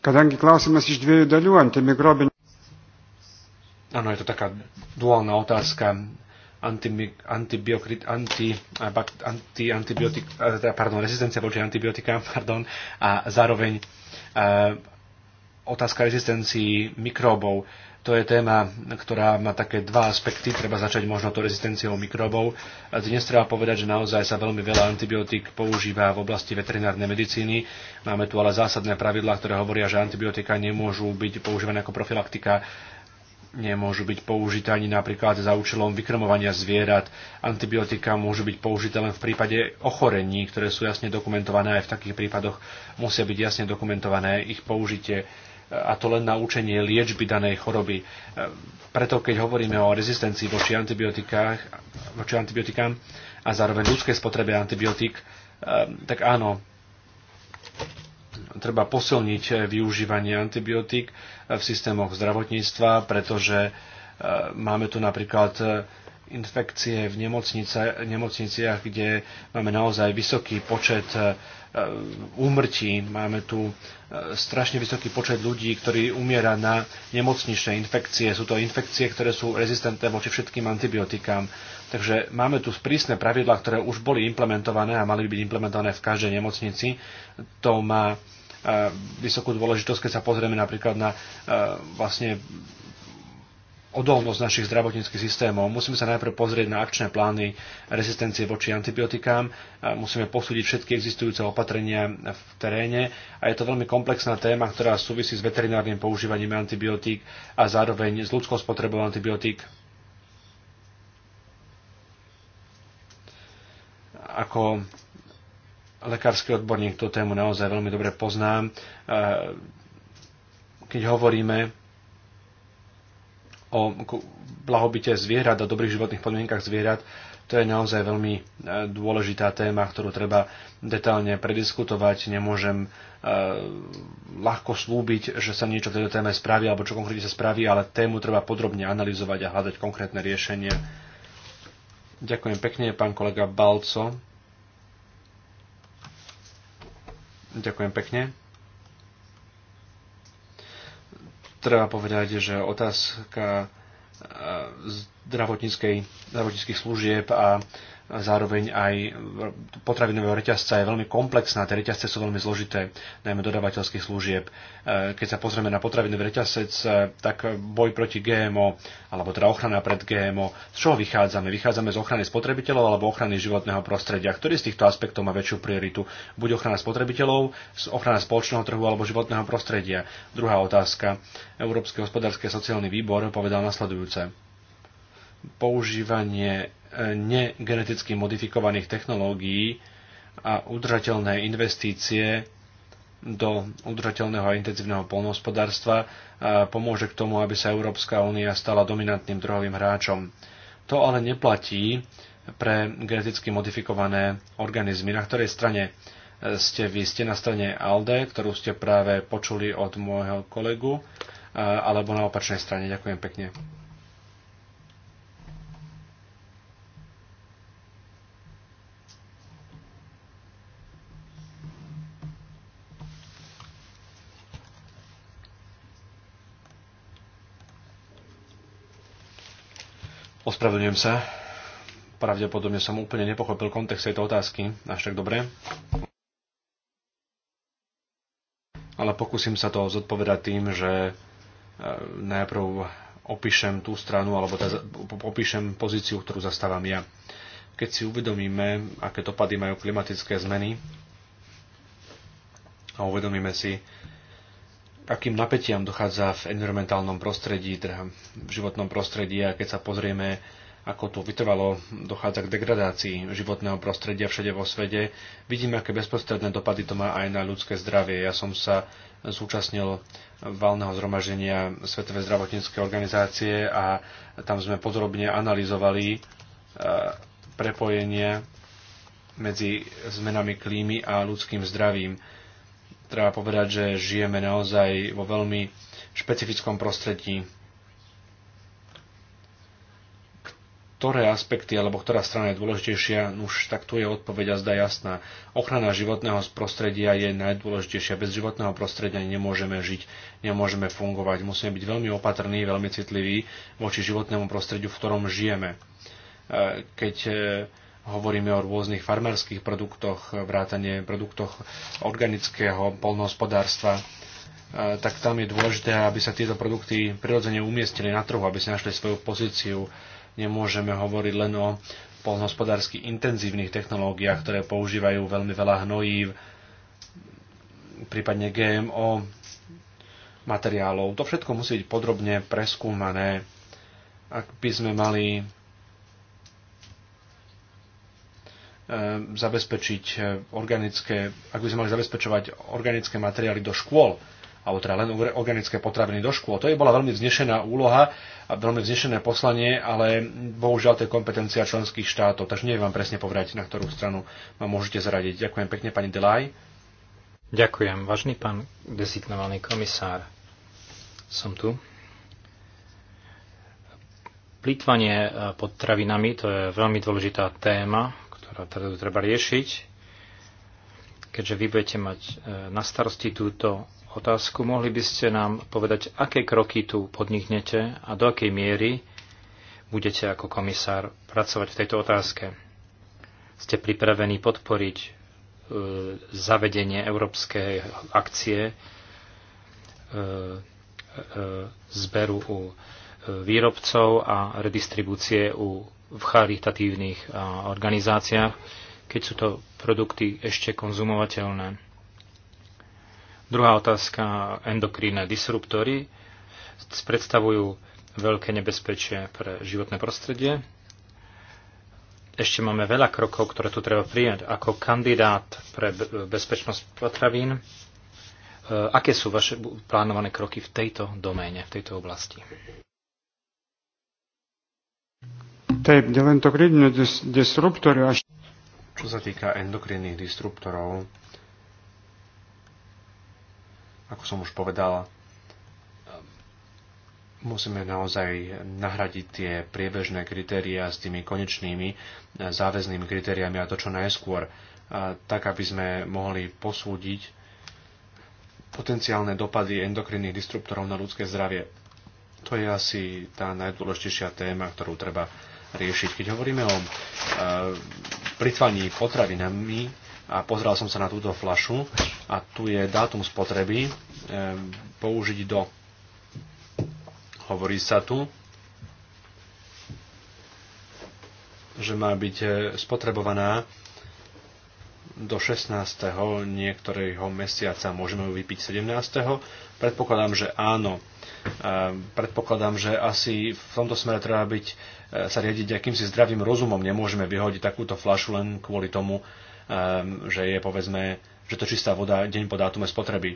Kadangi klausimas iš dviejų dalių antimikrobin... Áno, je to taká duálna otázka antibiokrit, anti, anti, antibiotik, teda, pardon, rezistencia voči antibiotika, pardon, a zároveň uh, otázka rezistencii mikróbov Uh, to je téma, ktorá má také dva aspekty. Treba začať možno to rezistenciou mikrobov. Dnes treba povedať, že naozaj sa veľmi veľa antibiotík používa v oblasti veterinárnej medicíny. Máme tu ale zásadné pravidlá, ktoré hovoria, že antibiotika nemôžu byť používané ako profilaktika nemôžu byť použité ani napríklad za účelom vykrmovania zvierat. Antibiotika môžu byť použité len v prípade ochorení, ktoré sú jasne dokumentované aj v takých prípadoch musia byť jasne dokumentované ich použitie a to len na učenie liečby danej choroby. Preto keď hovoríme o rezistencii voči, voči antibiotikám a zároveň ľudskej spotrebe antibiotík, eh, tak áno, treba posilniť využívanie antibiotík v systémoch zdravotníctva, pretože eh, máme tu napríklad eh, infekcie v nemocnice, nemocniciach, kde máme naozaj vysoký počet e, e, úmrtí. Máme tu e, strašne vysoký počet ľudí, ktorí umiera na nemocničné infekcie. Sú to infekcie, ktoré sú rezistentné voči všetkým antibiotikám. Takže máme tu prísne pravidlá, ktoré už boli implementované a mali byť implementované v každej nemocnici. To má vysokú dôležitosť, keď sa pozrieme napríklad na vlastne odolnosť našich zdravotníckých systémov. Musíme sa najprv pozrieť na akčné plány rezistencie voči antibiotikám, musíme posúdiť všetky existujúce opatrenia v teréne a je to veľmi komplexná téma, ktorá súvisí s veterinárnym používaním antibiotík a zároveň s ľudskou spotrebou antibiotík. Ako lekársky odborník tú tému naozaj veľmi dobre poznám. Keď hovoríme o blahobite zvierat a dobrých životných podmienkach zvierat, to je naozaj veľmi e, dôležitá téma, ktorú treba detálne prediskutovať. Nemôžem e, ľahko slúbiť, že sa niečo v tejto téme spraví alebo čo konkrétne sa spraví, ale tému treba podrobne analyzovať a hľadať konkrétne riešenie. Ďakujem pekne, pán kolega Balco. Ďakujem pekne. treba povedať, že otázka eh, zdravotníckých služieb a Zároveň aj potravinového reťazca je veľmi komplexná, tie reťazce sú veľmi zložité, najmä dodavateľských služieb. E, keď sa pozrieme na potravinový reťazec, e, tak boj proti GMO, alebo teda ochrana pred GMO, z čoho vychádzame? Vychádzame z ochrany spotrebiteľov alebo ochrany životného prostredia. Ktorý z týchto aspektov má väčšiu prioritu? Buď ochrana spotrebiteľov, ochrana spoločného trhu alebo životného prostredia. Druhá otázka. Európsky hospodársky a sociálny výbor povedal nasledujúce používanie e, negeneticky modifikovaných technológií a udržateľné investície do udržateľného a intenzívneho polnohospodárstva e, pomôže k tomu, aby sa Európska únia stala dominantným trhovým hráčom. To ale neplatí pre geneticky modifikované organizmy. Na ktorej strane e, ste vy? Ste na strane ALDE, ktorú ste práve počuli od môjho kolegu, alebo na opačnej strane? Ďakujem pekne. Ospravedlňujem sa. Pravdepodobne som úplne nepochopil kontext tejto otázky až tak dobre. Ale pokúsim sa to zodpovedať tým, že e, najprv opíšem tú stranu, alebo tá, teda opíšem pozíciu, ktorú zastávam ja. Keď si uvedomíme, aké dopady majú klimatické zmeny a uvedomíme si, akým napätiam dochádza v environmentálnom prostredí, teda v životnom prostredí a keď sa pozrieme, ako to vytrvalo, dochádza k degradácii životného prostredia všade vo svete, vidíme, aké bezprostredné dopady to má aj na ľudské zdravie. Ja som sa zúčastnil valného zhromaždenia Svetovej zdravotníckej organizácie a tam sme podrobne analyzovali e, prepojenie medzi zmenami klímy a ľudským zdravím treba povedať, že žijeme naozaj vo veľmi špecifickom prostredí, ktoré aspekty alebo ktorá strana je dôležitejšia, už tak tu je odpoveď a zdá jasná. Ochrana životného prostredia je najdôležitejšia. Bez životného prostredia nemôžeme žiť, nemôžeme fungovať. Musíme byť veľmi opatrní, veľmi citliví voči životnému prostrediu, v ktorom žijeme. E, keď e, Hovoríme o rôznych farmerských produktoch, vrátane produktoch organického polnohospodárstva e, tak tam je dôležité, aby sa tieto produkty prirodzene umiestnili na trhu, aby si našli svoju pozíciu. Nemôžeme hovoriť len o polnohospodársky intenzívnych technológiách, ktoré používajú veľmi veľa hnojív, prípadne GMO materiálov. To všetko musí byť podrobne preskúmané, ak by sme mali Ehm, zabezpečiť ehm, organické, ak by sme mali zabezpečovať organické materiály do škôl, alebo teda len organické potraviny do škôl. To je bola veľmi vznešená úloha a veľmi vznešené poslanie, ale bohužiaľ to je kompetencia členských štátov, takže neviem vám presne povedať, na ktorú stranu ma môžete zaradiť. Ďakujem pekne, pani Delaj. Ďakujem, vážny pán dezignovaný komisár. Som tu. Plýtvanie e, potravinami, to je veľmi dôležitá téma teda to treba riešiť. Keďže vy budete mať e, na starosti túto otázku, mohli by ste nám povedať, aké kroky tu podniknete a do akej miery budete ako komisár pracovať v tejto otázke. Ste pripravení podporiť e, zavedenie európskej akcie e, zberu u výrobcov a redistribúcie u v charitatívnych organizáciách, keď sú to produkty ešte konzumovateľné. Druhá otázka, endokrínne disruptory predstavujú veľké nebezpečie pre životné prostredie. Ešte máme veľa krokov, ktoré tu treba prijať ako kandidát pre bezpečnosť potravín. E, aké sú vaše plánované kroky v tejto doméne, v tejto oblasti? Taip, dėl endokrininių dis disruptorių aš. Čo sa týka endokrinných disruptorov, ako som už povedal, ehm, musíme naozaj nahradiť tie priebežné kritériá s tými konečnými e, záväznými kritériami a to čo najskôr, tak aby sme mohli posúdiť potenciálne dopady endokrinných disruptorov na ľudské zdravie. To je asi tá najdôležitejšia téma, ktorú treba riešiť. Keď hovoríme o e, pritvaní potravinami, a pozrel som sa na túto flašu a tu je dátum spotreby e, použiť do. Hovorí sa tu, že má byť e, spotrebovaná do 16. niektorého mesiaca. Môžeme ju vypiť 17. Predpokladám, že áno. E, predpokladám, že asi v tomto smere treba byť sa riadiť akýmsi zdravým rozumom. Nemôžeme vyhodiť takúto flašu len kvôli tomu, um, že je povedzme, že to čistá voda deň po dátume spotreby.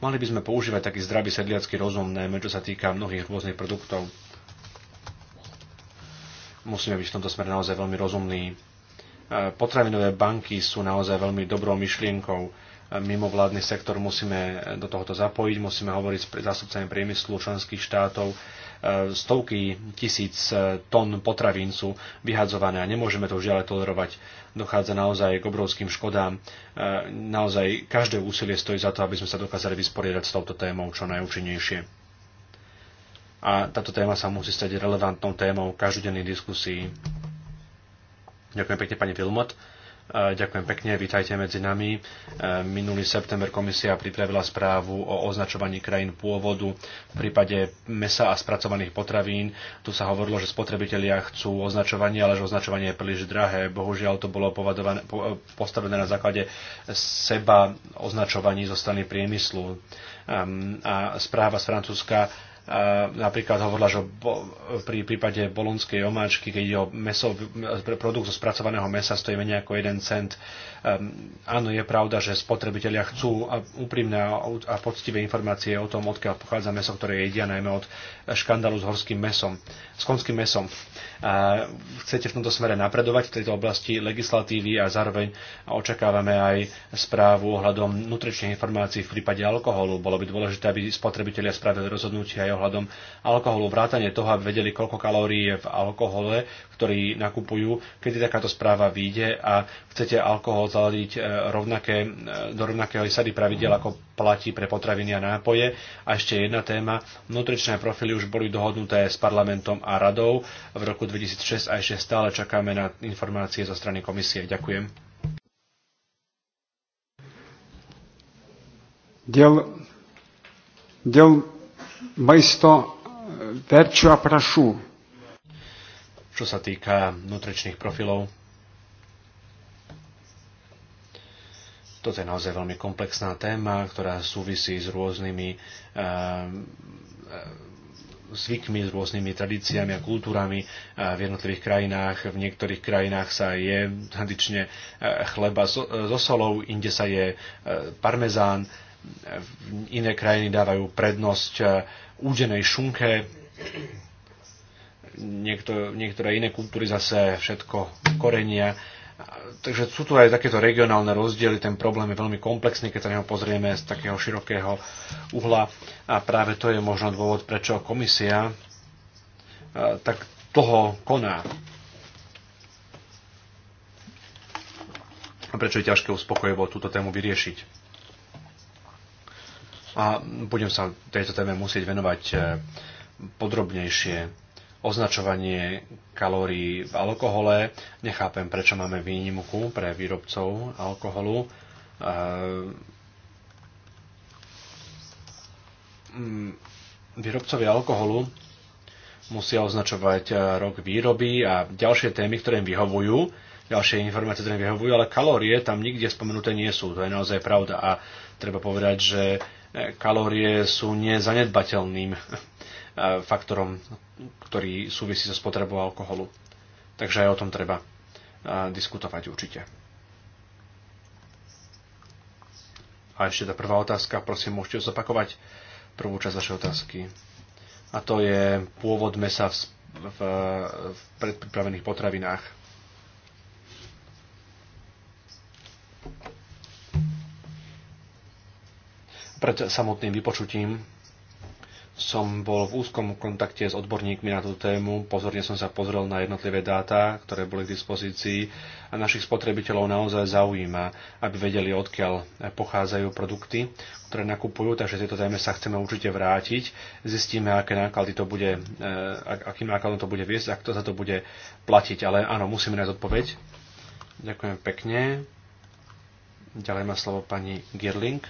Mali by sme používať taký zdravý sedliacký rozum, najmä čo sa týka mnohých rôznych produktov. Musíme byť v tomto smere naozaj veľmi rozumní. E, potravinové banky sú naozaj veľmi dobrou myšlienkou mimovládny sektor musíme do tohoto zapojiť, musíme hovoriť s zástupcami priemyslu členských štátov. E, stovky tisíc e, tón potravín sú vyhadzované a nemôžeme to už ďalej tolerovať. Dochádza naozaj k obrovským škodám. E, naozaj každé úsilie stojí za to, aby sme sa dokázali vysporiadať s touto témou čo najúčinnejšie a táto téma sa musí stať relevantnou témou každodenných diskusí. Ďakujem pekne pani Vilmot. E, ďakujem pekne, vítajte medzi nami. E, minulý september komisia pripravila správu o označovaní krajín pôvodu v prípade mesa a spracovaných potravín. Tu sa hovorilo, že spotrebitelia chcú označovanie, ale že označovanie je príliš drahé. Bohužiaľ to bolo postavené na základe seba označovaní zo strany priemyslu. Ehm, a správa z Francúzska napríklad hovorila, že pri prípade bolonskej omáčky, keď je o meso, e, produkt zo spracovaného mesa stojí menej ako 1 cent. Ehm, áno, je pravda, že spotrebitelia chcú úprimné a poctivé informácie o tom, odkiaľ pochádza meso, ktoré jedia, najmä od škandalu s horským mesom, s konským mesom. Chcete v tomto smere napredovať v tejto oblasti legislatívy a zároveň očakávame aj správu ohľadom nutričných informácií v prípade alkoholu. Bolo by dôležité, aby spotrebitelia spravili rozhodnutia aj ohľadom alkoholu, vrátane toho, aby vedeli, koľko kalórií je v alkohole, ktorí nakupujú, kedy teda takáto správa vyjde a chcete alkohol zaladiť e, rovnaké, e, do rovnakého sady pravidel, ako platí pre potraviny a nápoje. A ešte jedna téma. Nutričné profily už boli dohodnuté s parlamentom a radou v roku 2006 a ešte stále čakáme na informácie zo strany komisie. Ďakujem. Dėl, dėl maisto verčių aprašų čo sa týka nutričných profilov. Toto je naozaj veľmi komplexná téma, ktorá súvisí s rôznymi eh, eh, zvykmi, s rôznymi tradíciami a kultúrami eh, v jednotlivých krajinách. V niektorých krajinách sa je tradične chleba so solou, inde sa je parmezán, iné krajiny dávajú prednosť údenej šunke, niekto, niektoré iné kultúry zase všetko korenia. Takže sú tu aj takéto regionálne rozdiely, ten problém je veľmi komplexný, keď sa neho pozrieme z takého širokého uhla a práve to je možno dôvod, prečo komisia tak toho koná. A prečo je ťažké uspokojivo túto tému vyriešiť. A budem sa tejto téme musieť venovať e, podrobnejšie označovanie kalórií v alkohole. Nechápem, prečo máme výnimku pre výrobcov alkoholu. Ehm, mm, výrobcovi alkoholu musia označovať eh, rok výroby a ďalšie témy, ktoré im vyhovujú, ďalšie informácie, ktoré im vyhovujú, ale kalórie tam nikde spomenuté nie sú. To je naozaj pravda a treba povedať, že eh, kalórie sú nezanedbateľným E, faktorom, ktorý súvisí so spotrebou alkoholu. Takže aj o tom treba e, diskutovať určite. A ešte tá prvá otázka, prosím, môžete zopakovať prvú časť vašej otázky. A to je pôvod mesa v, v, v predpripravených potravinách. Pred samotným vypočutím som bol v úzkom kontakte s odborníkmi na tú tému, pozorne som sa pozrel na jednotlivé dáta, ktoré boli k dispozícii a našich spotrebiteľov naozaj zaujíma, aby vedeli, odkiaľ pochádzajú produkty, ktoré nakupujú, takže tieto téme sa chceme určite vrátiť. Zistíme, aké náklady to bude, eh, akým nákladom to bude viesť a kto za to bude platiť. Ale áno, musíme nájsť odpoveď. Ďakujem pekne. Ďalej má slovo pani Girling.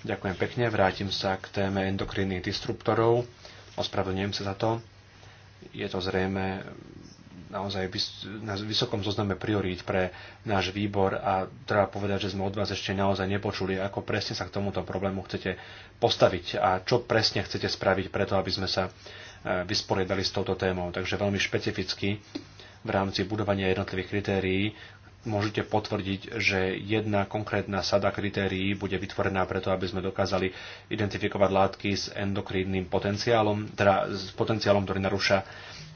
Ďakujem pekne, vrátim sa k téme endokrinných disruptorov. Ospravedlňujem sa za to. Je to zrejme naozaj na vysokom zozname priorít pre náš výbor a treba povedať, že sme od vás ešte naozaj nepočuli, ako presne sa k tomuto problému chcete postaviť a čo presne chcete spraviť preto, aby sme sa e, vysporiadali s touto témou. Takže veľmi špecificky v rámci budovania jednotlivých kritérií, môžete potvrdiť, že jedna konkrétna sada kritérií bude vytvorená preto, aby sme dokázali identifikovať látky s endokrínnym potenciálom, teda s potenciálom, ktorý narúša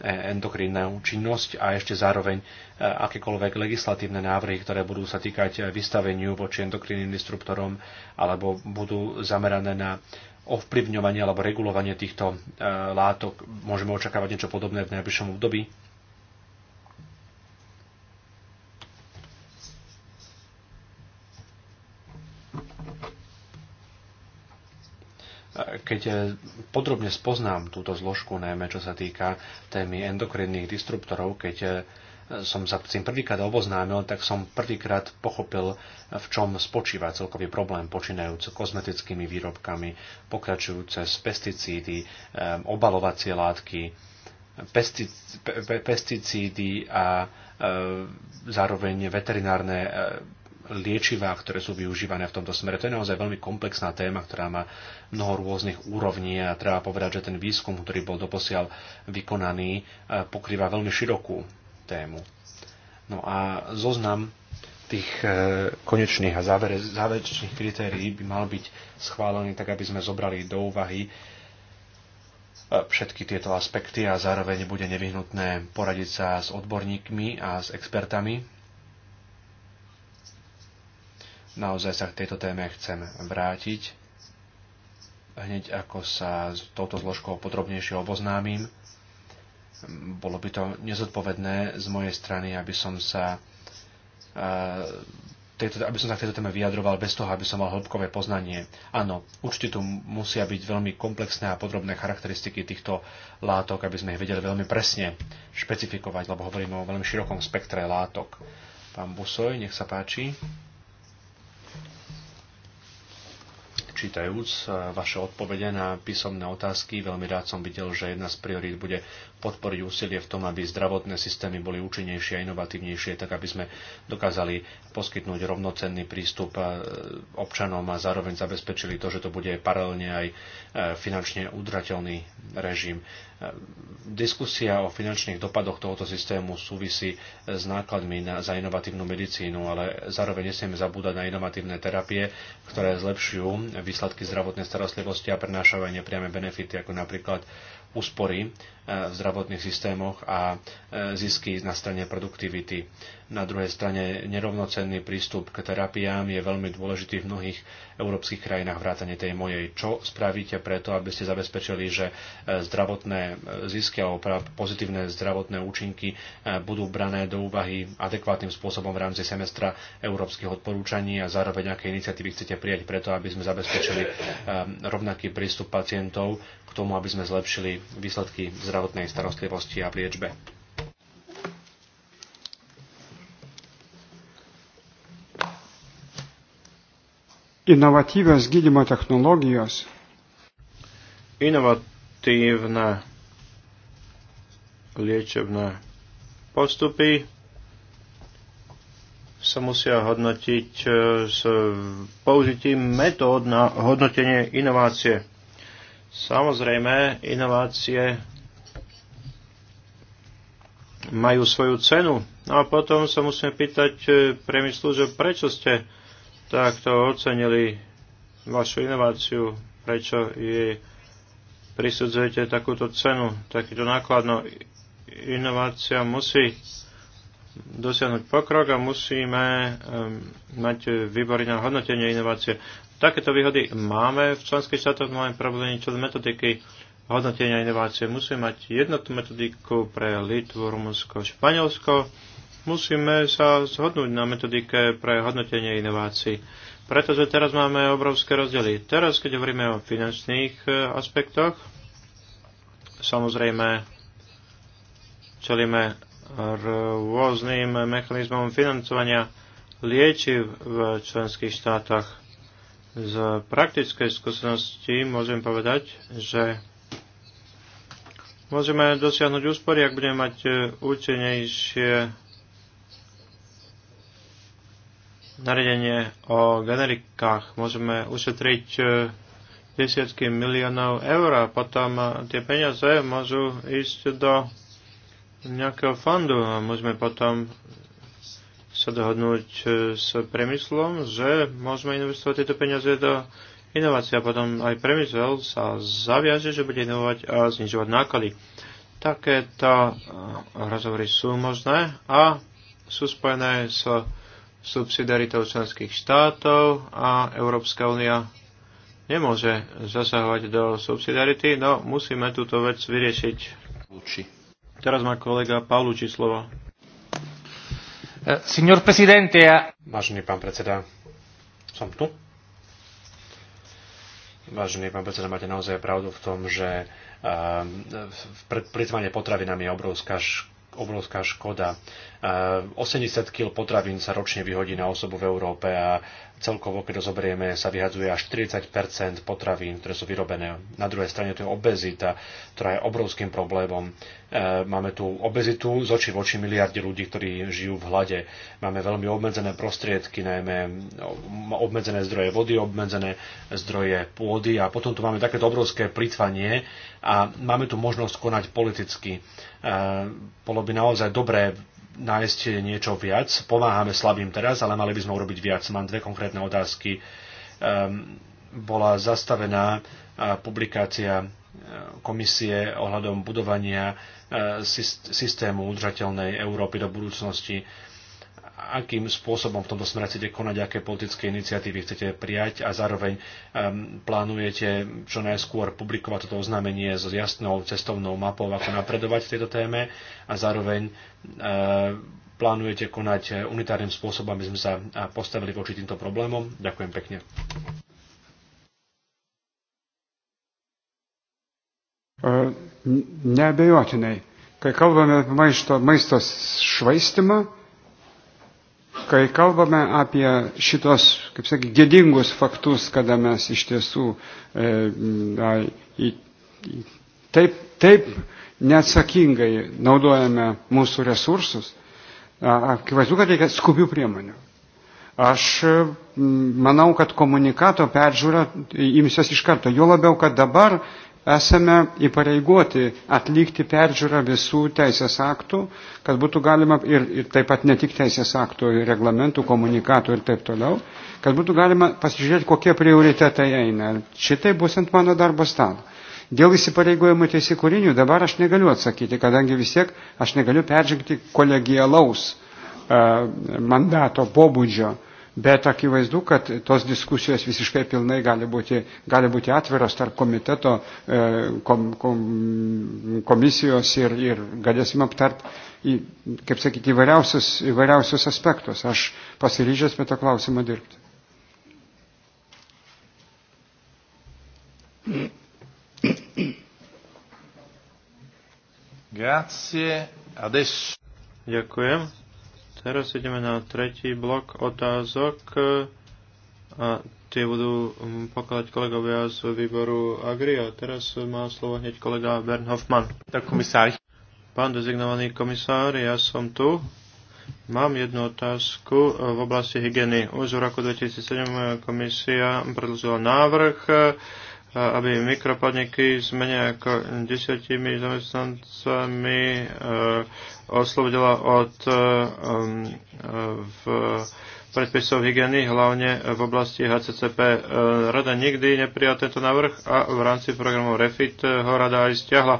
e, endokrínnu činnosť a ešte zároveň e, akékoľvek legislatívne návrhy, ktoré budú sa týkať vystaveniu voči endokrínnym disruptorom alebo budú zamerané na ovplyvňovanie alebo regulovanie týchto e, látok. Môžeme očakávať niečo podobné v najbližšom období? keď e, podrobne spoznám túto zložku, najmä čo sa týka témy endokrinných disruptorov, keď e, som sa s tým prvýkrát oboznámil, tak som prvýkrát pochopil, v čom spočíva celkový problém, počínajúc kozmetickými výrobkami, pokračujúce z pesticídy, e, obalovacie látky, pesticídy a zároveň veterinárne liečivá, ktoré sú využívané v tomto smere. To je naozaj veľmi komplexná téma, ktorá má mnoho rôznych úrovní a treba povedať, že ten výskum, ktorý bol doposiaľ vykonaný, e, pokrýva veľmi širokú tému. No a zoznam tých e, konečných a záverečných kritérií by mal byť schválený tak, aby sme zobrali do úvahy e, všetky tieto aspekty a zároveň bude nevyhnutné poradiť sa s odborníkmi a s expertami Naozaj sa k tejto téme chcem vrátiť. Hneď ako sa s touto zložkou podrobnejšie oboznámím, bolo by to nezodpovedné z mojej strany, aby som sa e, tejto, aby som sa k tejto téme vyjadroval bez toho, aby som mal hĺbkové poznanie. Áno, určite tu musia byť veľmi komplexné a podrobné charakteristiky týchto látok, aby sme ich vedeli veľmi presne špecifikovať, lebo hovoríme o veľmi širokom spektre látok. Pán Busoj, nech sa páči. Čítajúc vaše odpovede na písomné otázky, veľmi rád som videl, že jedna z priorít bude podporiť úsilie v tom, aby zdravotné systémy boli účinnejšie a inovatívnejšie, tak aby sme dokázali poskytnúť rovnocenný prístup e, občanom a zároveň zabezpečili to, že to bude paralelne aj e, finančne udržateľný režim. E, diskusia o finančných dopadoch tohoto systému súvisí s nákladmi na, za inovatívnu medicínu, ale zároveň nesieme zabúdať na inovatívne terapie, ktoré zlepšujú výsledky zdravotnej starostlivosti a prenášajú aj nepriame benefity, ako napríklad úspory v zdravotných systémoch a e, zisky na strane produktivity. Na druhej strane nerovnocenný prístup k terapiám je veľmi dôležitý v mnohých európskych krajinách vrátane tej mojej. Čo spravíte preto, aby ste zabezpečili, že e, zdravotné e, zisky alebo pozitívne zdravotné účinky budú brané do úvahy adekvátnym spôsobom v rámci semestra európskych odporúčaní a zároveň aké iniciatívy chcete prijať preto, aby sme zabezpečili rovnaký prístup pacientov k tomu, aby sme zlepšili výsledky zdravotných zdravotnej starostlivosti a v liečbe. Inovatívne gydymo technológios. Inovatívne liečebné postupy sa musia hodnotiť e, s použitím metód na hodnotenie inovácie. Samozrejme, inovácie majú svoju cenu. No a potom sa musíme pýtať e, priemyslu, že prečo ste takto ocenili vašu inováciu, prečo jej prisudzujete takúto cenu, takýto náklad. No, inovácia musí dosiahnuť pokrok a musíme mať výbory na hodnotenie inovácie. Takéto výhody máme v členských štátoch, máme no problémy čo z metodiky hodnotenia inovácie. Musíme mať jednotnú metodiku pre Litvu, Rumunsko, Španielsko. Musíme sa zhodnúť na metodike pre hodnotenie inovácií. Pretože teraz máme obrovské rozdiely. Teraz, keď hovoríme o finančných e, aspektoch, samozrejme čelíme rôznym mechanizmom financovania liečiv v členských štátoch. Z praktickej skúsenosti môžem povedať, že Môžeme dosiahnuť úspory, ak budeme mať e, účenejšie nariadenie o generikách. Môžeme ušetriť e, desiatky miliónov eur a potom e, tie peniaze môžu ísť do nejakého fondu a môžeme potom sa dohodnúť s priemyslom, že môžeme investovať tieto peniaze do inovácia. Potom aj premysel sa zaviaže, že bude inovovať a znižovať náklady. Takéto eh, rozhovory sú možné a sú spojené s subsidiaritou členských štátov a Európska únia nemôže zasahovať do subsidiarity, no musíme túto vec vyriešiť. Luči. Teraz má kolega Pavluči slovo. Eh, signor Presidente, ja... Vážený pán predseda, som tu. Vážený pán predseda, máte naozaj pravdu v tom, že uh, eh, plitvanie potravinami je obrovská, obrovská škoda 80 eh, kg potravín sa ročne vyhodí na osobu v Európe a celkovo, keď zoberieme, sa vyhadzuje až 40 potravín, ktoré sú vyrobené. Na druhej strane to je obezita, ktorá je obrovským problémom. Eh, máme tu obezitu z očí v oči miliardy ľudí, ktorí žijú v hlade. Máme veľmi obmedzené prostriedky, najmä obmedzené zdroje vody, obmedzené zdroje pôdy a potom tu máme takéto obrovské plitvanie a máme tu možnosť konať politicky. Eh, bolo by naozaj dobré nájsť niečo viac. Pomáhame slabým teraz, ale mali by sme urobiť viac. Mám dve konkrétne otázky. Ehm, bola zastavená e, publikácia e, komisie ohľadom budovania e, systému udržateľnej Európy do budúcnosti akým spôsobom v tomto smere chcete konať, aké politické iniciatívy chcete prijať a zároveň um, plánujete čo najskôr publikovať toto oznámenie s jasnou cestovnou mapou, ako napredovať v tejto téme a zároveň uh, plánujete konať unitárnym spôsobom, aby sme sa postavili voči týmto problémom. Ďakujem pekne. Neabejotinai, kai kalbame apie maisto, maisto švaistimą, kai kalbame apie šitos, kaip sakyt, gėdingus faktus, kada mes iš tiesų e, na, į, į, taip, taip neatsakingai naudojame mūsų resursus, akivaizdu, kad reikia skubių priemonių. Aš e, manau, kad komunikato peržiūrą imsiuosi iš karto. Jo labiau, kad dabar esame įpareigoti atlikti peržiūrą visų teisės aktų, kad būtų galima ir, ir taip pat ne tik teisės aktų, reglamentų, komunikatų ir taip toliau, kad būtų galima pasižiūrėti, kokie prioritetai eina. Šitai bus ant mano darbo stalo. Dėl įsipareigojimų teisikūrinių dabar aš negaliu atsakyti, kadangi vis tiek aš negaliu peržengti kolegialaus e, mandato pobūdžio bet akivaizdu, kad tos diskusijos visiškai pilnai gali būti, gali būti atviros tarp komiteto, e, kom, kom, komisijos ir, ir galėsim aptart, kaip sakyti, įvairiausius, įvairiausius aspektus. Aš pasiryžęs prie to klausimo dirbti. Grazie. Adesso. Ďakujem. Teraz ideme na tretí blok otázok a tie budú mm, pokladať kolegovia z výboru Agri a teraz má slovo hneď kolega Bern Hoffman. komisár. Pán dezignovaný komisár, ja som tu. Mám jednu otázku v oblasti hygieny. Už v roku 2007 eh, komisia predložila návrh eh, aby mikropodniky s menej ako desiatimi zamestnancami eh, oslobodila od eh, v predpisov hygieny, hlavne v oblasti HCCP. Eh, rada nikdy neprijala tento návrh a v rámci programu REFIT ho rada aj stiahla.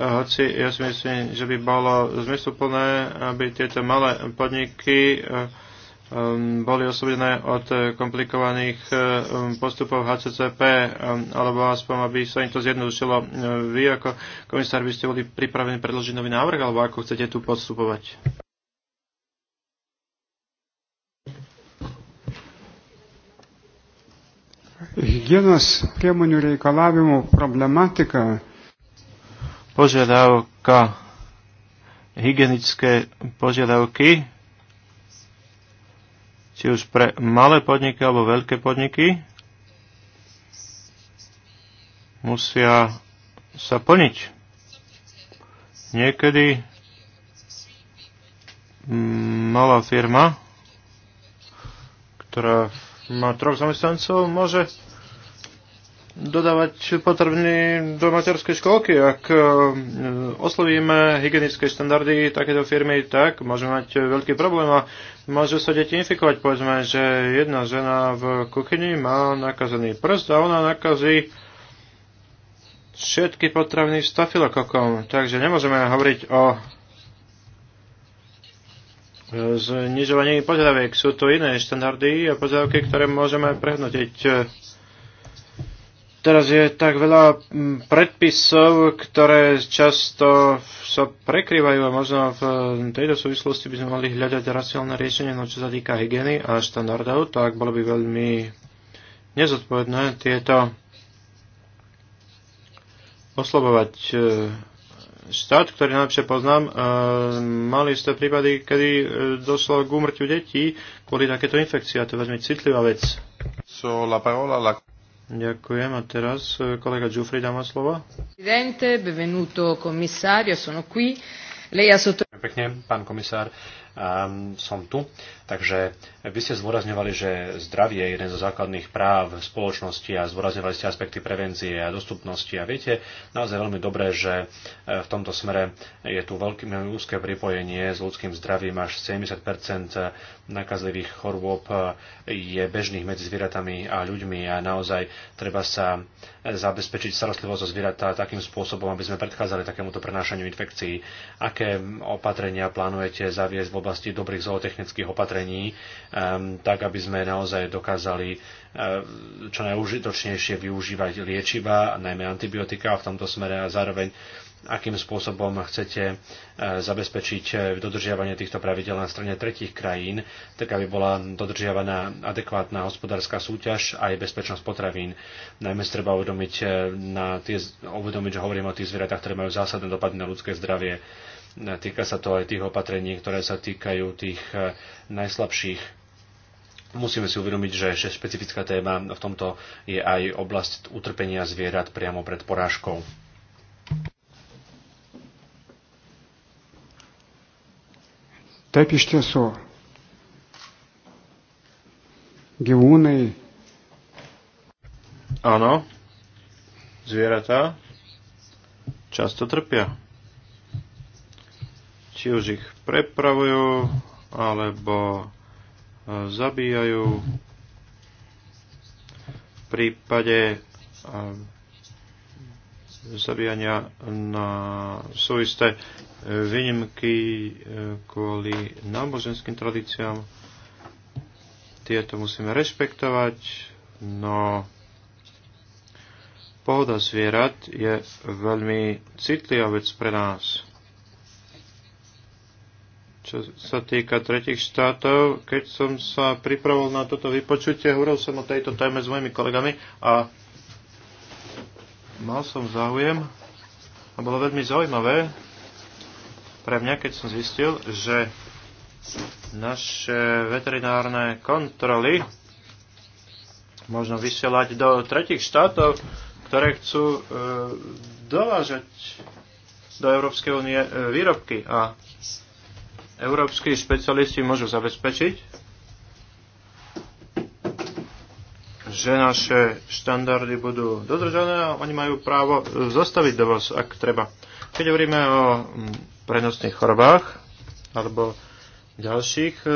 Hoci ja si myslím, že by bolo zmysluplné, aby tieto malé podniky Um, boli oslobodené od eh, komplikovaných eh, um, postupov HCCP, um, alebo aspoň, aby sa im to zjednodušilo. Eh, vy ako komisár by ste boli pripravení predložiť nový návrh, alebo ako chcete tu postupovať? Hygienos priemonių reikalavimu problematika. Požiadavka, hygienické požiadavky či už pre malé podniky alebo veľké podniky, musia sa plniť. Niekedy mm, malá firma, ktorá má troch zamestnancov, môže dodávať potrebný do materskej školky. Ak e, oslovíme hygienické štandardy takéto firmy, tak môžeme mať veľký problém a môžu sa deti infikovať. Povedzme, že jedna žena v kuchyni má nakazený prst a ona nakazí všetky potraviny stafilokokom. Takže nemôžeme hovoriť o e, znižovaní požiadaviek. Sú to iné štandardy a požiadavky, ktoré môžeme prehodnotiť. Teraz je tak veľa mm, predpisov, ktoré často sa prekrývajú a možno v mm, tejto súvislosti by sme mali hľadať racionálne riešenie, no čo sa týka hygieny a štandardov, tak bolo by veľmi nezodpovedné tieto oslobovať e, štát, ktorý najlepšie poznám, e, mali ste prípady, kedy e, došlo k úmrtiu detí kvôli takéto infekcii a to je veľmi citlivá vec. So, la parola, la... Ďakujem. A teraz e, kolega Giuffri dá slovo. Presidente, benvenuto commissario, sono qui. Lei ha sotto... Pekne, pán komisár. Ehm, som tu. Takže vy ste zdôrazňovali, že zdravie je jeden zo základných práv spoločnosti a zdôrazňovali ste aspekty prevencie a dostupnosti. A viete naozaj veľmi dobré, že e, v tomto smere je tu veľké úzke pripojenie s ľudským zdravím. Až 70 nakazlivých chorôb e, je bežných medzi zvieratami a ľuďmi a naozaj treba sa e, zabezpečiť starostlivosť o zvieratá takým spôsobom, aby sme predchádzali takémuto prenášaniu infekcií. Aké opatrenia plánujete zaviesť v oblasti oblasti dobrých zootechnických opatrení, tak aby sme naozaj dokázali čo najúžitočnejšie využívať liečiva, najmä antibiotika v tomto smere a zároveň akým spôsobom chcete zabezpečiť eh, dodržiavanie týchto pravidel na strane tretich krajín, tak aby bola dodržiavaná adekvátna hospodárska súťaž a aj bezpečnosť potravín. Najmä si treba uvedomiť, eh, na tie, uvedomiť, že hovoríme o tých zvieratách, ktoré majú zásadné dopady na ľudské zdravie. Týka sa to aj tých opatrení, ktoré sa týkajú tých e, najslabších musíme si uvedomiť, že, ešte špecifická téma v tomto je aj oblasť utrpenia zvierat priamo pred porážkou. Áno, zvieratá často trpia či už ich prepravujú alebo e, zabíjajú. V prípade e, zabíjania na súisté e, výnimky kvôli náboženským tradíciám. Tieto musíme rešpektovať, no pohoda zvierat je veľmi citlivá vec pre nás. Čo sa týka tretich štátov, keď som sa pripravil na toto vypočutie, hovoril som o tejto téme s mojimi kolegami a mal som záujem a bolo veľmi zaujímavé pre mňa, keď som zistil, že naše veterinárne kontroly možno vysielať do tretich štátov, ktoré chcú e, dovážať do Európskej únie e, výrobky. A európsky špecialisti môžu zabezpečiť, že naše štandardy budú dodržané a oni majú právo zostaviť dovoz, ak treba. Keď hovoríme o mm, prenosných chorobách alebo ďalších e,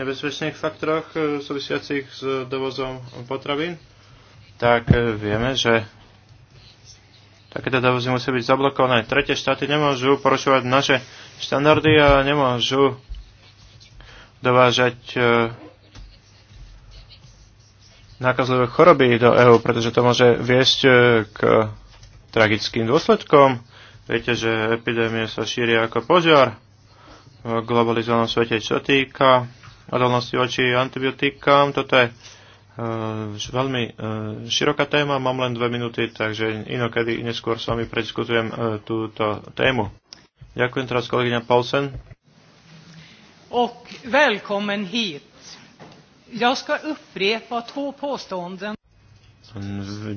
nebezpečných faktoroch e, súvisiacich s dovozom potravín, tak e, vieme, že takéto teda dovozy musia byť zablokované. Tretie štáty nemôžu porušovať naše štandardy a nemôžu dovážať e, nákazlivé choroby do EÚ, pretože to môže viesť e, k tragickým dôsledkom. Viete, že epidémie sa šíria ako požiar v globalizovanom svete. Čo týka odolnosti voči antibiotikám, toto je Uh, veľmi uh, široká téma, mám len dve minúty, takže inokedy neskôr s vami prediskutujem uh, túto tému. Ďakujem teraz kolegyňa Paulsen. Och välkommen hit. Jag ska upprepa två påståenden.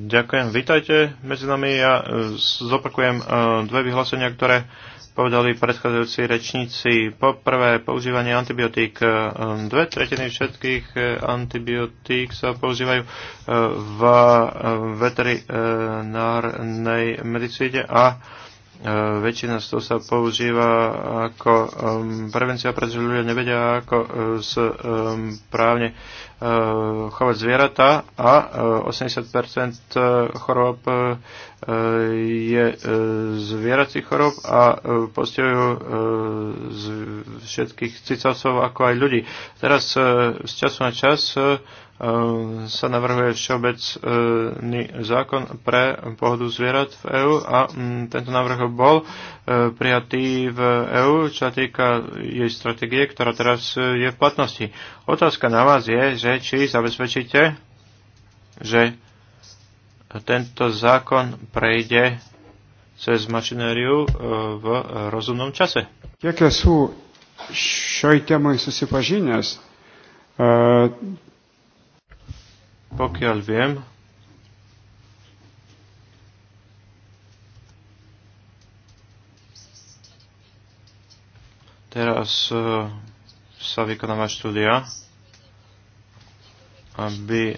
Ďakujem, vítajte medzi nami. Ja zopakujem dve vyhlásenia, ktoré povedali predchádzajúci rečníci. Poprvé, používanie antibiotík. E, dve tretiny všetkých e, antibiotík sa používajú e, v veterinárnej medicíne a E, väčšina z toho sa používa ako prevencia, pretože ľudia nevedia, ako e, s, právne e, chovať zvieratá a 80% chorób je zvierací chorób a postihujú všetkých cicavcov ako aj ľudí. Teraz z času na čas Ehm, sa navrhuje všeobecný zákon pre pohodu zvierat v EÚ a mm, tento návrh bol e, prijatý v EÚ, čo sa týka jej stratégie, ktorá teraz je v platnosti. Otázka na vás je, že či zabezpečíte, že tento zákon prejde cez mašinériu e, v rozumnom čase. Jaké sú, šioj temai susipažinęs, e, pokiaľ viem, teraz e, sa vykonáva štúdia, aby e,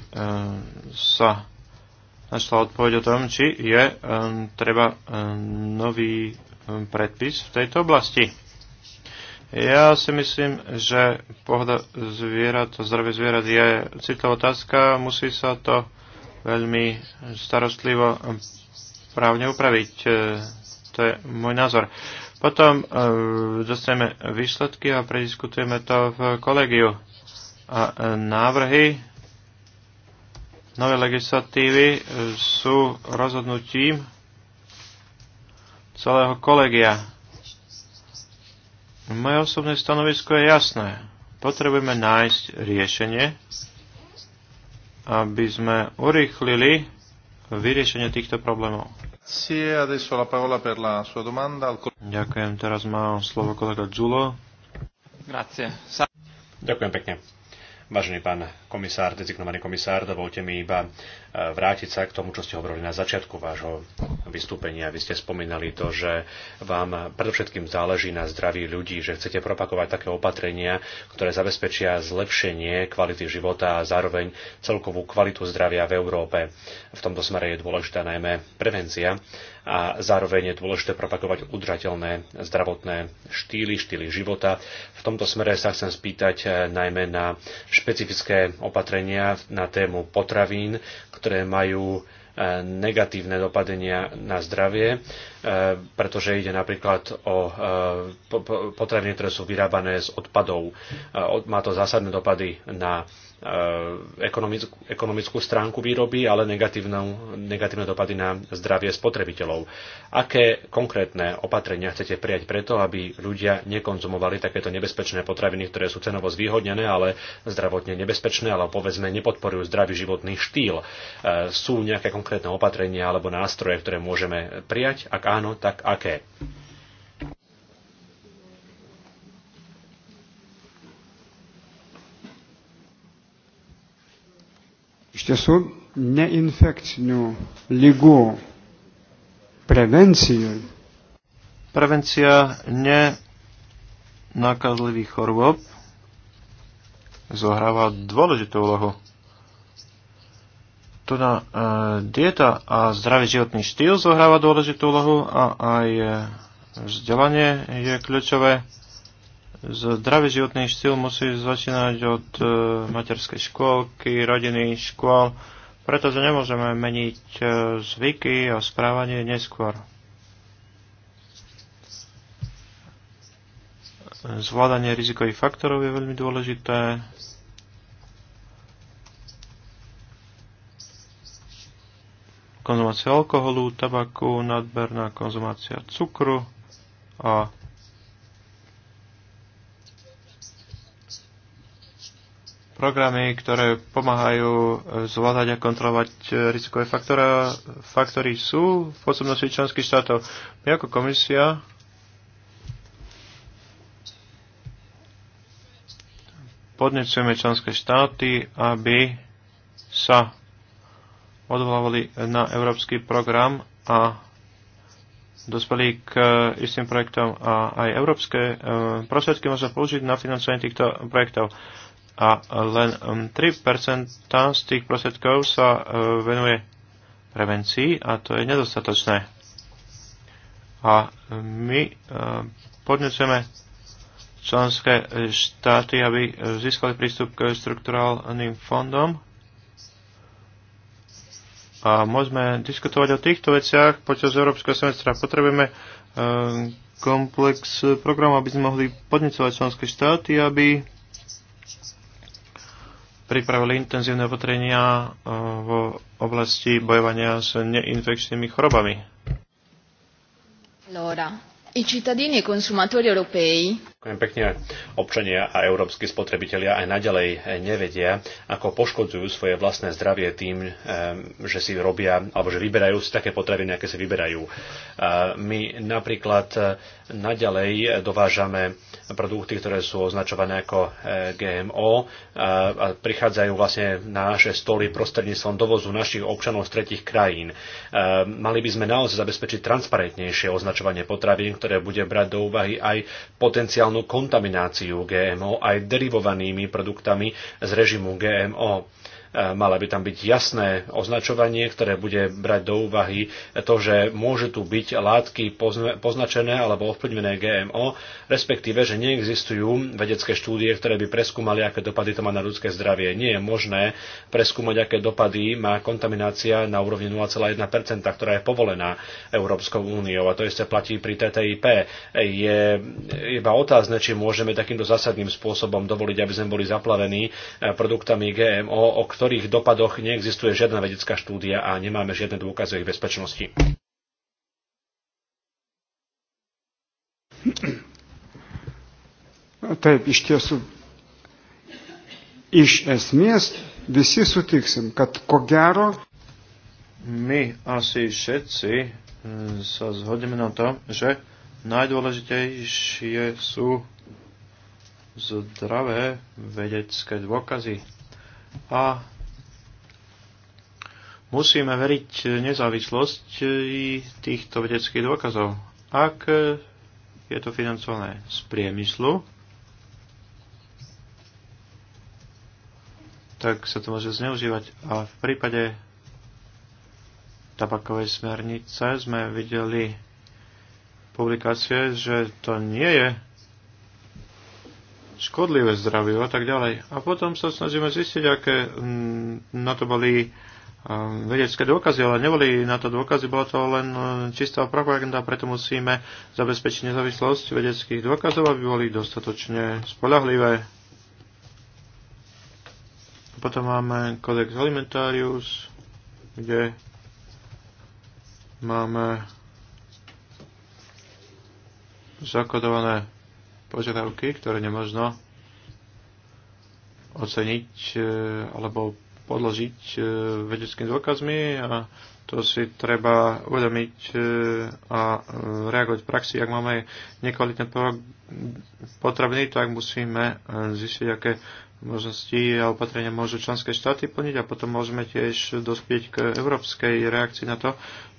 sa našla odpoveď o tom, či je e, treba nový predpis v tejto oblasti. Ja si myslím, že pohoda zvierat, zdravie zvierat je citlivá otázka. Musí sa to veľmi starostlivo právne upraviť. E, to je môj názor. Potom e, dostaneme výsledky a prediskutujeme to v kolegiu. A e, návrhy nové legislatívy sú rozhodnutím celého kolegia moje osobné stanovisko je jasné. Potrebujeme nájsť riešenie, aby sme urýchlili vyriešenie týchto problémov. Ďakujem, teraz má slovo kolega Giulo. Grazie. Ďakujem pekne. Vážený pán komisár, dezignovaný komisár, dovolte mi iba e, vrátiť sa k tomu, čo ste hovorili na začiatku vášho vystúpenia. Vy ste spomínali to, že vám predovšetkým záleží na zdraví ľudí, že chcete propagovať také opatrenia, ktoré zabezpečia zlepšenie kvality života a zároveň celkovú kvalitu zdravia v Európe. V tomto smere je dôležitá najmä prevencia a zároveň je dôležité propagovať udržateľné zdravotné štýly, štýly života. V tomto smere sa chcem spýtať e, najmä na špecifické opatrenia na tému potravín, ktoré majú eh, negatívne dopadenia na zdravie E, pretože ide napríklad o e, potraviny, ktoré sú vyrábané z odpadov. E, má to zásadné dopady na ekonomickú, stránku výroby, ale negatívne dopady na zdravie spotrebiteľov. Aké konkrétne opatrenia chcete prijať preto, aby ľudia nekonzumovali takéto nebezpečné potraviny, ktoré sú cenovo zvýhodnené, ale zdravotne nebezpečné, ale povedzme nepodporujú zdravý životný štýl? Sú nejaké konkrétne opatrenia alebo nástroje, ktoré môžeme prijať? Ak áno, tak aké? Iš tiesų, neinfekcinių lygų prevencijai. Prevencia nenakazlivých chorôb zohráva dôležitú úlohu. Teda dieta a zdravý životný štýl zohráva dôležitú úlohu a aj e, vzdelanie je kľúčové. Zdravý životný štýl musí začínať od e, materskej škôlky, rodiny, škôl, pretože nemôžeme meniť zvyky a správanie neskôr. Zvládanie rizikových faktorov je veľmi dôležité, konzumácia alkoholu, tabaku, nadberná konzumácia cukru a programy, ktoré pomáhajú zvládať a kontrolovať rizikové faktory, faktory sú v pôsobnosti členských štátov. My ako komisia podnecujeme členské štáty, aby sa odvolávali na európsky program a dospeli k e, istým projektom a aj európske e, prostriedky môžu použiť na financovanie týchto projektov. A len 3% z tých prostriedkov sa e, venuje prevencii a to je nedostatočné. A my podnecujeme členské štáty, aby získali prístup k štrukturálnym fondom a môžeme diskutovať o týchto veciach počas Európskeho semestra. Potrebujeme eh, komplex program, aby sme mohli podnecovať členské štáty, aby pripravili intenzívne opatrenia eh, v oblasti bojovania s neinfekčnými chorobami. Allora, i cittadini e consumatori europei Ďakujem pekne. Občania a európsky spotrebitelia aj naďalej eh, nevedia, ako poškodzujú svoje vlastné zdravie tým, eh, že si robia alebo že vyberajú si také potraviny, aké si vyberajú. Eh, my napríklad naďalej dovážame produkty, ktoré sú označované ako GMO a prichádzajú vlastne na naše stoly prostredníctvom dovozu našich občanov z tretich krajín. Mali by sme naozaj zabezpečiť transparentnejšie označovanie potravín, ktoré bude brať do úvahy aj potenciálne potenciálnu kontamináciu GMO aj derivovanými produktami z režimu GMO. E, mala by tam byť jasné označovanie, ktoré bude brať do úvahy to, že môžu tu byť látky poznačené alebo ovplyvnené GMO, respektíve, že neexistujú vedecké štúdie, ktoré by preskúmali, aké dopady to má na ľudské zdravie. Nie je možné preskúmať, aké dopady má kontaminácia na úrovni 0,1%, ktorá je povolená Európskou úniou. A to isté platí pri TTIP. Je iba otázne, či môžeme takýmto zásadným spôsobom dovoliť, aby sme boli zaplavení e, produktami GMO, ktorých dopadoch neexistuje žiadna vedecká štúdia a nemáme žiadne dôkazy o ich bezpečnosti. No, Taip, iš tiesų, iš esmės visi sutiksim, kad ko gero. My asi všetci hm, sa zhodneme na tom, že najdôležitejšie sú zdravé vedecké dôkazy a musíme veriť nezávislosť týchto vedeckých dôkazov. Ak je to financované z priemyslu, tak sa to môže zneužívať. A v prípade tabakovej smernice sme videli publikácie, že to nie je škodlivé zdraviu a tak ďalej. A potom sa snažíme zistiť, aké mm, na to boli ehm, vedecké dôkazy, ale neboli na to dôkazy, bola to len e, čistá propaganda, preto musíme zabezpečiť nezávislosť vedeckých dôkazov, aby boli dostatočne spolahlivé. Potom máme kodex Alimentarius, kde máme zakodované požiadavky, ktoré nemožno oceniť e, alebo podložiť e, vedeckým dôkazmi a to si treba uvedomiť e, a reagovať v praxi. Ak máme nekvalitné potrebný, tak musíme zistiť, aké možnosti a opatrenia môžu členské štáty plniť a potom môžeme tiež dospieť k európskej reakcii na to.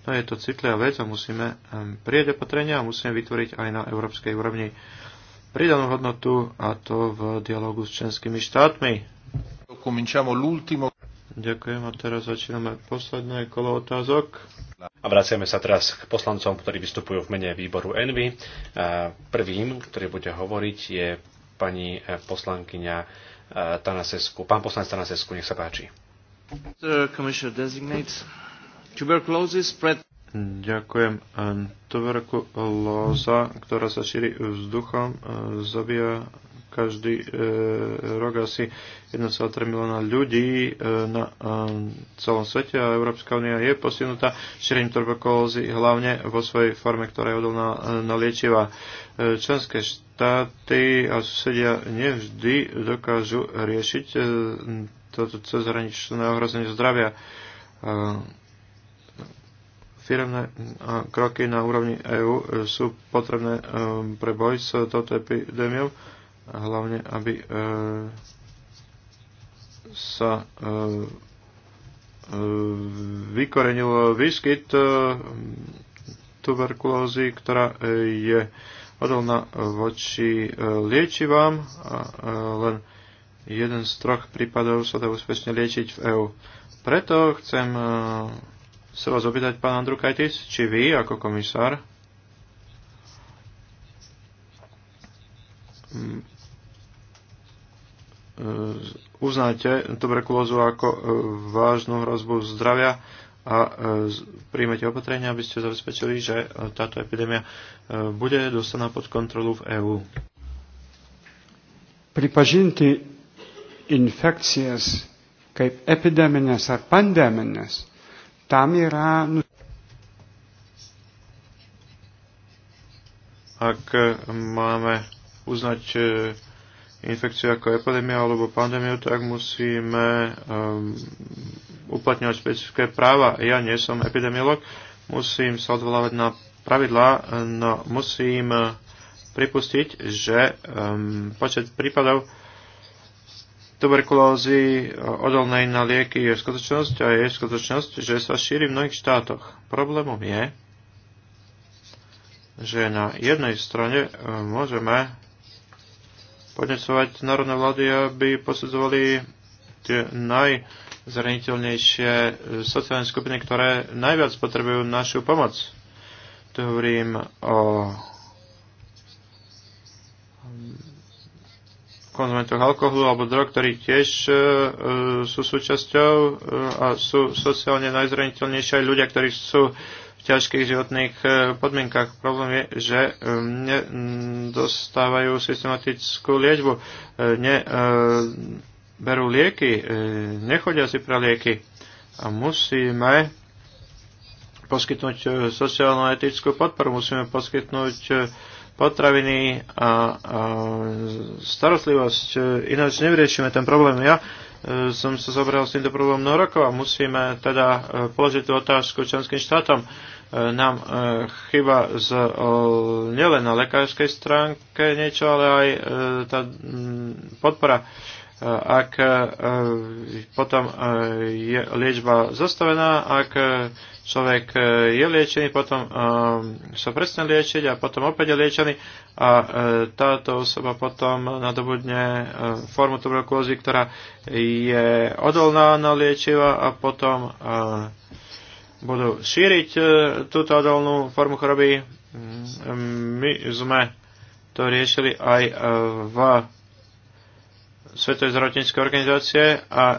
No je to citlivá vec a musíme prieť opatrenia a musíme vytvoriť aj na európskej úrovni pridanú hodnotu a to v dialogu s členskými štátmi. Ďakujem a teraz začíname posledné kolo otázok. A vraciame sa teraz k poslancom, ktorí vystupujú v mene výboru Envy. Prvým, ktorý bude hovoriť, je pani e, poslankyňa e, Tanasesku. Pán poslanec Tanasesku, nech sa páči. Tuberculosis spread Ďakujem. Tvrku loza, ktorá sa šíri vzduchom, e, zabíja každý e, rok asi 1,3 milióna ľudí e, na e, celom svete a Európska únia je posunutá šírením tuberkulózy hlavne vo svojej forme, ktorá je odolná e, na liečiva. E, členské štáty a susedia nevždy dokážu riešiť e, toto cezhraničné ohrozenie zdravia E, Firemné eh, kroky na úrovni EÚ eh, sú potrebné eh, pre boj s touto epidémiou, hlavne aby sa vykorenil výskyt tuberkulózy, ktorá je odolná voči liečivám a len jeden z troch prípadov sa dá úspešne liečiť v EÚ. Preto chcem sa vás opýtať, pán Andrukajtis, či vy ako komisár mm, e, uznáte tuberkulózu ako e, vážnu hrozbu zdravia a e, príjmete opatrenia, aby ste zabezpečili, že táto epidémia bude dostaná pod kontrolu v EÚ. Pripažinti infekcie kaip epideminės ar pandeminės Tamira... Ak máme uznať e, infekciu ako epidémia alebo pandémiu, tak musíme um, uplatňovať špecifické práva. Ja nie som epidemiolog, musím sa odvolávať na pravidlá, no musím e, pripustiť, že um, počet prípadov tuberkulózy odolnej na lieky je skutočnosť a je skutočnosť, že sa šíri v mnohých štátoch. Problémom je, že na jednej strane e, môžeme podnecovať národné vlády, aby posudzovali tie najzraniteľnejšie e, sociálne skupiny, ktoré najviac potrebujú našu pomoc. Tu hovorím o konzumentoch alkoholu alebo drog, ktorí tiež uh, sú súčasťou uh, a sú sociálne najzraniteľnejšie aj ľudia, ktorí sú v ťažkých životných uh, podmienkach. Problém je, že um, nedostávajú systematickú liečbu, uh, ne, uh, berú lieky, uh, nechodia si pre lieky a musíme poskytnúť sociálno-etickú podporu, musíme poskytnúť uh, potraviny a, a starostlivosť. Ináč nevyriešime ten problém. Ja e, som sa zobral s týmto problémom mnoho rokov a musíme teda e, položiť tú otázku členským štátom. E, nám chyba z, nielen na lekárskej stránke niečo, ale aj tá podpora ak e, potom e, je liečba zostavená, ak človek e, je liečený, potom sa presne liečiť a potom opäť je liečený a táto osoba potom nadobudne formu tuberkulózy, ktorá je odolná na liečiva a potom budú šíriť túto odolnú formu choroby. My sme to riešili aj v Svetovej zdravotníckej organizácie a e,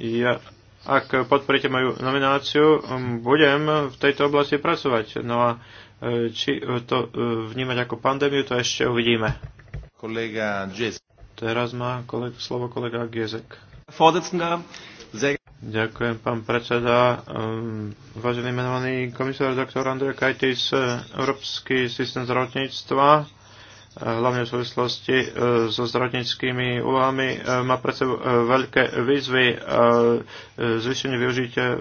ja, ak podporíte moju nomináciu, budem v tejto oblasti pracovať. No a e, či to e, vnímať ako pandémiu, to ešte uvidíme. Kolega Gizek. Teraz má koleg, slovo kolega Jezek. Ďakujem, pán predseda. Vážený menovaný komisár doktor Andrej Kajtis, Európsky systém zdravotníctva E, hlavne v súvislosti e, so zdravotníckými úlohami, e, má pred sebou veľké výzvy zvýšenie využitia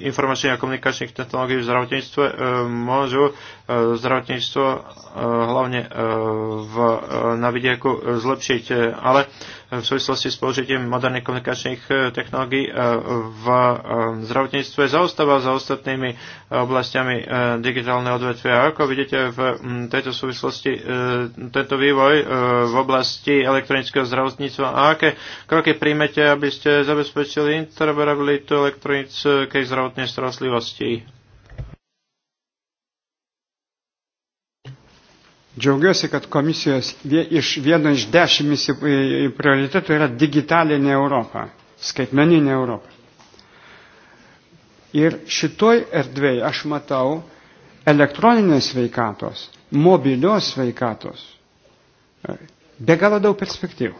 informačných a komunikačných technológií v zdravotníctve môžu zdravotníctvo hlavne v, na vidieku zlepšiť, ale v súvislosti s použitím moderných komunikačných eh, technológií eh, v eh, zdravotníctve zaostáva za ostatnými oblastiami digitálneho odvetvia. Ako vidíte v mm, tejto súvislosti tento vývoj v oblasti elektronického zdravotníctva a aké kroky príjmete, aby ste zabezpečili interoperabilitu elektronickej zdravotnej starostlivosti? Džiaugiuosi, kad komisijos iš vieno iš dešimt prioritetų yra digitalinė Europa, skaitmeninė Europa. Ir šitoj erdvėje aš matau elektroninės sveikatos, mobilios sveikatos e, be galo daug perspektyvų.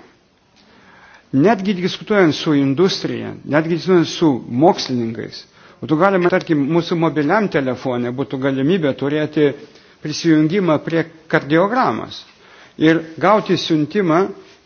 Netgi diskutuojant su industrija, netgi diskutuojant su mokslininkais, būtų galima, tarkim, mūsų mobiliam telefonė būtų galimybė turėti uh, prisijungimą prie kardiogramos ir gauti siuntimą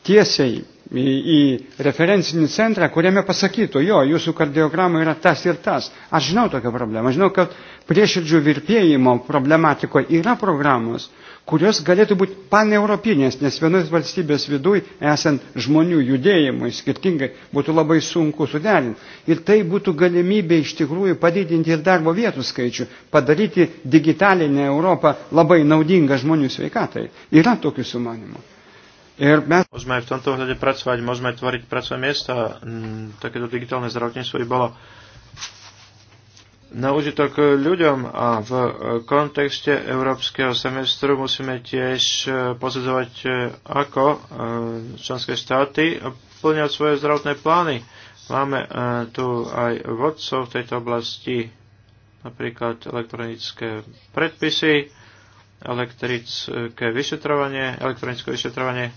tiesiai į, į referencinį centrą, kuriame pasakytų, jo, jūsų kardiograma yra tas ir tas. Aš žinau tokią problemą. Aš žinau, kad prieširdžių virpėjimo problematikoje yra programos, kurios galėtų būti paneuropinės, nes vienos valstybės viduj esant žmonių judėjimui skirtingai būtų labai sunku suderinti. Ir tai būtų galimybė iš tikrųjų padidinti ir darbo vietų skaičių, padaryti digitalinę Europą labai naudingą žmonių sveikatai. Yra tokių sumanimų. Ir mes... Môžeme v tomto ohľade pracovať, môžeme tvoriť pracovné miesta. Mm, takéto digitálne zdravotníctvo by bolo na užitok ľuďom a v kontexte európskeho semestru musíme tiež e, posudzovať, e, ako e, členské štáty plňať svoje zdravotné plány. Máme tu aj vodcov v tejto oblasti, napríklad elektronické predpisy, elektrické vyšetrovanie, elektronické vyšetrovanie.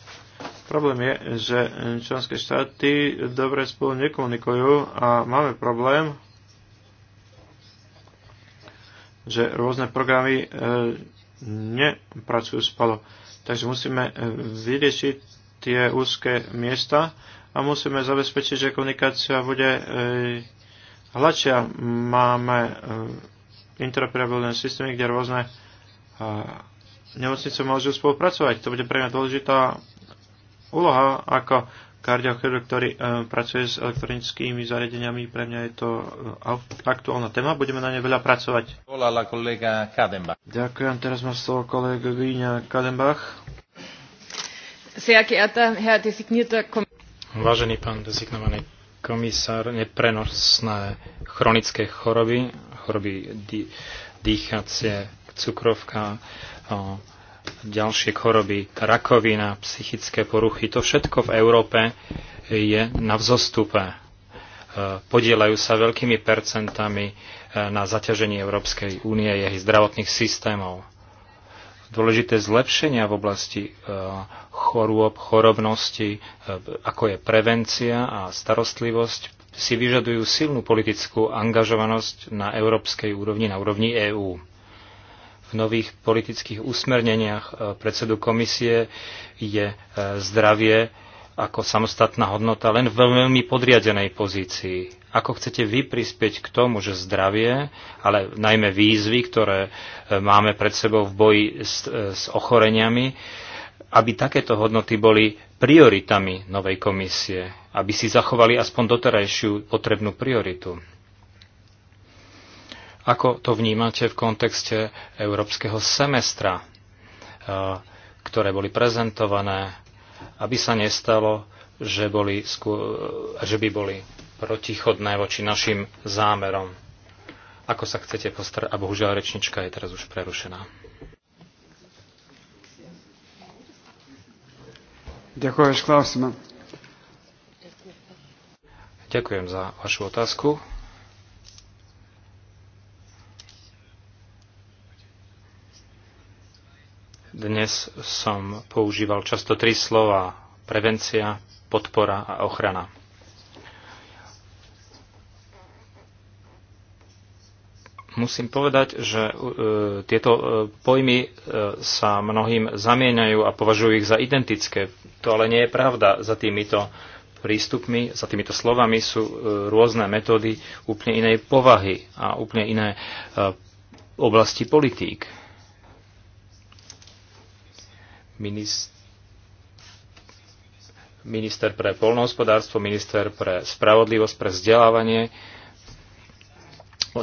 Problém je, že členské štáty dobre spolu nekomunikujú a máme problém, že rôzne programy e, nepracujú spolu. Takže musíme e, vyriešiť tie úzke miesta a musíme zabezpečiť, že komunikácia bude e, hladšia. Máme interoperabilné systémy, kde rôzne nemocnice môžu spolupracovať. To bude pre mňa dôležitá úloha ako kardiochirurg, ktorý e, pracuje s elektronickými zariadeniami. Pre mňa je to e, aktuálna téma. Budeme na ne veľa pracovať. Ďakujem. Teraz má slovo kolegyňa Kadenbach. Vážený pán dezignovaný komisár, neprenosné chronické choroby, choroby dýchacie, cukrovka, ďalšie choroby, rakovina, psychické poruchy, to všetko v Európe je na vzostupe. E, podielajú sa veľkými percentami e, na zaťažení Európskej únie jej zdravotných systémov. Dôležité zlepšenia v oblasti e, chorôb, chorobnosti, ako je prevencia a starostlivosť, si vyžadujú silnú politickú angažovanosť na európskej úrovni, na úrovni EÚ v nových politických usmerneniach e, predsedu komisie je e, zdravie ako samostatná hodnota len v veľmi podriadenej pozícii. Ako chcete vy prispieť k tomu, že zdravie, ale najmä výzvy, ktoré e, máme pred sebou v boji s, s ochoreniami, aby takéto hodnoty boli prioritami novej komisie, aby si zachovali aspoň doterajšiu potrebnú prioritu. Ako to vnímate v kontexte európskeho semestra, eh, ktoré boli prezentované, aby sa nestalo, že, boli, eh, že by boli protichodné voči našim zámerom? Ako sa chcete postarať? A bohužiaľ rečnička je teraz už prerušená. Ďakujem za vašu otázku. Dnes som používal často tri slova. Prevencia, podpora a ochrana. Musím povedať, že e, tieto e, pojmy e, sa mnohým zamieňajú a považujú ich za identické. To ale nie je pravda. Za týmito prístupmi, za týmito slovami sú rôzne metódy úplne inej povahy a úplne iné oblasti politík minister pre polnohospodárstvo, minister pre spravodlivosť, pre vzdelávanie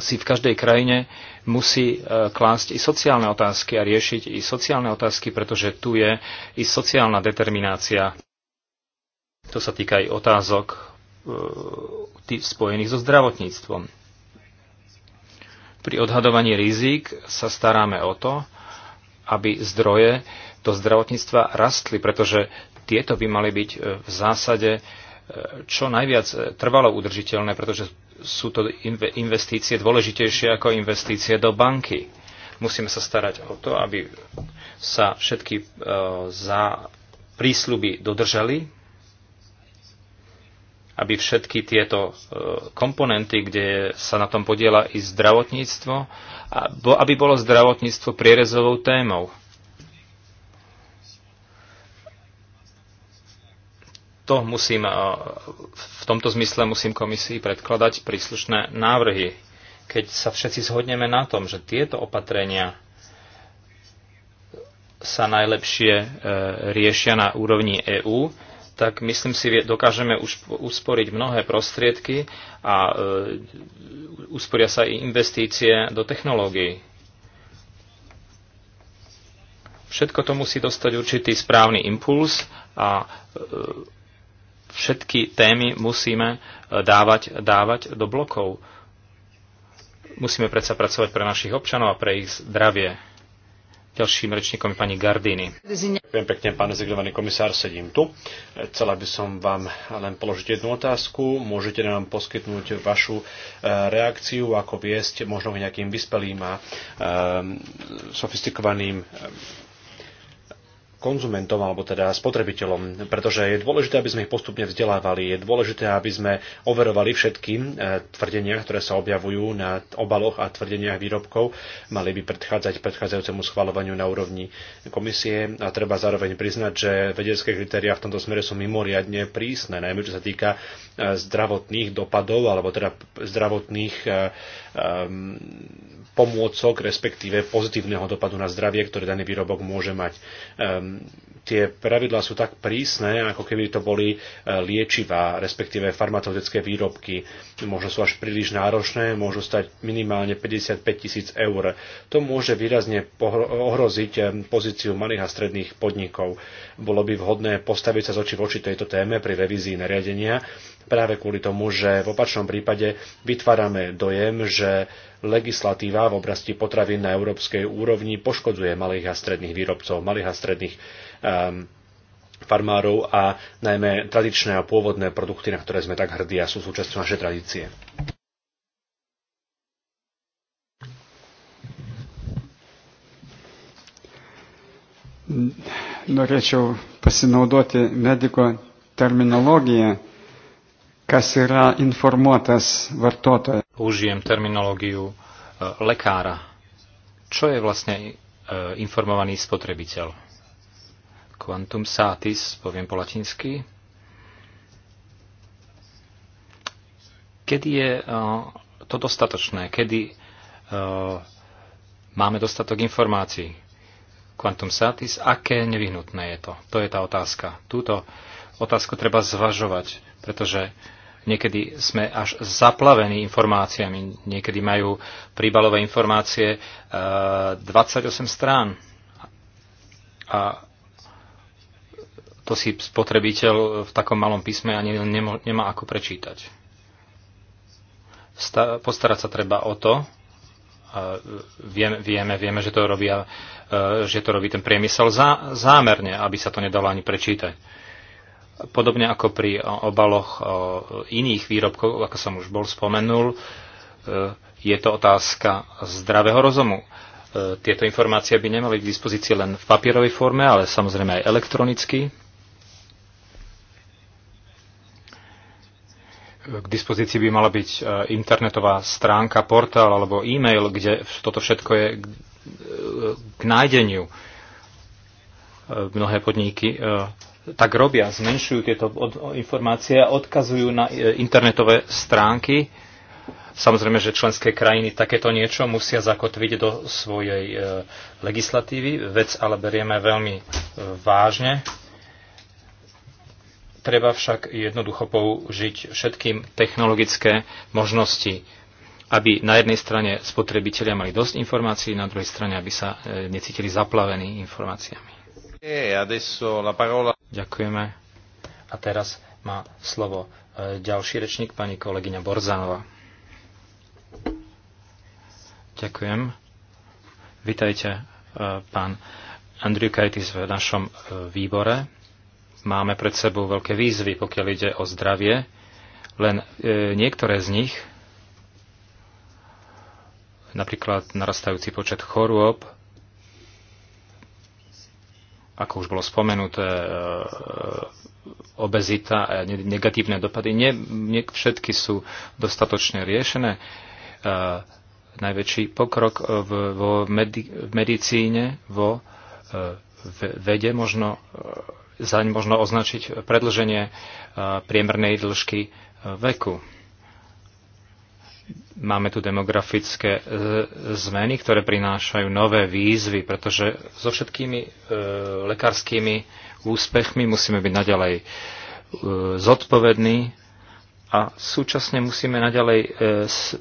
si v každej krajine musí e, klásť i sociálne otázky a riešiť i sociálne otázky, pretože tu je i sociálna determinácia. To sa týka aj otázok e, spojených so zdravotníctvom. Pri odhadovaní rizik sa staráme o to, aby zdroje do zdravotníctva rastli, pretože tieto by mali byť e, v zásade e, čo najviac e, trvalo udržiteľné, pretože sú to investície dôležitejšie ako investície do banky. Musíme sa starať o to, aby sa všetky za prísľuby dodržali, aby všetky tieto komponenty, kde sa na tom podiela i zdravotníctvo, aby bolo zdravotníctvo prierezovou témou to musím, e, v tomto zmysle musím komisii predkladať príslušné návrhy. Keď sa všetci zhodneme na tom, že tieto opatrenia sa najlepšie e, riešia na úrovni EÚ, tak myslím si, dokážeme už usporiť mnohé prostriedky a e, usporia sa i investície do technológií. Všetko to musí dostať určitý správny impuls a všetky témy musíme e, dávať, dávať do blokov. Musíme predsa pracovať pre našich občanov a pre ich zdravie. Ďalším rečníkom je pani Gardini. Ďakujem pekne, pán rezignovaný komisár, sedím tu. Chcela by som vám len položiť jednu otázku. Môžete nám poskytnúť vašu e, reakciu, ako viesť možno nejakým vyspelým a e, sofistikovaným konzumentom alebo teda spotrebiteľom, pretože je dôležité, aby sme ich postupne vzdelávali, je dôležité, aby sme overovali všetky e, tvrdenia, ktoré sa objavujú na obaloch a tvrdeniach výrobkov, mali by predchádzať predchádzajúcemu schvalovaniu na úrovni komisie a treba zároveň priznať, že vedecké kritéria v tomto smere sú mimoriadne prísne, najmä čo sa týka e, zdravotných dopadov alebo teda zdravotných e, pomôcok, respektíve pozitívneho dopadu na zdravie, ktoré daný výrobok môže mať. Ehm, tie pravidlá sú tak prísne, ako keby to boli e, liečivá, respektíve farmaceutické výrobky. Možno sú až príliš náročné, môžu stať minimálne 55 tisíc eur. To môže výrazne ohroziť e, pozíciu malých a stredných podnikov. Bolo by vhodné postaviť sa z oči voči tejto téme pri revízii nariadenia, práve kvôli tomu, že v opačnom prípade vytvárame dojem, že legislatíva v oblasti potravín na európskej úrovni poškodzuje malých a stredných výrobcov, malých a stredných um, farmárov a najmä tradičné a pôvodné produkty, na ktoré sme tak hrdí a sú súčasťou našej tradície. Norėčiau pasinaudoti mediko terminologiją, kas yra informuotas vartotojas. Užijem terminológiu e, lekara. Čo je vlastne e, informovaný spotrebiteľ? Quantum satis, poviem po latinsky. Kedy je eh, to dostatočné? Kedy eh, máme dostatok informácií? Quantum satis, aké nevyhnutné je to? To je tá otázka. Túto otázku treba zvažovať, pretože niekedy sme až zaplavení informáciami. Niekedy majú príbalové informácie 28 eh, strán. A to si spotrebiteľ v takom malom písme ani nemá ako prečítať. Postarať sa treba o to, vieme, vieme, vieme že, to robia, e, že to robí ten priemysel zá, zámerne, aby sa to nedalo ani prečítať. Podobne ako pri obaloch e, iných výrobkov, ako som už bol spomenul, e, je to otázka zdravého rozumu tieto informácie by nemali k dispozícii len v papierovej forme, ale samozrejme aj elektronicky. k dispozícii by mala byť e, internetová stránka, portál alebo e-mail, kde toto všetko je k e, nájdeniu. E, mnohé podniky tak robia, zmenšujú tieto informácie a odkazujú na internetové stránky. Samozrejme, že členské krajiny takéto niečo musia zakotviť do svojej legislatívy. Vec ale berieme veľmi vážne Treba však jednoducho použiť všetkým technologické možnosti, aby na jednej strane spotrebitelia mali dosť informácií, na druhej strane, aby sa e, necítili zaplavení informáciami. E, Ďakujeme. A teraz má slovo e, ďalší rečník, pani kolegyňa Borzanova. Ďakujem. Vítajte, pán Andriu Kajtis v našom výbore. Máme pred sebou veľké výzvy, pokiaľ ide o zdravie, len e, niektoré z nich, napríklad narastajúci počet chorôb, ako už bolo spomenuté, e, obezita a negatívne dopady. Nie, nie všetky sú dostatočne riešené. E, najväčší pokrok v, vo medi, v medicíne, vo e, vede možno zaň možno označiť predlženie e, priemernej dĺžky e, veku. Máme tu demografické e, zmeny, ktoré prinášajú nové výzvy, pretože so všetkými lekárskými úspechmi musíme byť naďalej zodpovední a súčasne musíme naďalej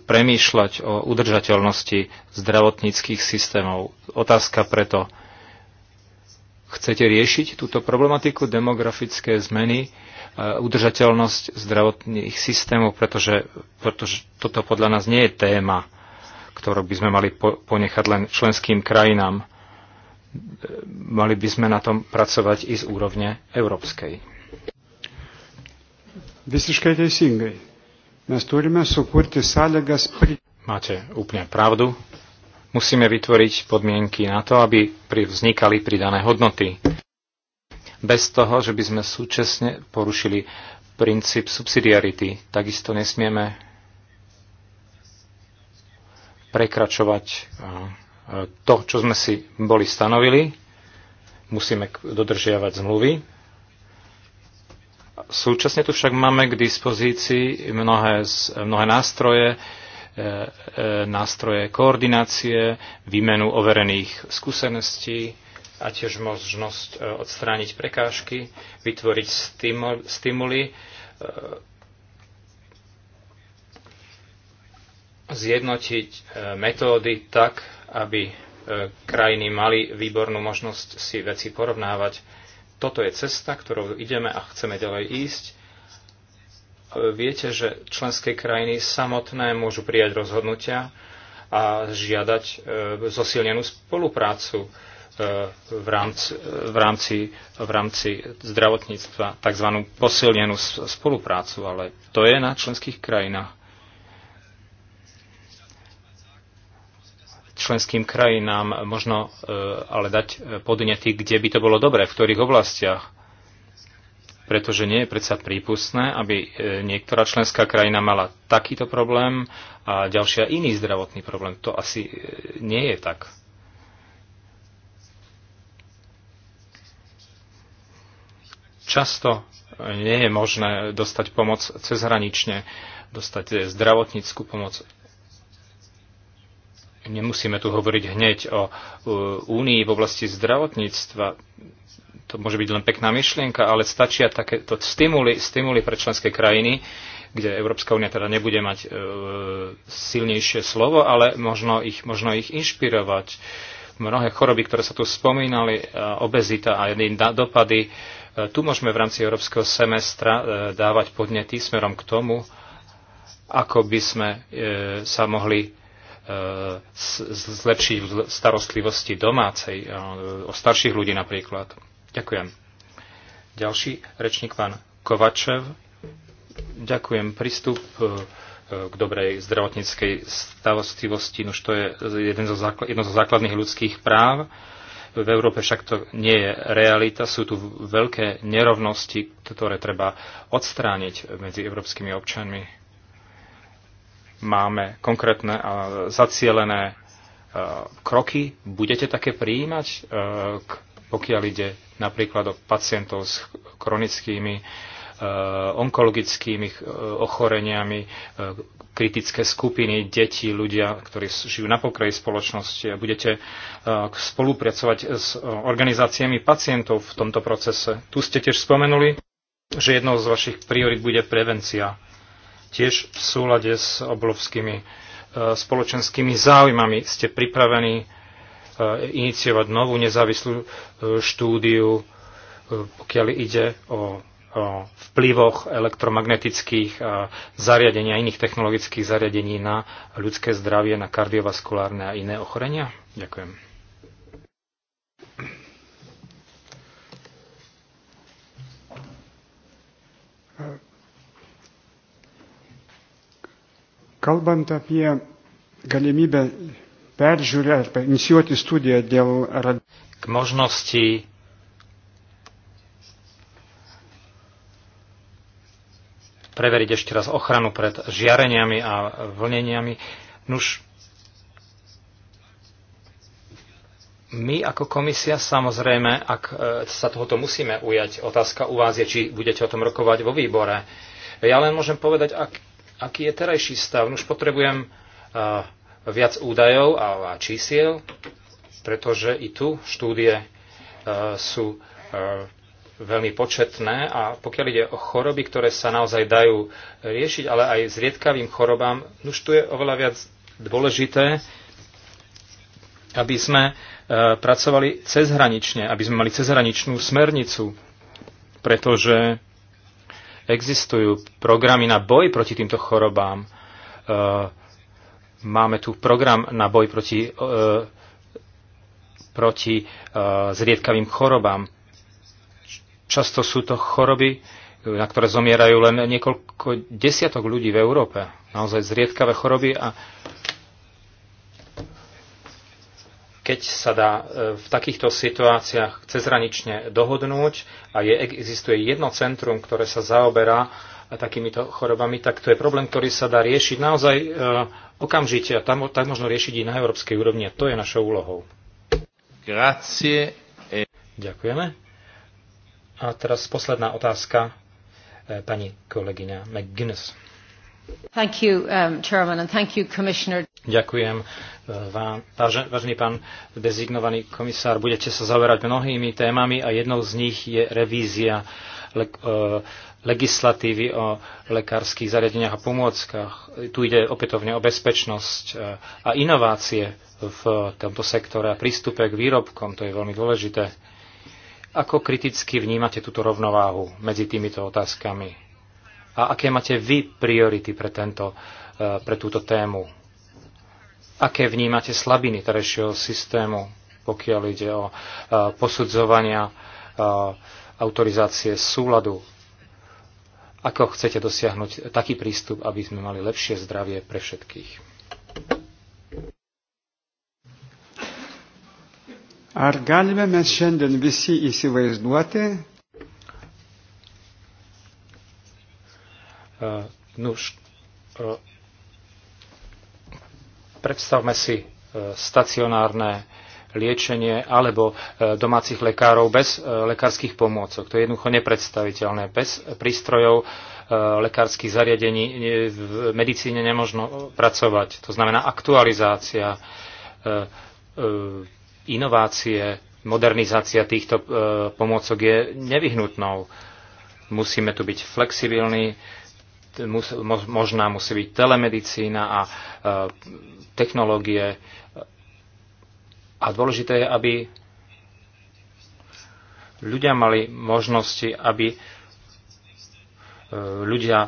premýšľať o udržateľnosti zdravotníckých systémov. Otázka preto, chcete riešiť túto problematiku, demografické zmeny, e, udržateľnosť zdravotných systémov, pretože, pretože toto podľa nás nie je téma, ktorú by sme mali po, ponechať len členským krajinám. E, mali by sme na tom pracovať i z úrovne európskej. Máte úplne pravdu. Musíme vytvoriť podmienky na to, aby vznikali pridané hodnoty. Bez toho, že by sme súčasne porušili princíp subsidiarity, takisto nesmieme prekračovať e, e, to, čo sme si boli stanovili. Musíme dodržiavať zmluvy. Súčasne tu však máme k dispozícii mnohé, mnohé nástroje, E, e, nástroje koordinácie, výmenu overených skúseností a tiež možnosť e, odstrániť prekážky, vytvoriť stimuly, zjednotiť metódy tak, aby krajiny mali výbornú možnosť si veci porovnávať. Toto je cesta, ktorou ideme a chceme ďalej ísť viete, že členské krajiny samotné môžu prijať rozhodnutia a žiadať e, zosilnenú spoluprácu e, v rámci, v rámci, v rámci zdravotníctva, tzv. posilnenú spoluprácu, ale to je na členských krajinách. členským krajinám možno e, ale dať podnety, kde by to bolo dobré, v ktorých oblastiach pretože nie je predsa prípustné, aby e, niektorá členská krajina mala takýto problém a ďalšia iný zdravotný problém. To asi e, nie je tak. Často e, nie je možné dostať pomoc cezhranične, dostať zdravotníckú pomoc. Nemusíme tu hovoriť hneď o únii v oblasti zdravotníctva to môže byť len pekná myšlienka, ale stačia takéto stimuly, stimuly pre členské krajiny, kde Európska únia teda nebude mať e, silnejšie slovo, ale možno ich, možno ich inšpirovať. Mnohé choroby, ktoré sa tu spomínali, e, obezita a jedným dopady, e, tu môžeme v rámci Európskeho semestra e, dávať podnety smerom k tomu, ako by sme e, sa mohli e, zlepšiť v starostlivosti domácej, e, o starších ľudí napríklad. Ďakujem. Ďalší rečník, pán Kovačev. Ďakujem. Prístup e, e, k dobrej zdravotníckej starostlivosti, už to je jeden zo základ, jedno zo základných ľudských práv. V Európe však to nie je realita, sú tu veľké nerovnosti, ktoré treba odstrániť medzi európskymi občanmi. Máme konkrétne a zacielené e, kroky. Budete také prijímať, pokiaľ ide napríklad o pacientov s chronickými e, onkologickými e, ochoreniami, e, kritické skupiny, deti, ľudia, ktorí žijú na pokraji spoločnosti a budete spolupracovať s organizáciami pacientov v tomto procese. Tu ste tiež spomenuli, že jednou z vašich priorit bude prevencia. Tiež v súlade s obrovskými spoločenskými záujmami ste pripravení E, iniciovať novú nezávislú e, štúdiu, e, pokiaľ ide o o vplyvoch elektromagnetických zariadení a iných technologických zariadení na ľudské zdravie, na kardiovaskulárne a iné ochorenia? Ďakujem. Kalbant apie galimybę k možnosti preveriť ešte raz ochranu pred žiareniami a vlneniami. Nuž, my ako komisia samozrejme, ak e, sa tohoto musíme ujať, otázka u vás je, či budete o tom rokovať vo výbore. Ja len môžem povedať, ak, aký je terajší stav. Už potrebujem uh, viac údajov a, čísiel, pretože i tu štúdie e, sú e, veľmi početné a pokiaľ ide o choroby, ktoré sa naozaj dajú riešiť, ale aj s riedkavým chorobám, už tu je oveľa viac dôležité, aby sme e, pracovali cezhranične, aby sme mali cezhraničnú smernicu, pretože existujú programy na boj proti týmto chorobám. Máme tu program na boj proti, e, proti e, zriedkavým chorobám. Často sú to choroby, na ktoré zomierajú len niekoľko desiatok ľudí v Európe. Naozaj zriedkavé choroby a keď sa dá e, v takýchto situáciách cezranične dohodnúť a je, existuje jedno centrum, ktoré sa zaoberá takýmito chorobami, tak to je problém, ktorý sa dá riešiť naozaj e, okamžite a tam, tak možno riešiť i na európskej úrovni a to je našou úlohou. Grazie. Ďakujeme. A teraz posledná otázka e, pani kolegyňa McGuinness. Thank you, um, Chairman, and thank you, Commissioner. Ďakujem eh, vám. Vážený pán dezignovaný komisár, budete sa zaoberať mnohými témami a jednou z nich je revízia le, e, eh, legislatívy o lekárskych zariadeniach a pomôckach. Tu ide opätovne o bezpečnosť e, a inovácie v tomto sektore a prístupe k výrobkom, to je veľmi dôležité. Ako kriticky vnímate túto rovnováhu medzi týmito otázkami? A aké máte vy priority pre, tento, e, pre túto tému? Aké vnímate slabiny terajšieho systému, pokiaľ ide o e, posudzovania autorizácie súladu ako chcete dosiahnuť taký prístup, aby sme mali lepšie zdravie pre všetkých? Ar galime mes šiandien visi įsivaizduoti? Uh, nuž, uh, predstavme si uh, stacionárne liečenie alebo e, domácich lekárov bez e, lekárskych pomôcok. To je jednoducho nepredstaviteľné. Bez prístrojov e, lekárskych zariadení v medicíne nemožno pracovať. To znamená aktualizácia, inovácie, modernizácia týchto pomôcok je nevyhnutnou. Musíme tu byť flexibilní, možná musí byť telemedicína a technológie a dôležité je, aby ľudia mali možnosti, aby e, ľudia e,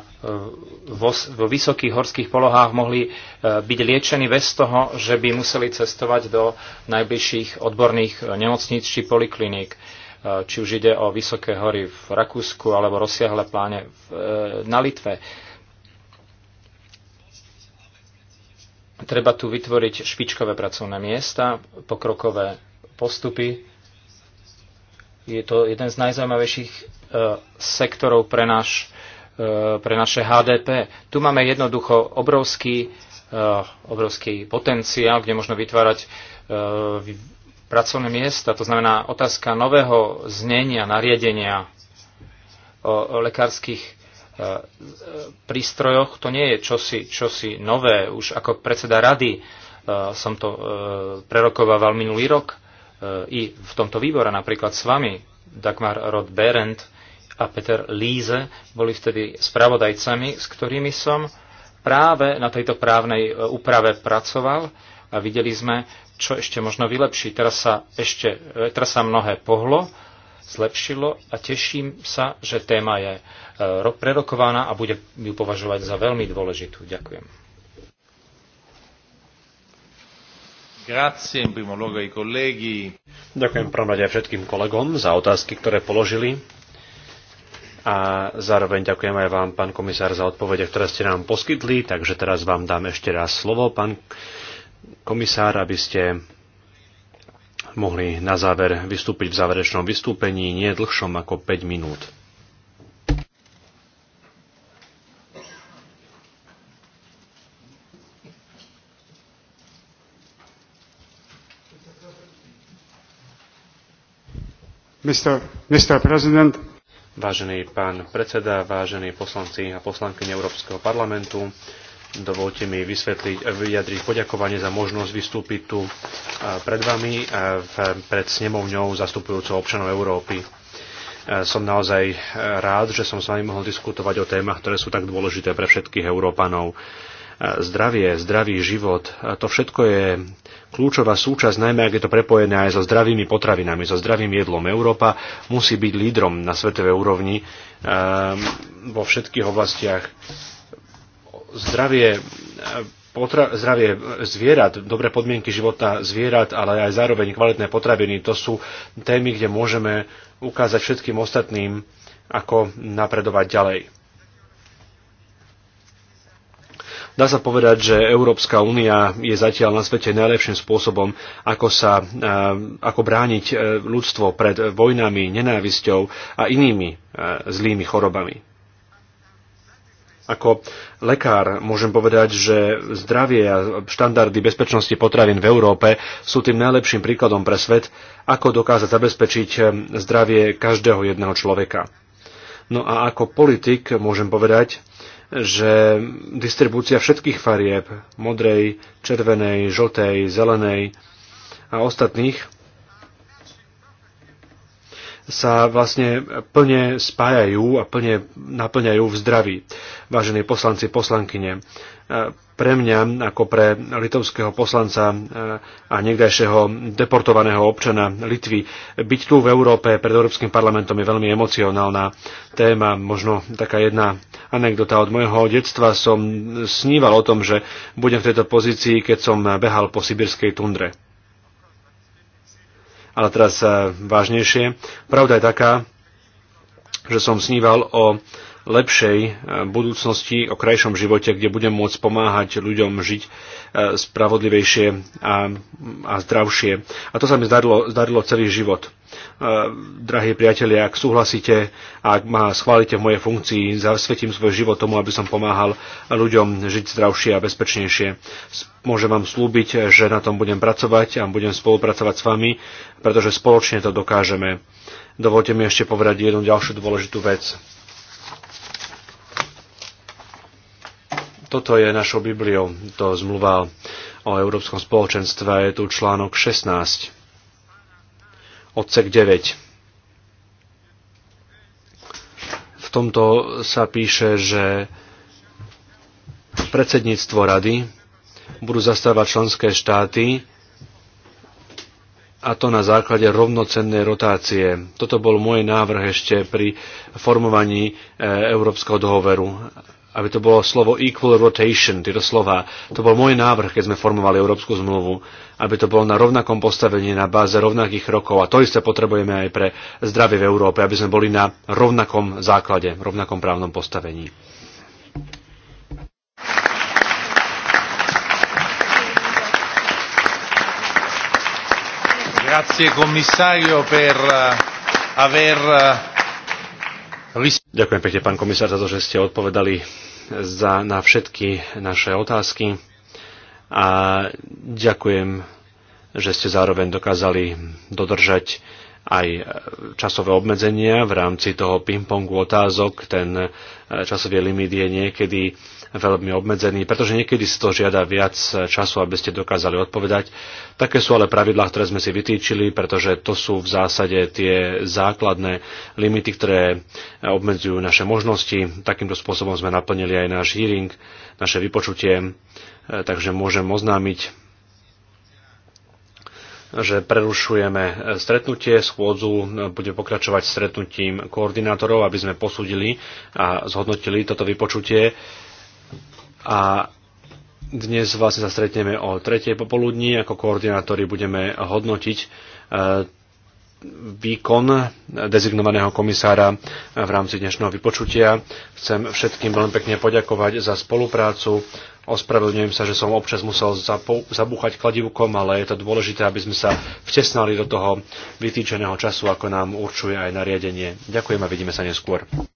vo, vo vysokých horských polohách mohli e, byť liečení bez toho, že by museli cestovať do najbližších odborných nemocníc či polikliník. Či už ide o vysoké hory v Rakúsku alebo rozsiahle pláne na Litve Treba tu vytvoriť špičkové pracovné miesta, pokrokové postupy. Je to jeden z najzaujímavejších e, sektorov pre, uh, pre naše HDP. Tu máme jednoducho obrovský, e, obrovský potenciál, kde možno vytvárať pracovné miesta, to znamená otázka nového znenia, nariadenia o, o lekárskych E, prístrojoch. To nie je čosi, čosi nové. Už ako predseda rady e, som to e, prerokovával minulý rok i v tomto výbore napríklad s vami, Dagmar Rod Berend a Peter Líze boli vtedy spravodajcami, s ktorými som práve na tejto právnej úprave pracoval a videli sme, čo ešte možno vylepšiť. Teraz sa, ešte, teraz sa mnohé pohlo zlepšilo a teším sa, že téma je e, prerokovaná a bude ju považovať za veľmi dôležitú. Ďakujem. Grazie, in primo luogo ai colleghi. Ďakujem prvom rade všetkým kolegom za otázky, ktoré položili. A zároveň ďakujem aj vám, pán komisár, za odpovede, ktoré ste nám poskytli. Takže teraz vám dám ešte raz slovo, pán komisár, aby ste mohli na záver vystúpiť v záverečnom vystúpení nie dlhšom ako 5 minút. Mr. Mr. President. Vážený pán predseda, vážení poslanci a poslankyne Európskeho parlamentu, Dovolte mi vysvetliť, vyjadriť poďakovanie za možnosť vystúpiť tu e, pred vami, e, pred snemovňou zastupujúcou občanov Európy. E, som naozaj rád, že som s vami mohol diskutovať o témach, ktoré sú tak dôležité pre všetkých Európanov. Zdravie, zdravý život, to všetko je kľúčová súčasť, najmä ak je to prepojené aj so zdravými potravinami, so zdravým jedlom. Európa musí byť lídrom na svetovej úrovni vo všetkých oblastiach zdravie, potra- zdravie zvierat, dobré podmienky života zvierat, ale aj zároveň kvalitné potraviny, to sú témy, kde môžeme ukázať všetkým ostatným, ako napredovať ďalej. Dá sa povedať, že Európska únia je zatiaľ na svete najlepším spôsobom, ako sa eh, ako brániť eh, ľudstvo pred vojnami, nenávisťou a inými eh, zlými chorobami. Ako lekár môžem povedať, že zdravie a štandardy bezpečnosti potravín v Európe sú tým najlepším príkladom pre svet, ako dokázať zabezpečiť eh, zdravie každého jedného človeka. No a ako politik môžem povedať, že distribúcia všetkých farieb, modrej, červenej, žltej, zelenej a ostatných, sa vlastne plne spájajú a plne naplňajú v zdraví. Vážení poslanci, poslankyne, e, pre mňa, ako pre litovského poslanca e, a niekdajšieho deportovaného občana Litvy. Byť tu v Európe pred Európskym parlamentom je veľmi emocionálna téma, možno taká jedna anekdota od mojho detstva. Som sníval o tom, že budem v tejto pozícii, keď som behal po sibirskej tundre ale teraz eh, vážnejšie. Pravda je taká, že som sníval o lepšej e, budúcnosti, o krajšom živote, kde budem môcť pomáhať ľuďom žiť e, spravodlivejšie a, a zdravšie. A to sa mi zdarilo, zdarilo celý život. E, drahí priatelia, ak súhlasíte a ak ma schválite v mojej funkcii, zasvetím svoj život tomu, aby som pomáhal ľuďom žiť zdravšie a bezpečnejšie. Môžem vám slúbiť, že na tom budem pracovať a budem spolupracovať s vami, pretože spoločne to dokážeme. Dovolte mi ešte povedať jednu ďalšiu dôležitú vec. Toto je našou Bibliou, to zmluva o Európskom spoločenstve, je tu článok 16, odsek 9. V tomto sa píše, že predsedníctvo rady budú zastávať členské štáty a to na základe rovnocennej rotácie. Toto bol môj návrh ešte pri formovaní e, Európskeho dohovoru aby to bolo slovo equal rotation, tieto slova. To bol môj návrh, keď sme formovali Európsku zmluvu, aby to bolo na rovnakom postavení, na báze rovnakých rokov. A to isté potrebujeme aj pre zdravie v Európe, aby sme boli na rovnakom základe, rovnakom právnom postavení. Grazie commissario per eh, aver eh, Ďakujem pekne, pán komisár, za to, že ste odpovedali za, na všetky naše otázky a ďakujem, že ste zároveň dokázali dodržať aj časové obmedzenia v rámci toho pingpongu otázok. Ten eh, časový limit je niekedy veľmi obmedzený, pretože niekedy si to žiada viac času, aby ste dokázali odpovedať. Také sú ale pravidlá, ktoré sme si vytýčili, pretože to sú v zásade tie základné limity, ktoré obmedzujú naše možnosti. Takýmto spôsobom sme naplnili aj náš hearing, naše vypočutie, e, takže môžem oznámiť že prerušujeme e, stretnutie, schôdzu e, bude pokračovať stretnutím koordinátorov, aby sme posúdili a zhodnotili toto vypočutie a dnes vlastne sa stretneme o tretej popoludní. Ako koordinátori budeme hodnotiť e, výkon dezignovaného komisára v rámci dnešného vypočutia. Chcem všetkým veľmi pekne poďakovať za spoluprácu. Ospravedlňujem sa, že som občas musel zabúchať kladivkom, ale je to dôležité, aby sme sa vtesnali do toho vytýčeného času, ako nám určuje aj nariadenie. Ďakujem a vidíme sa neskôr.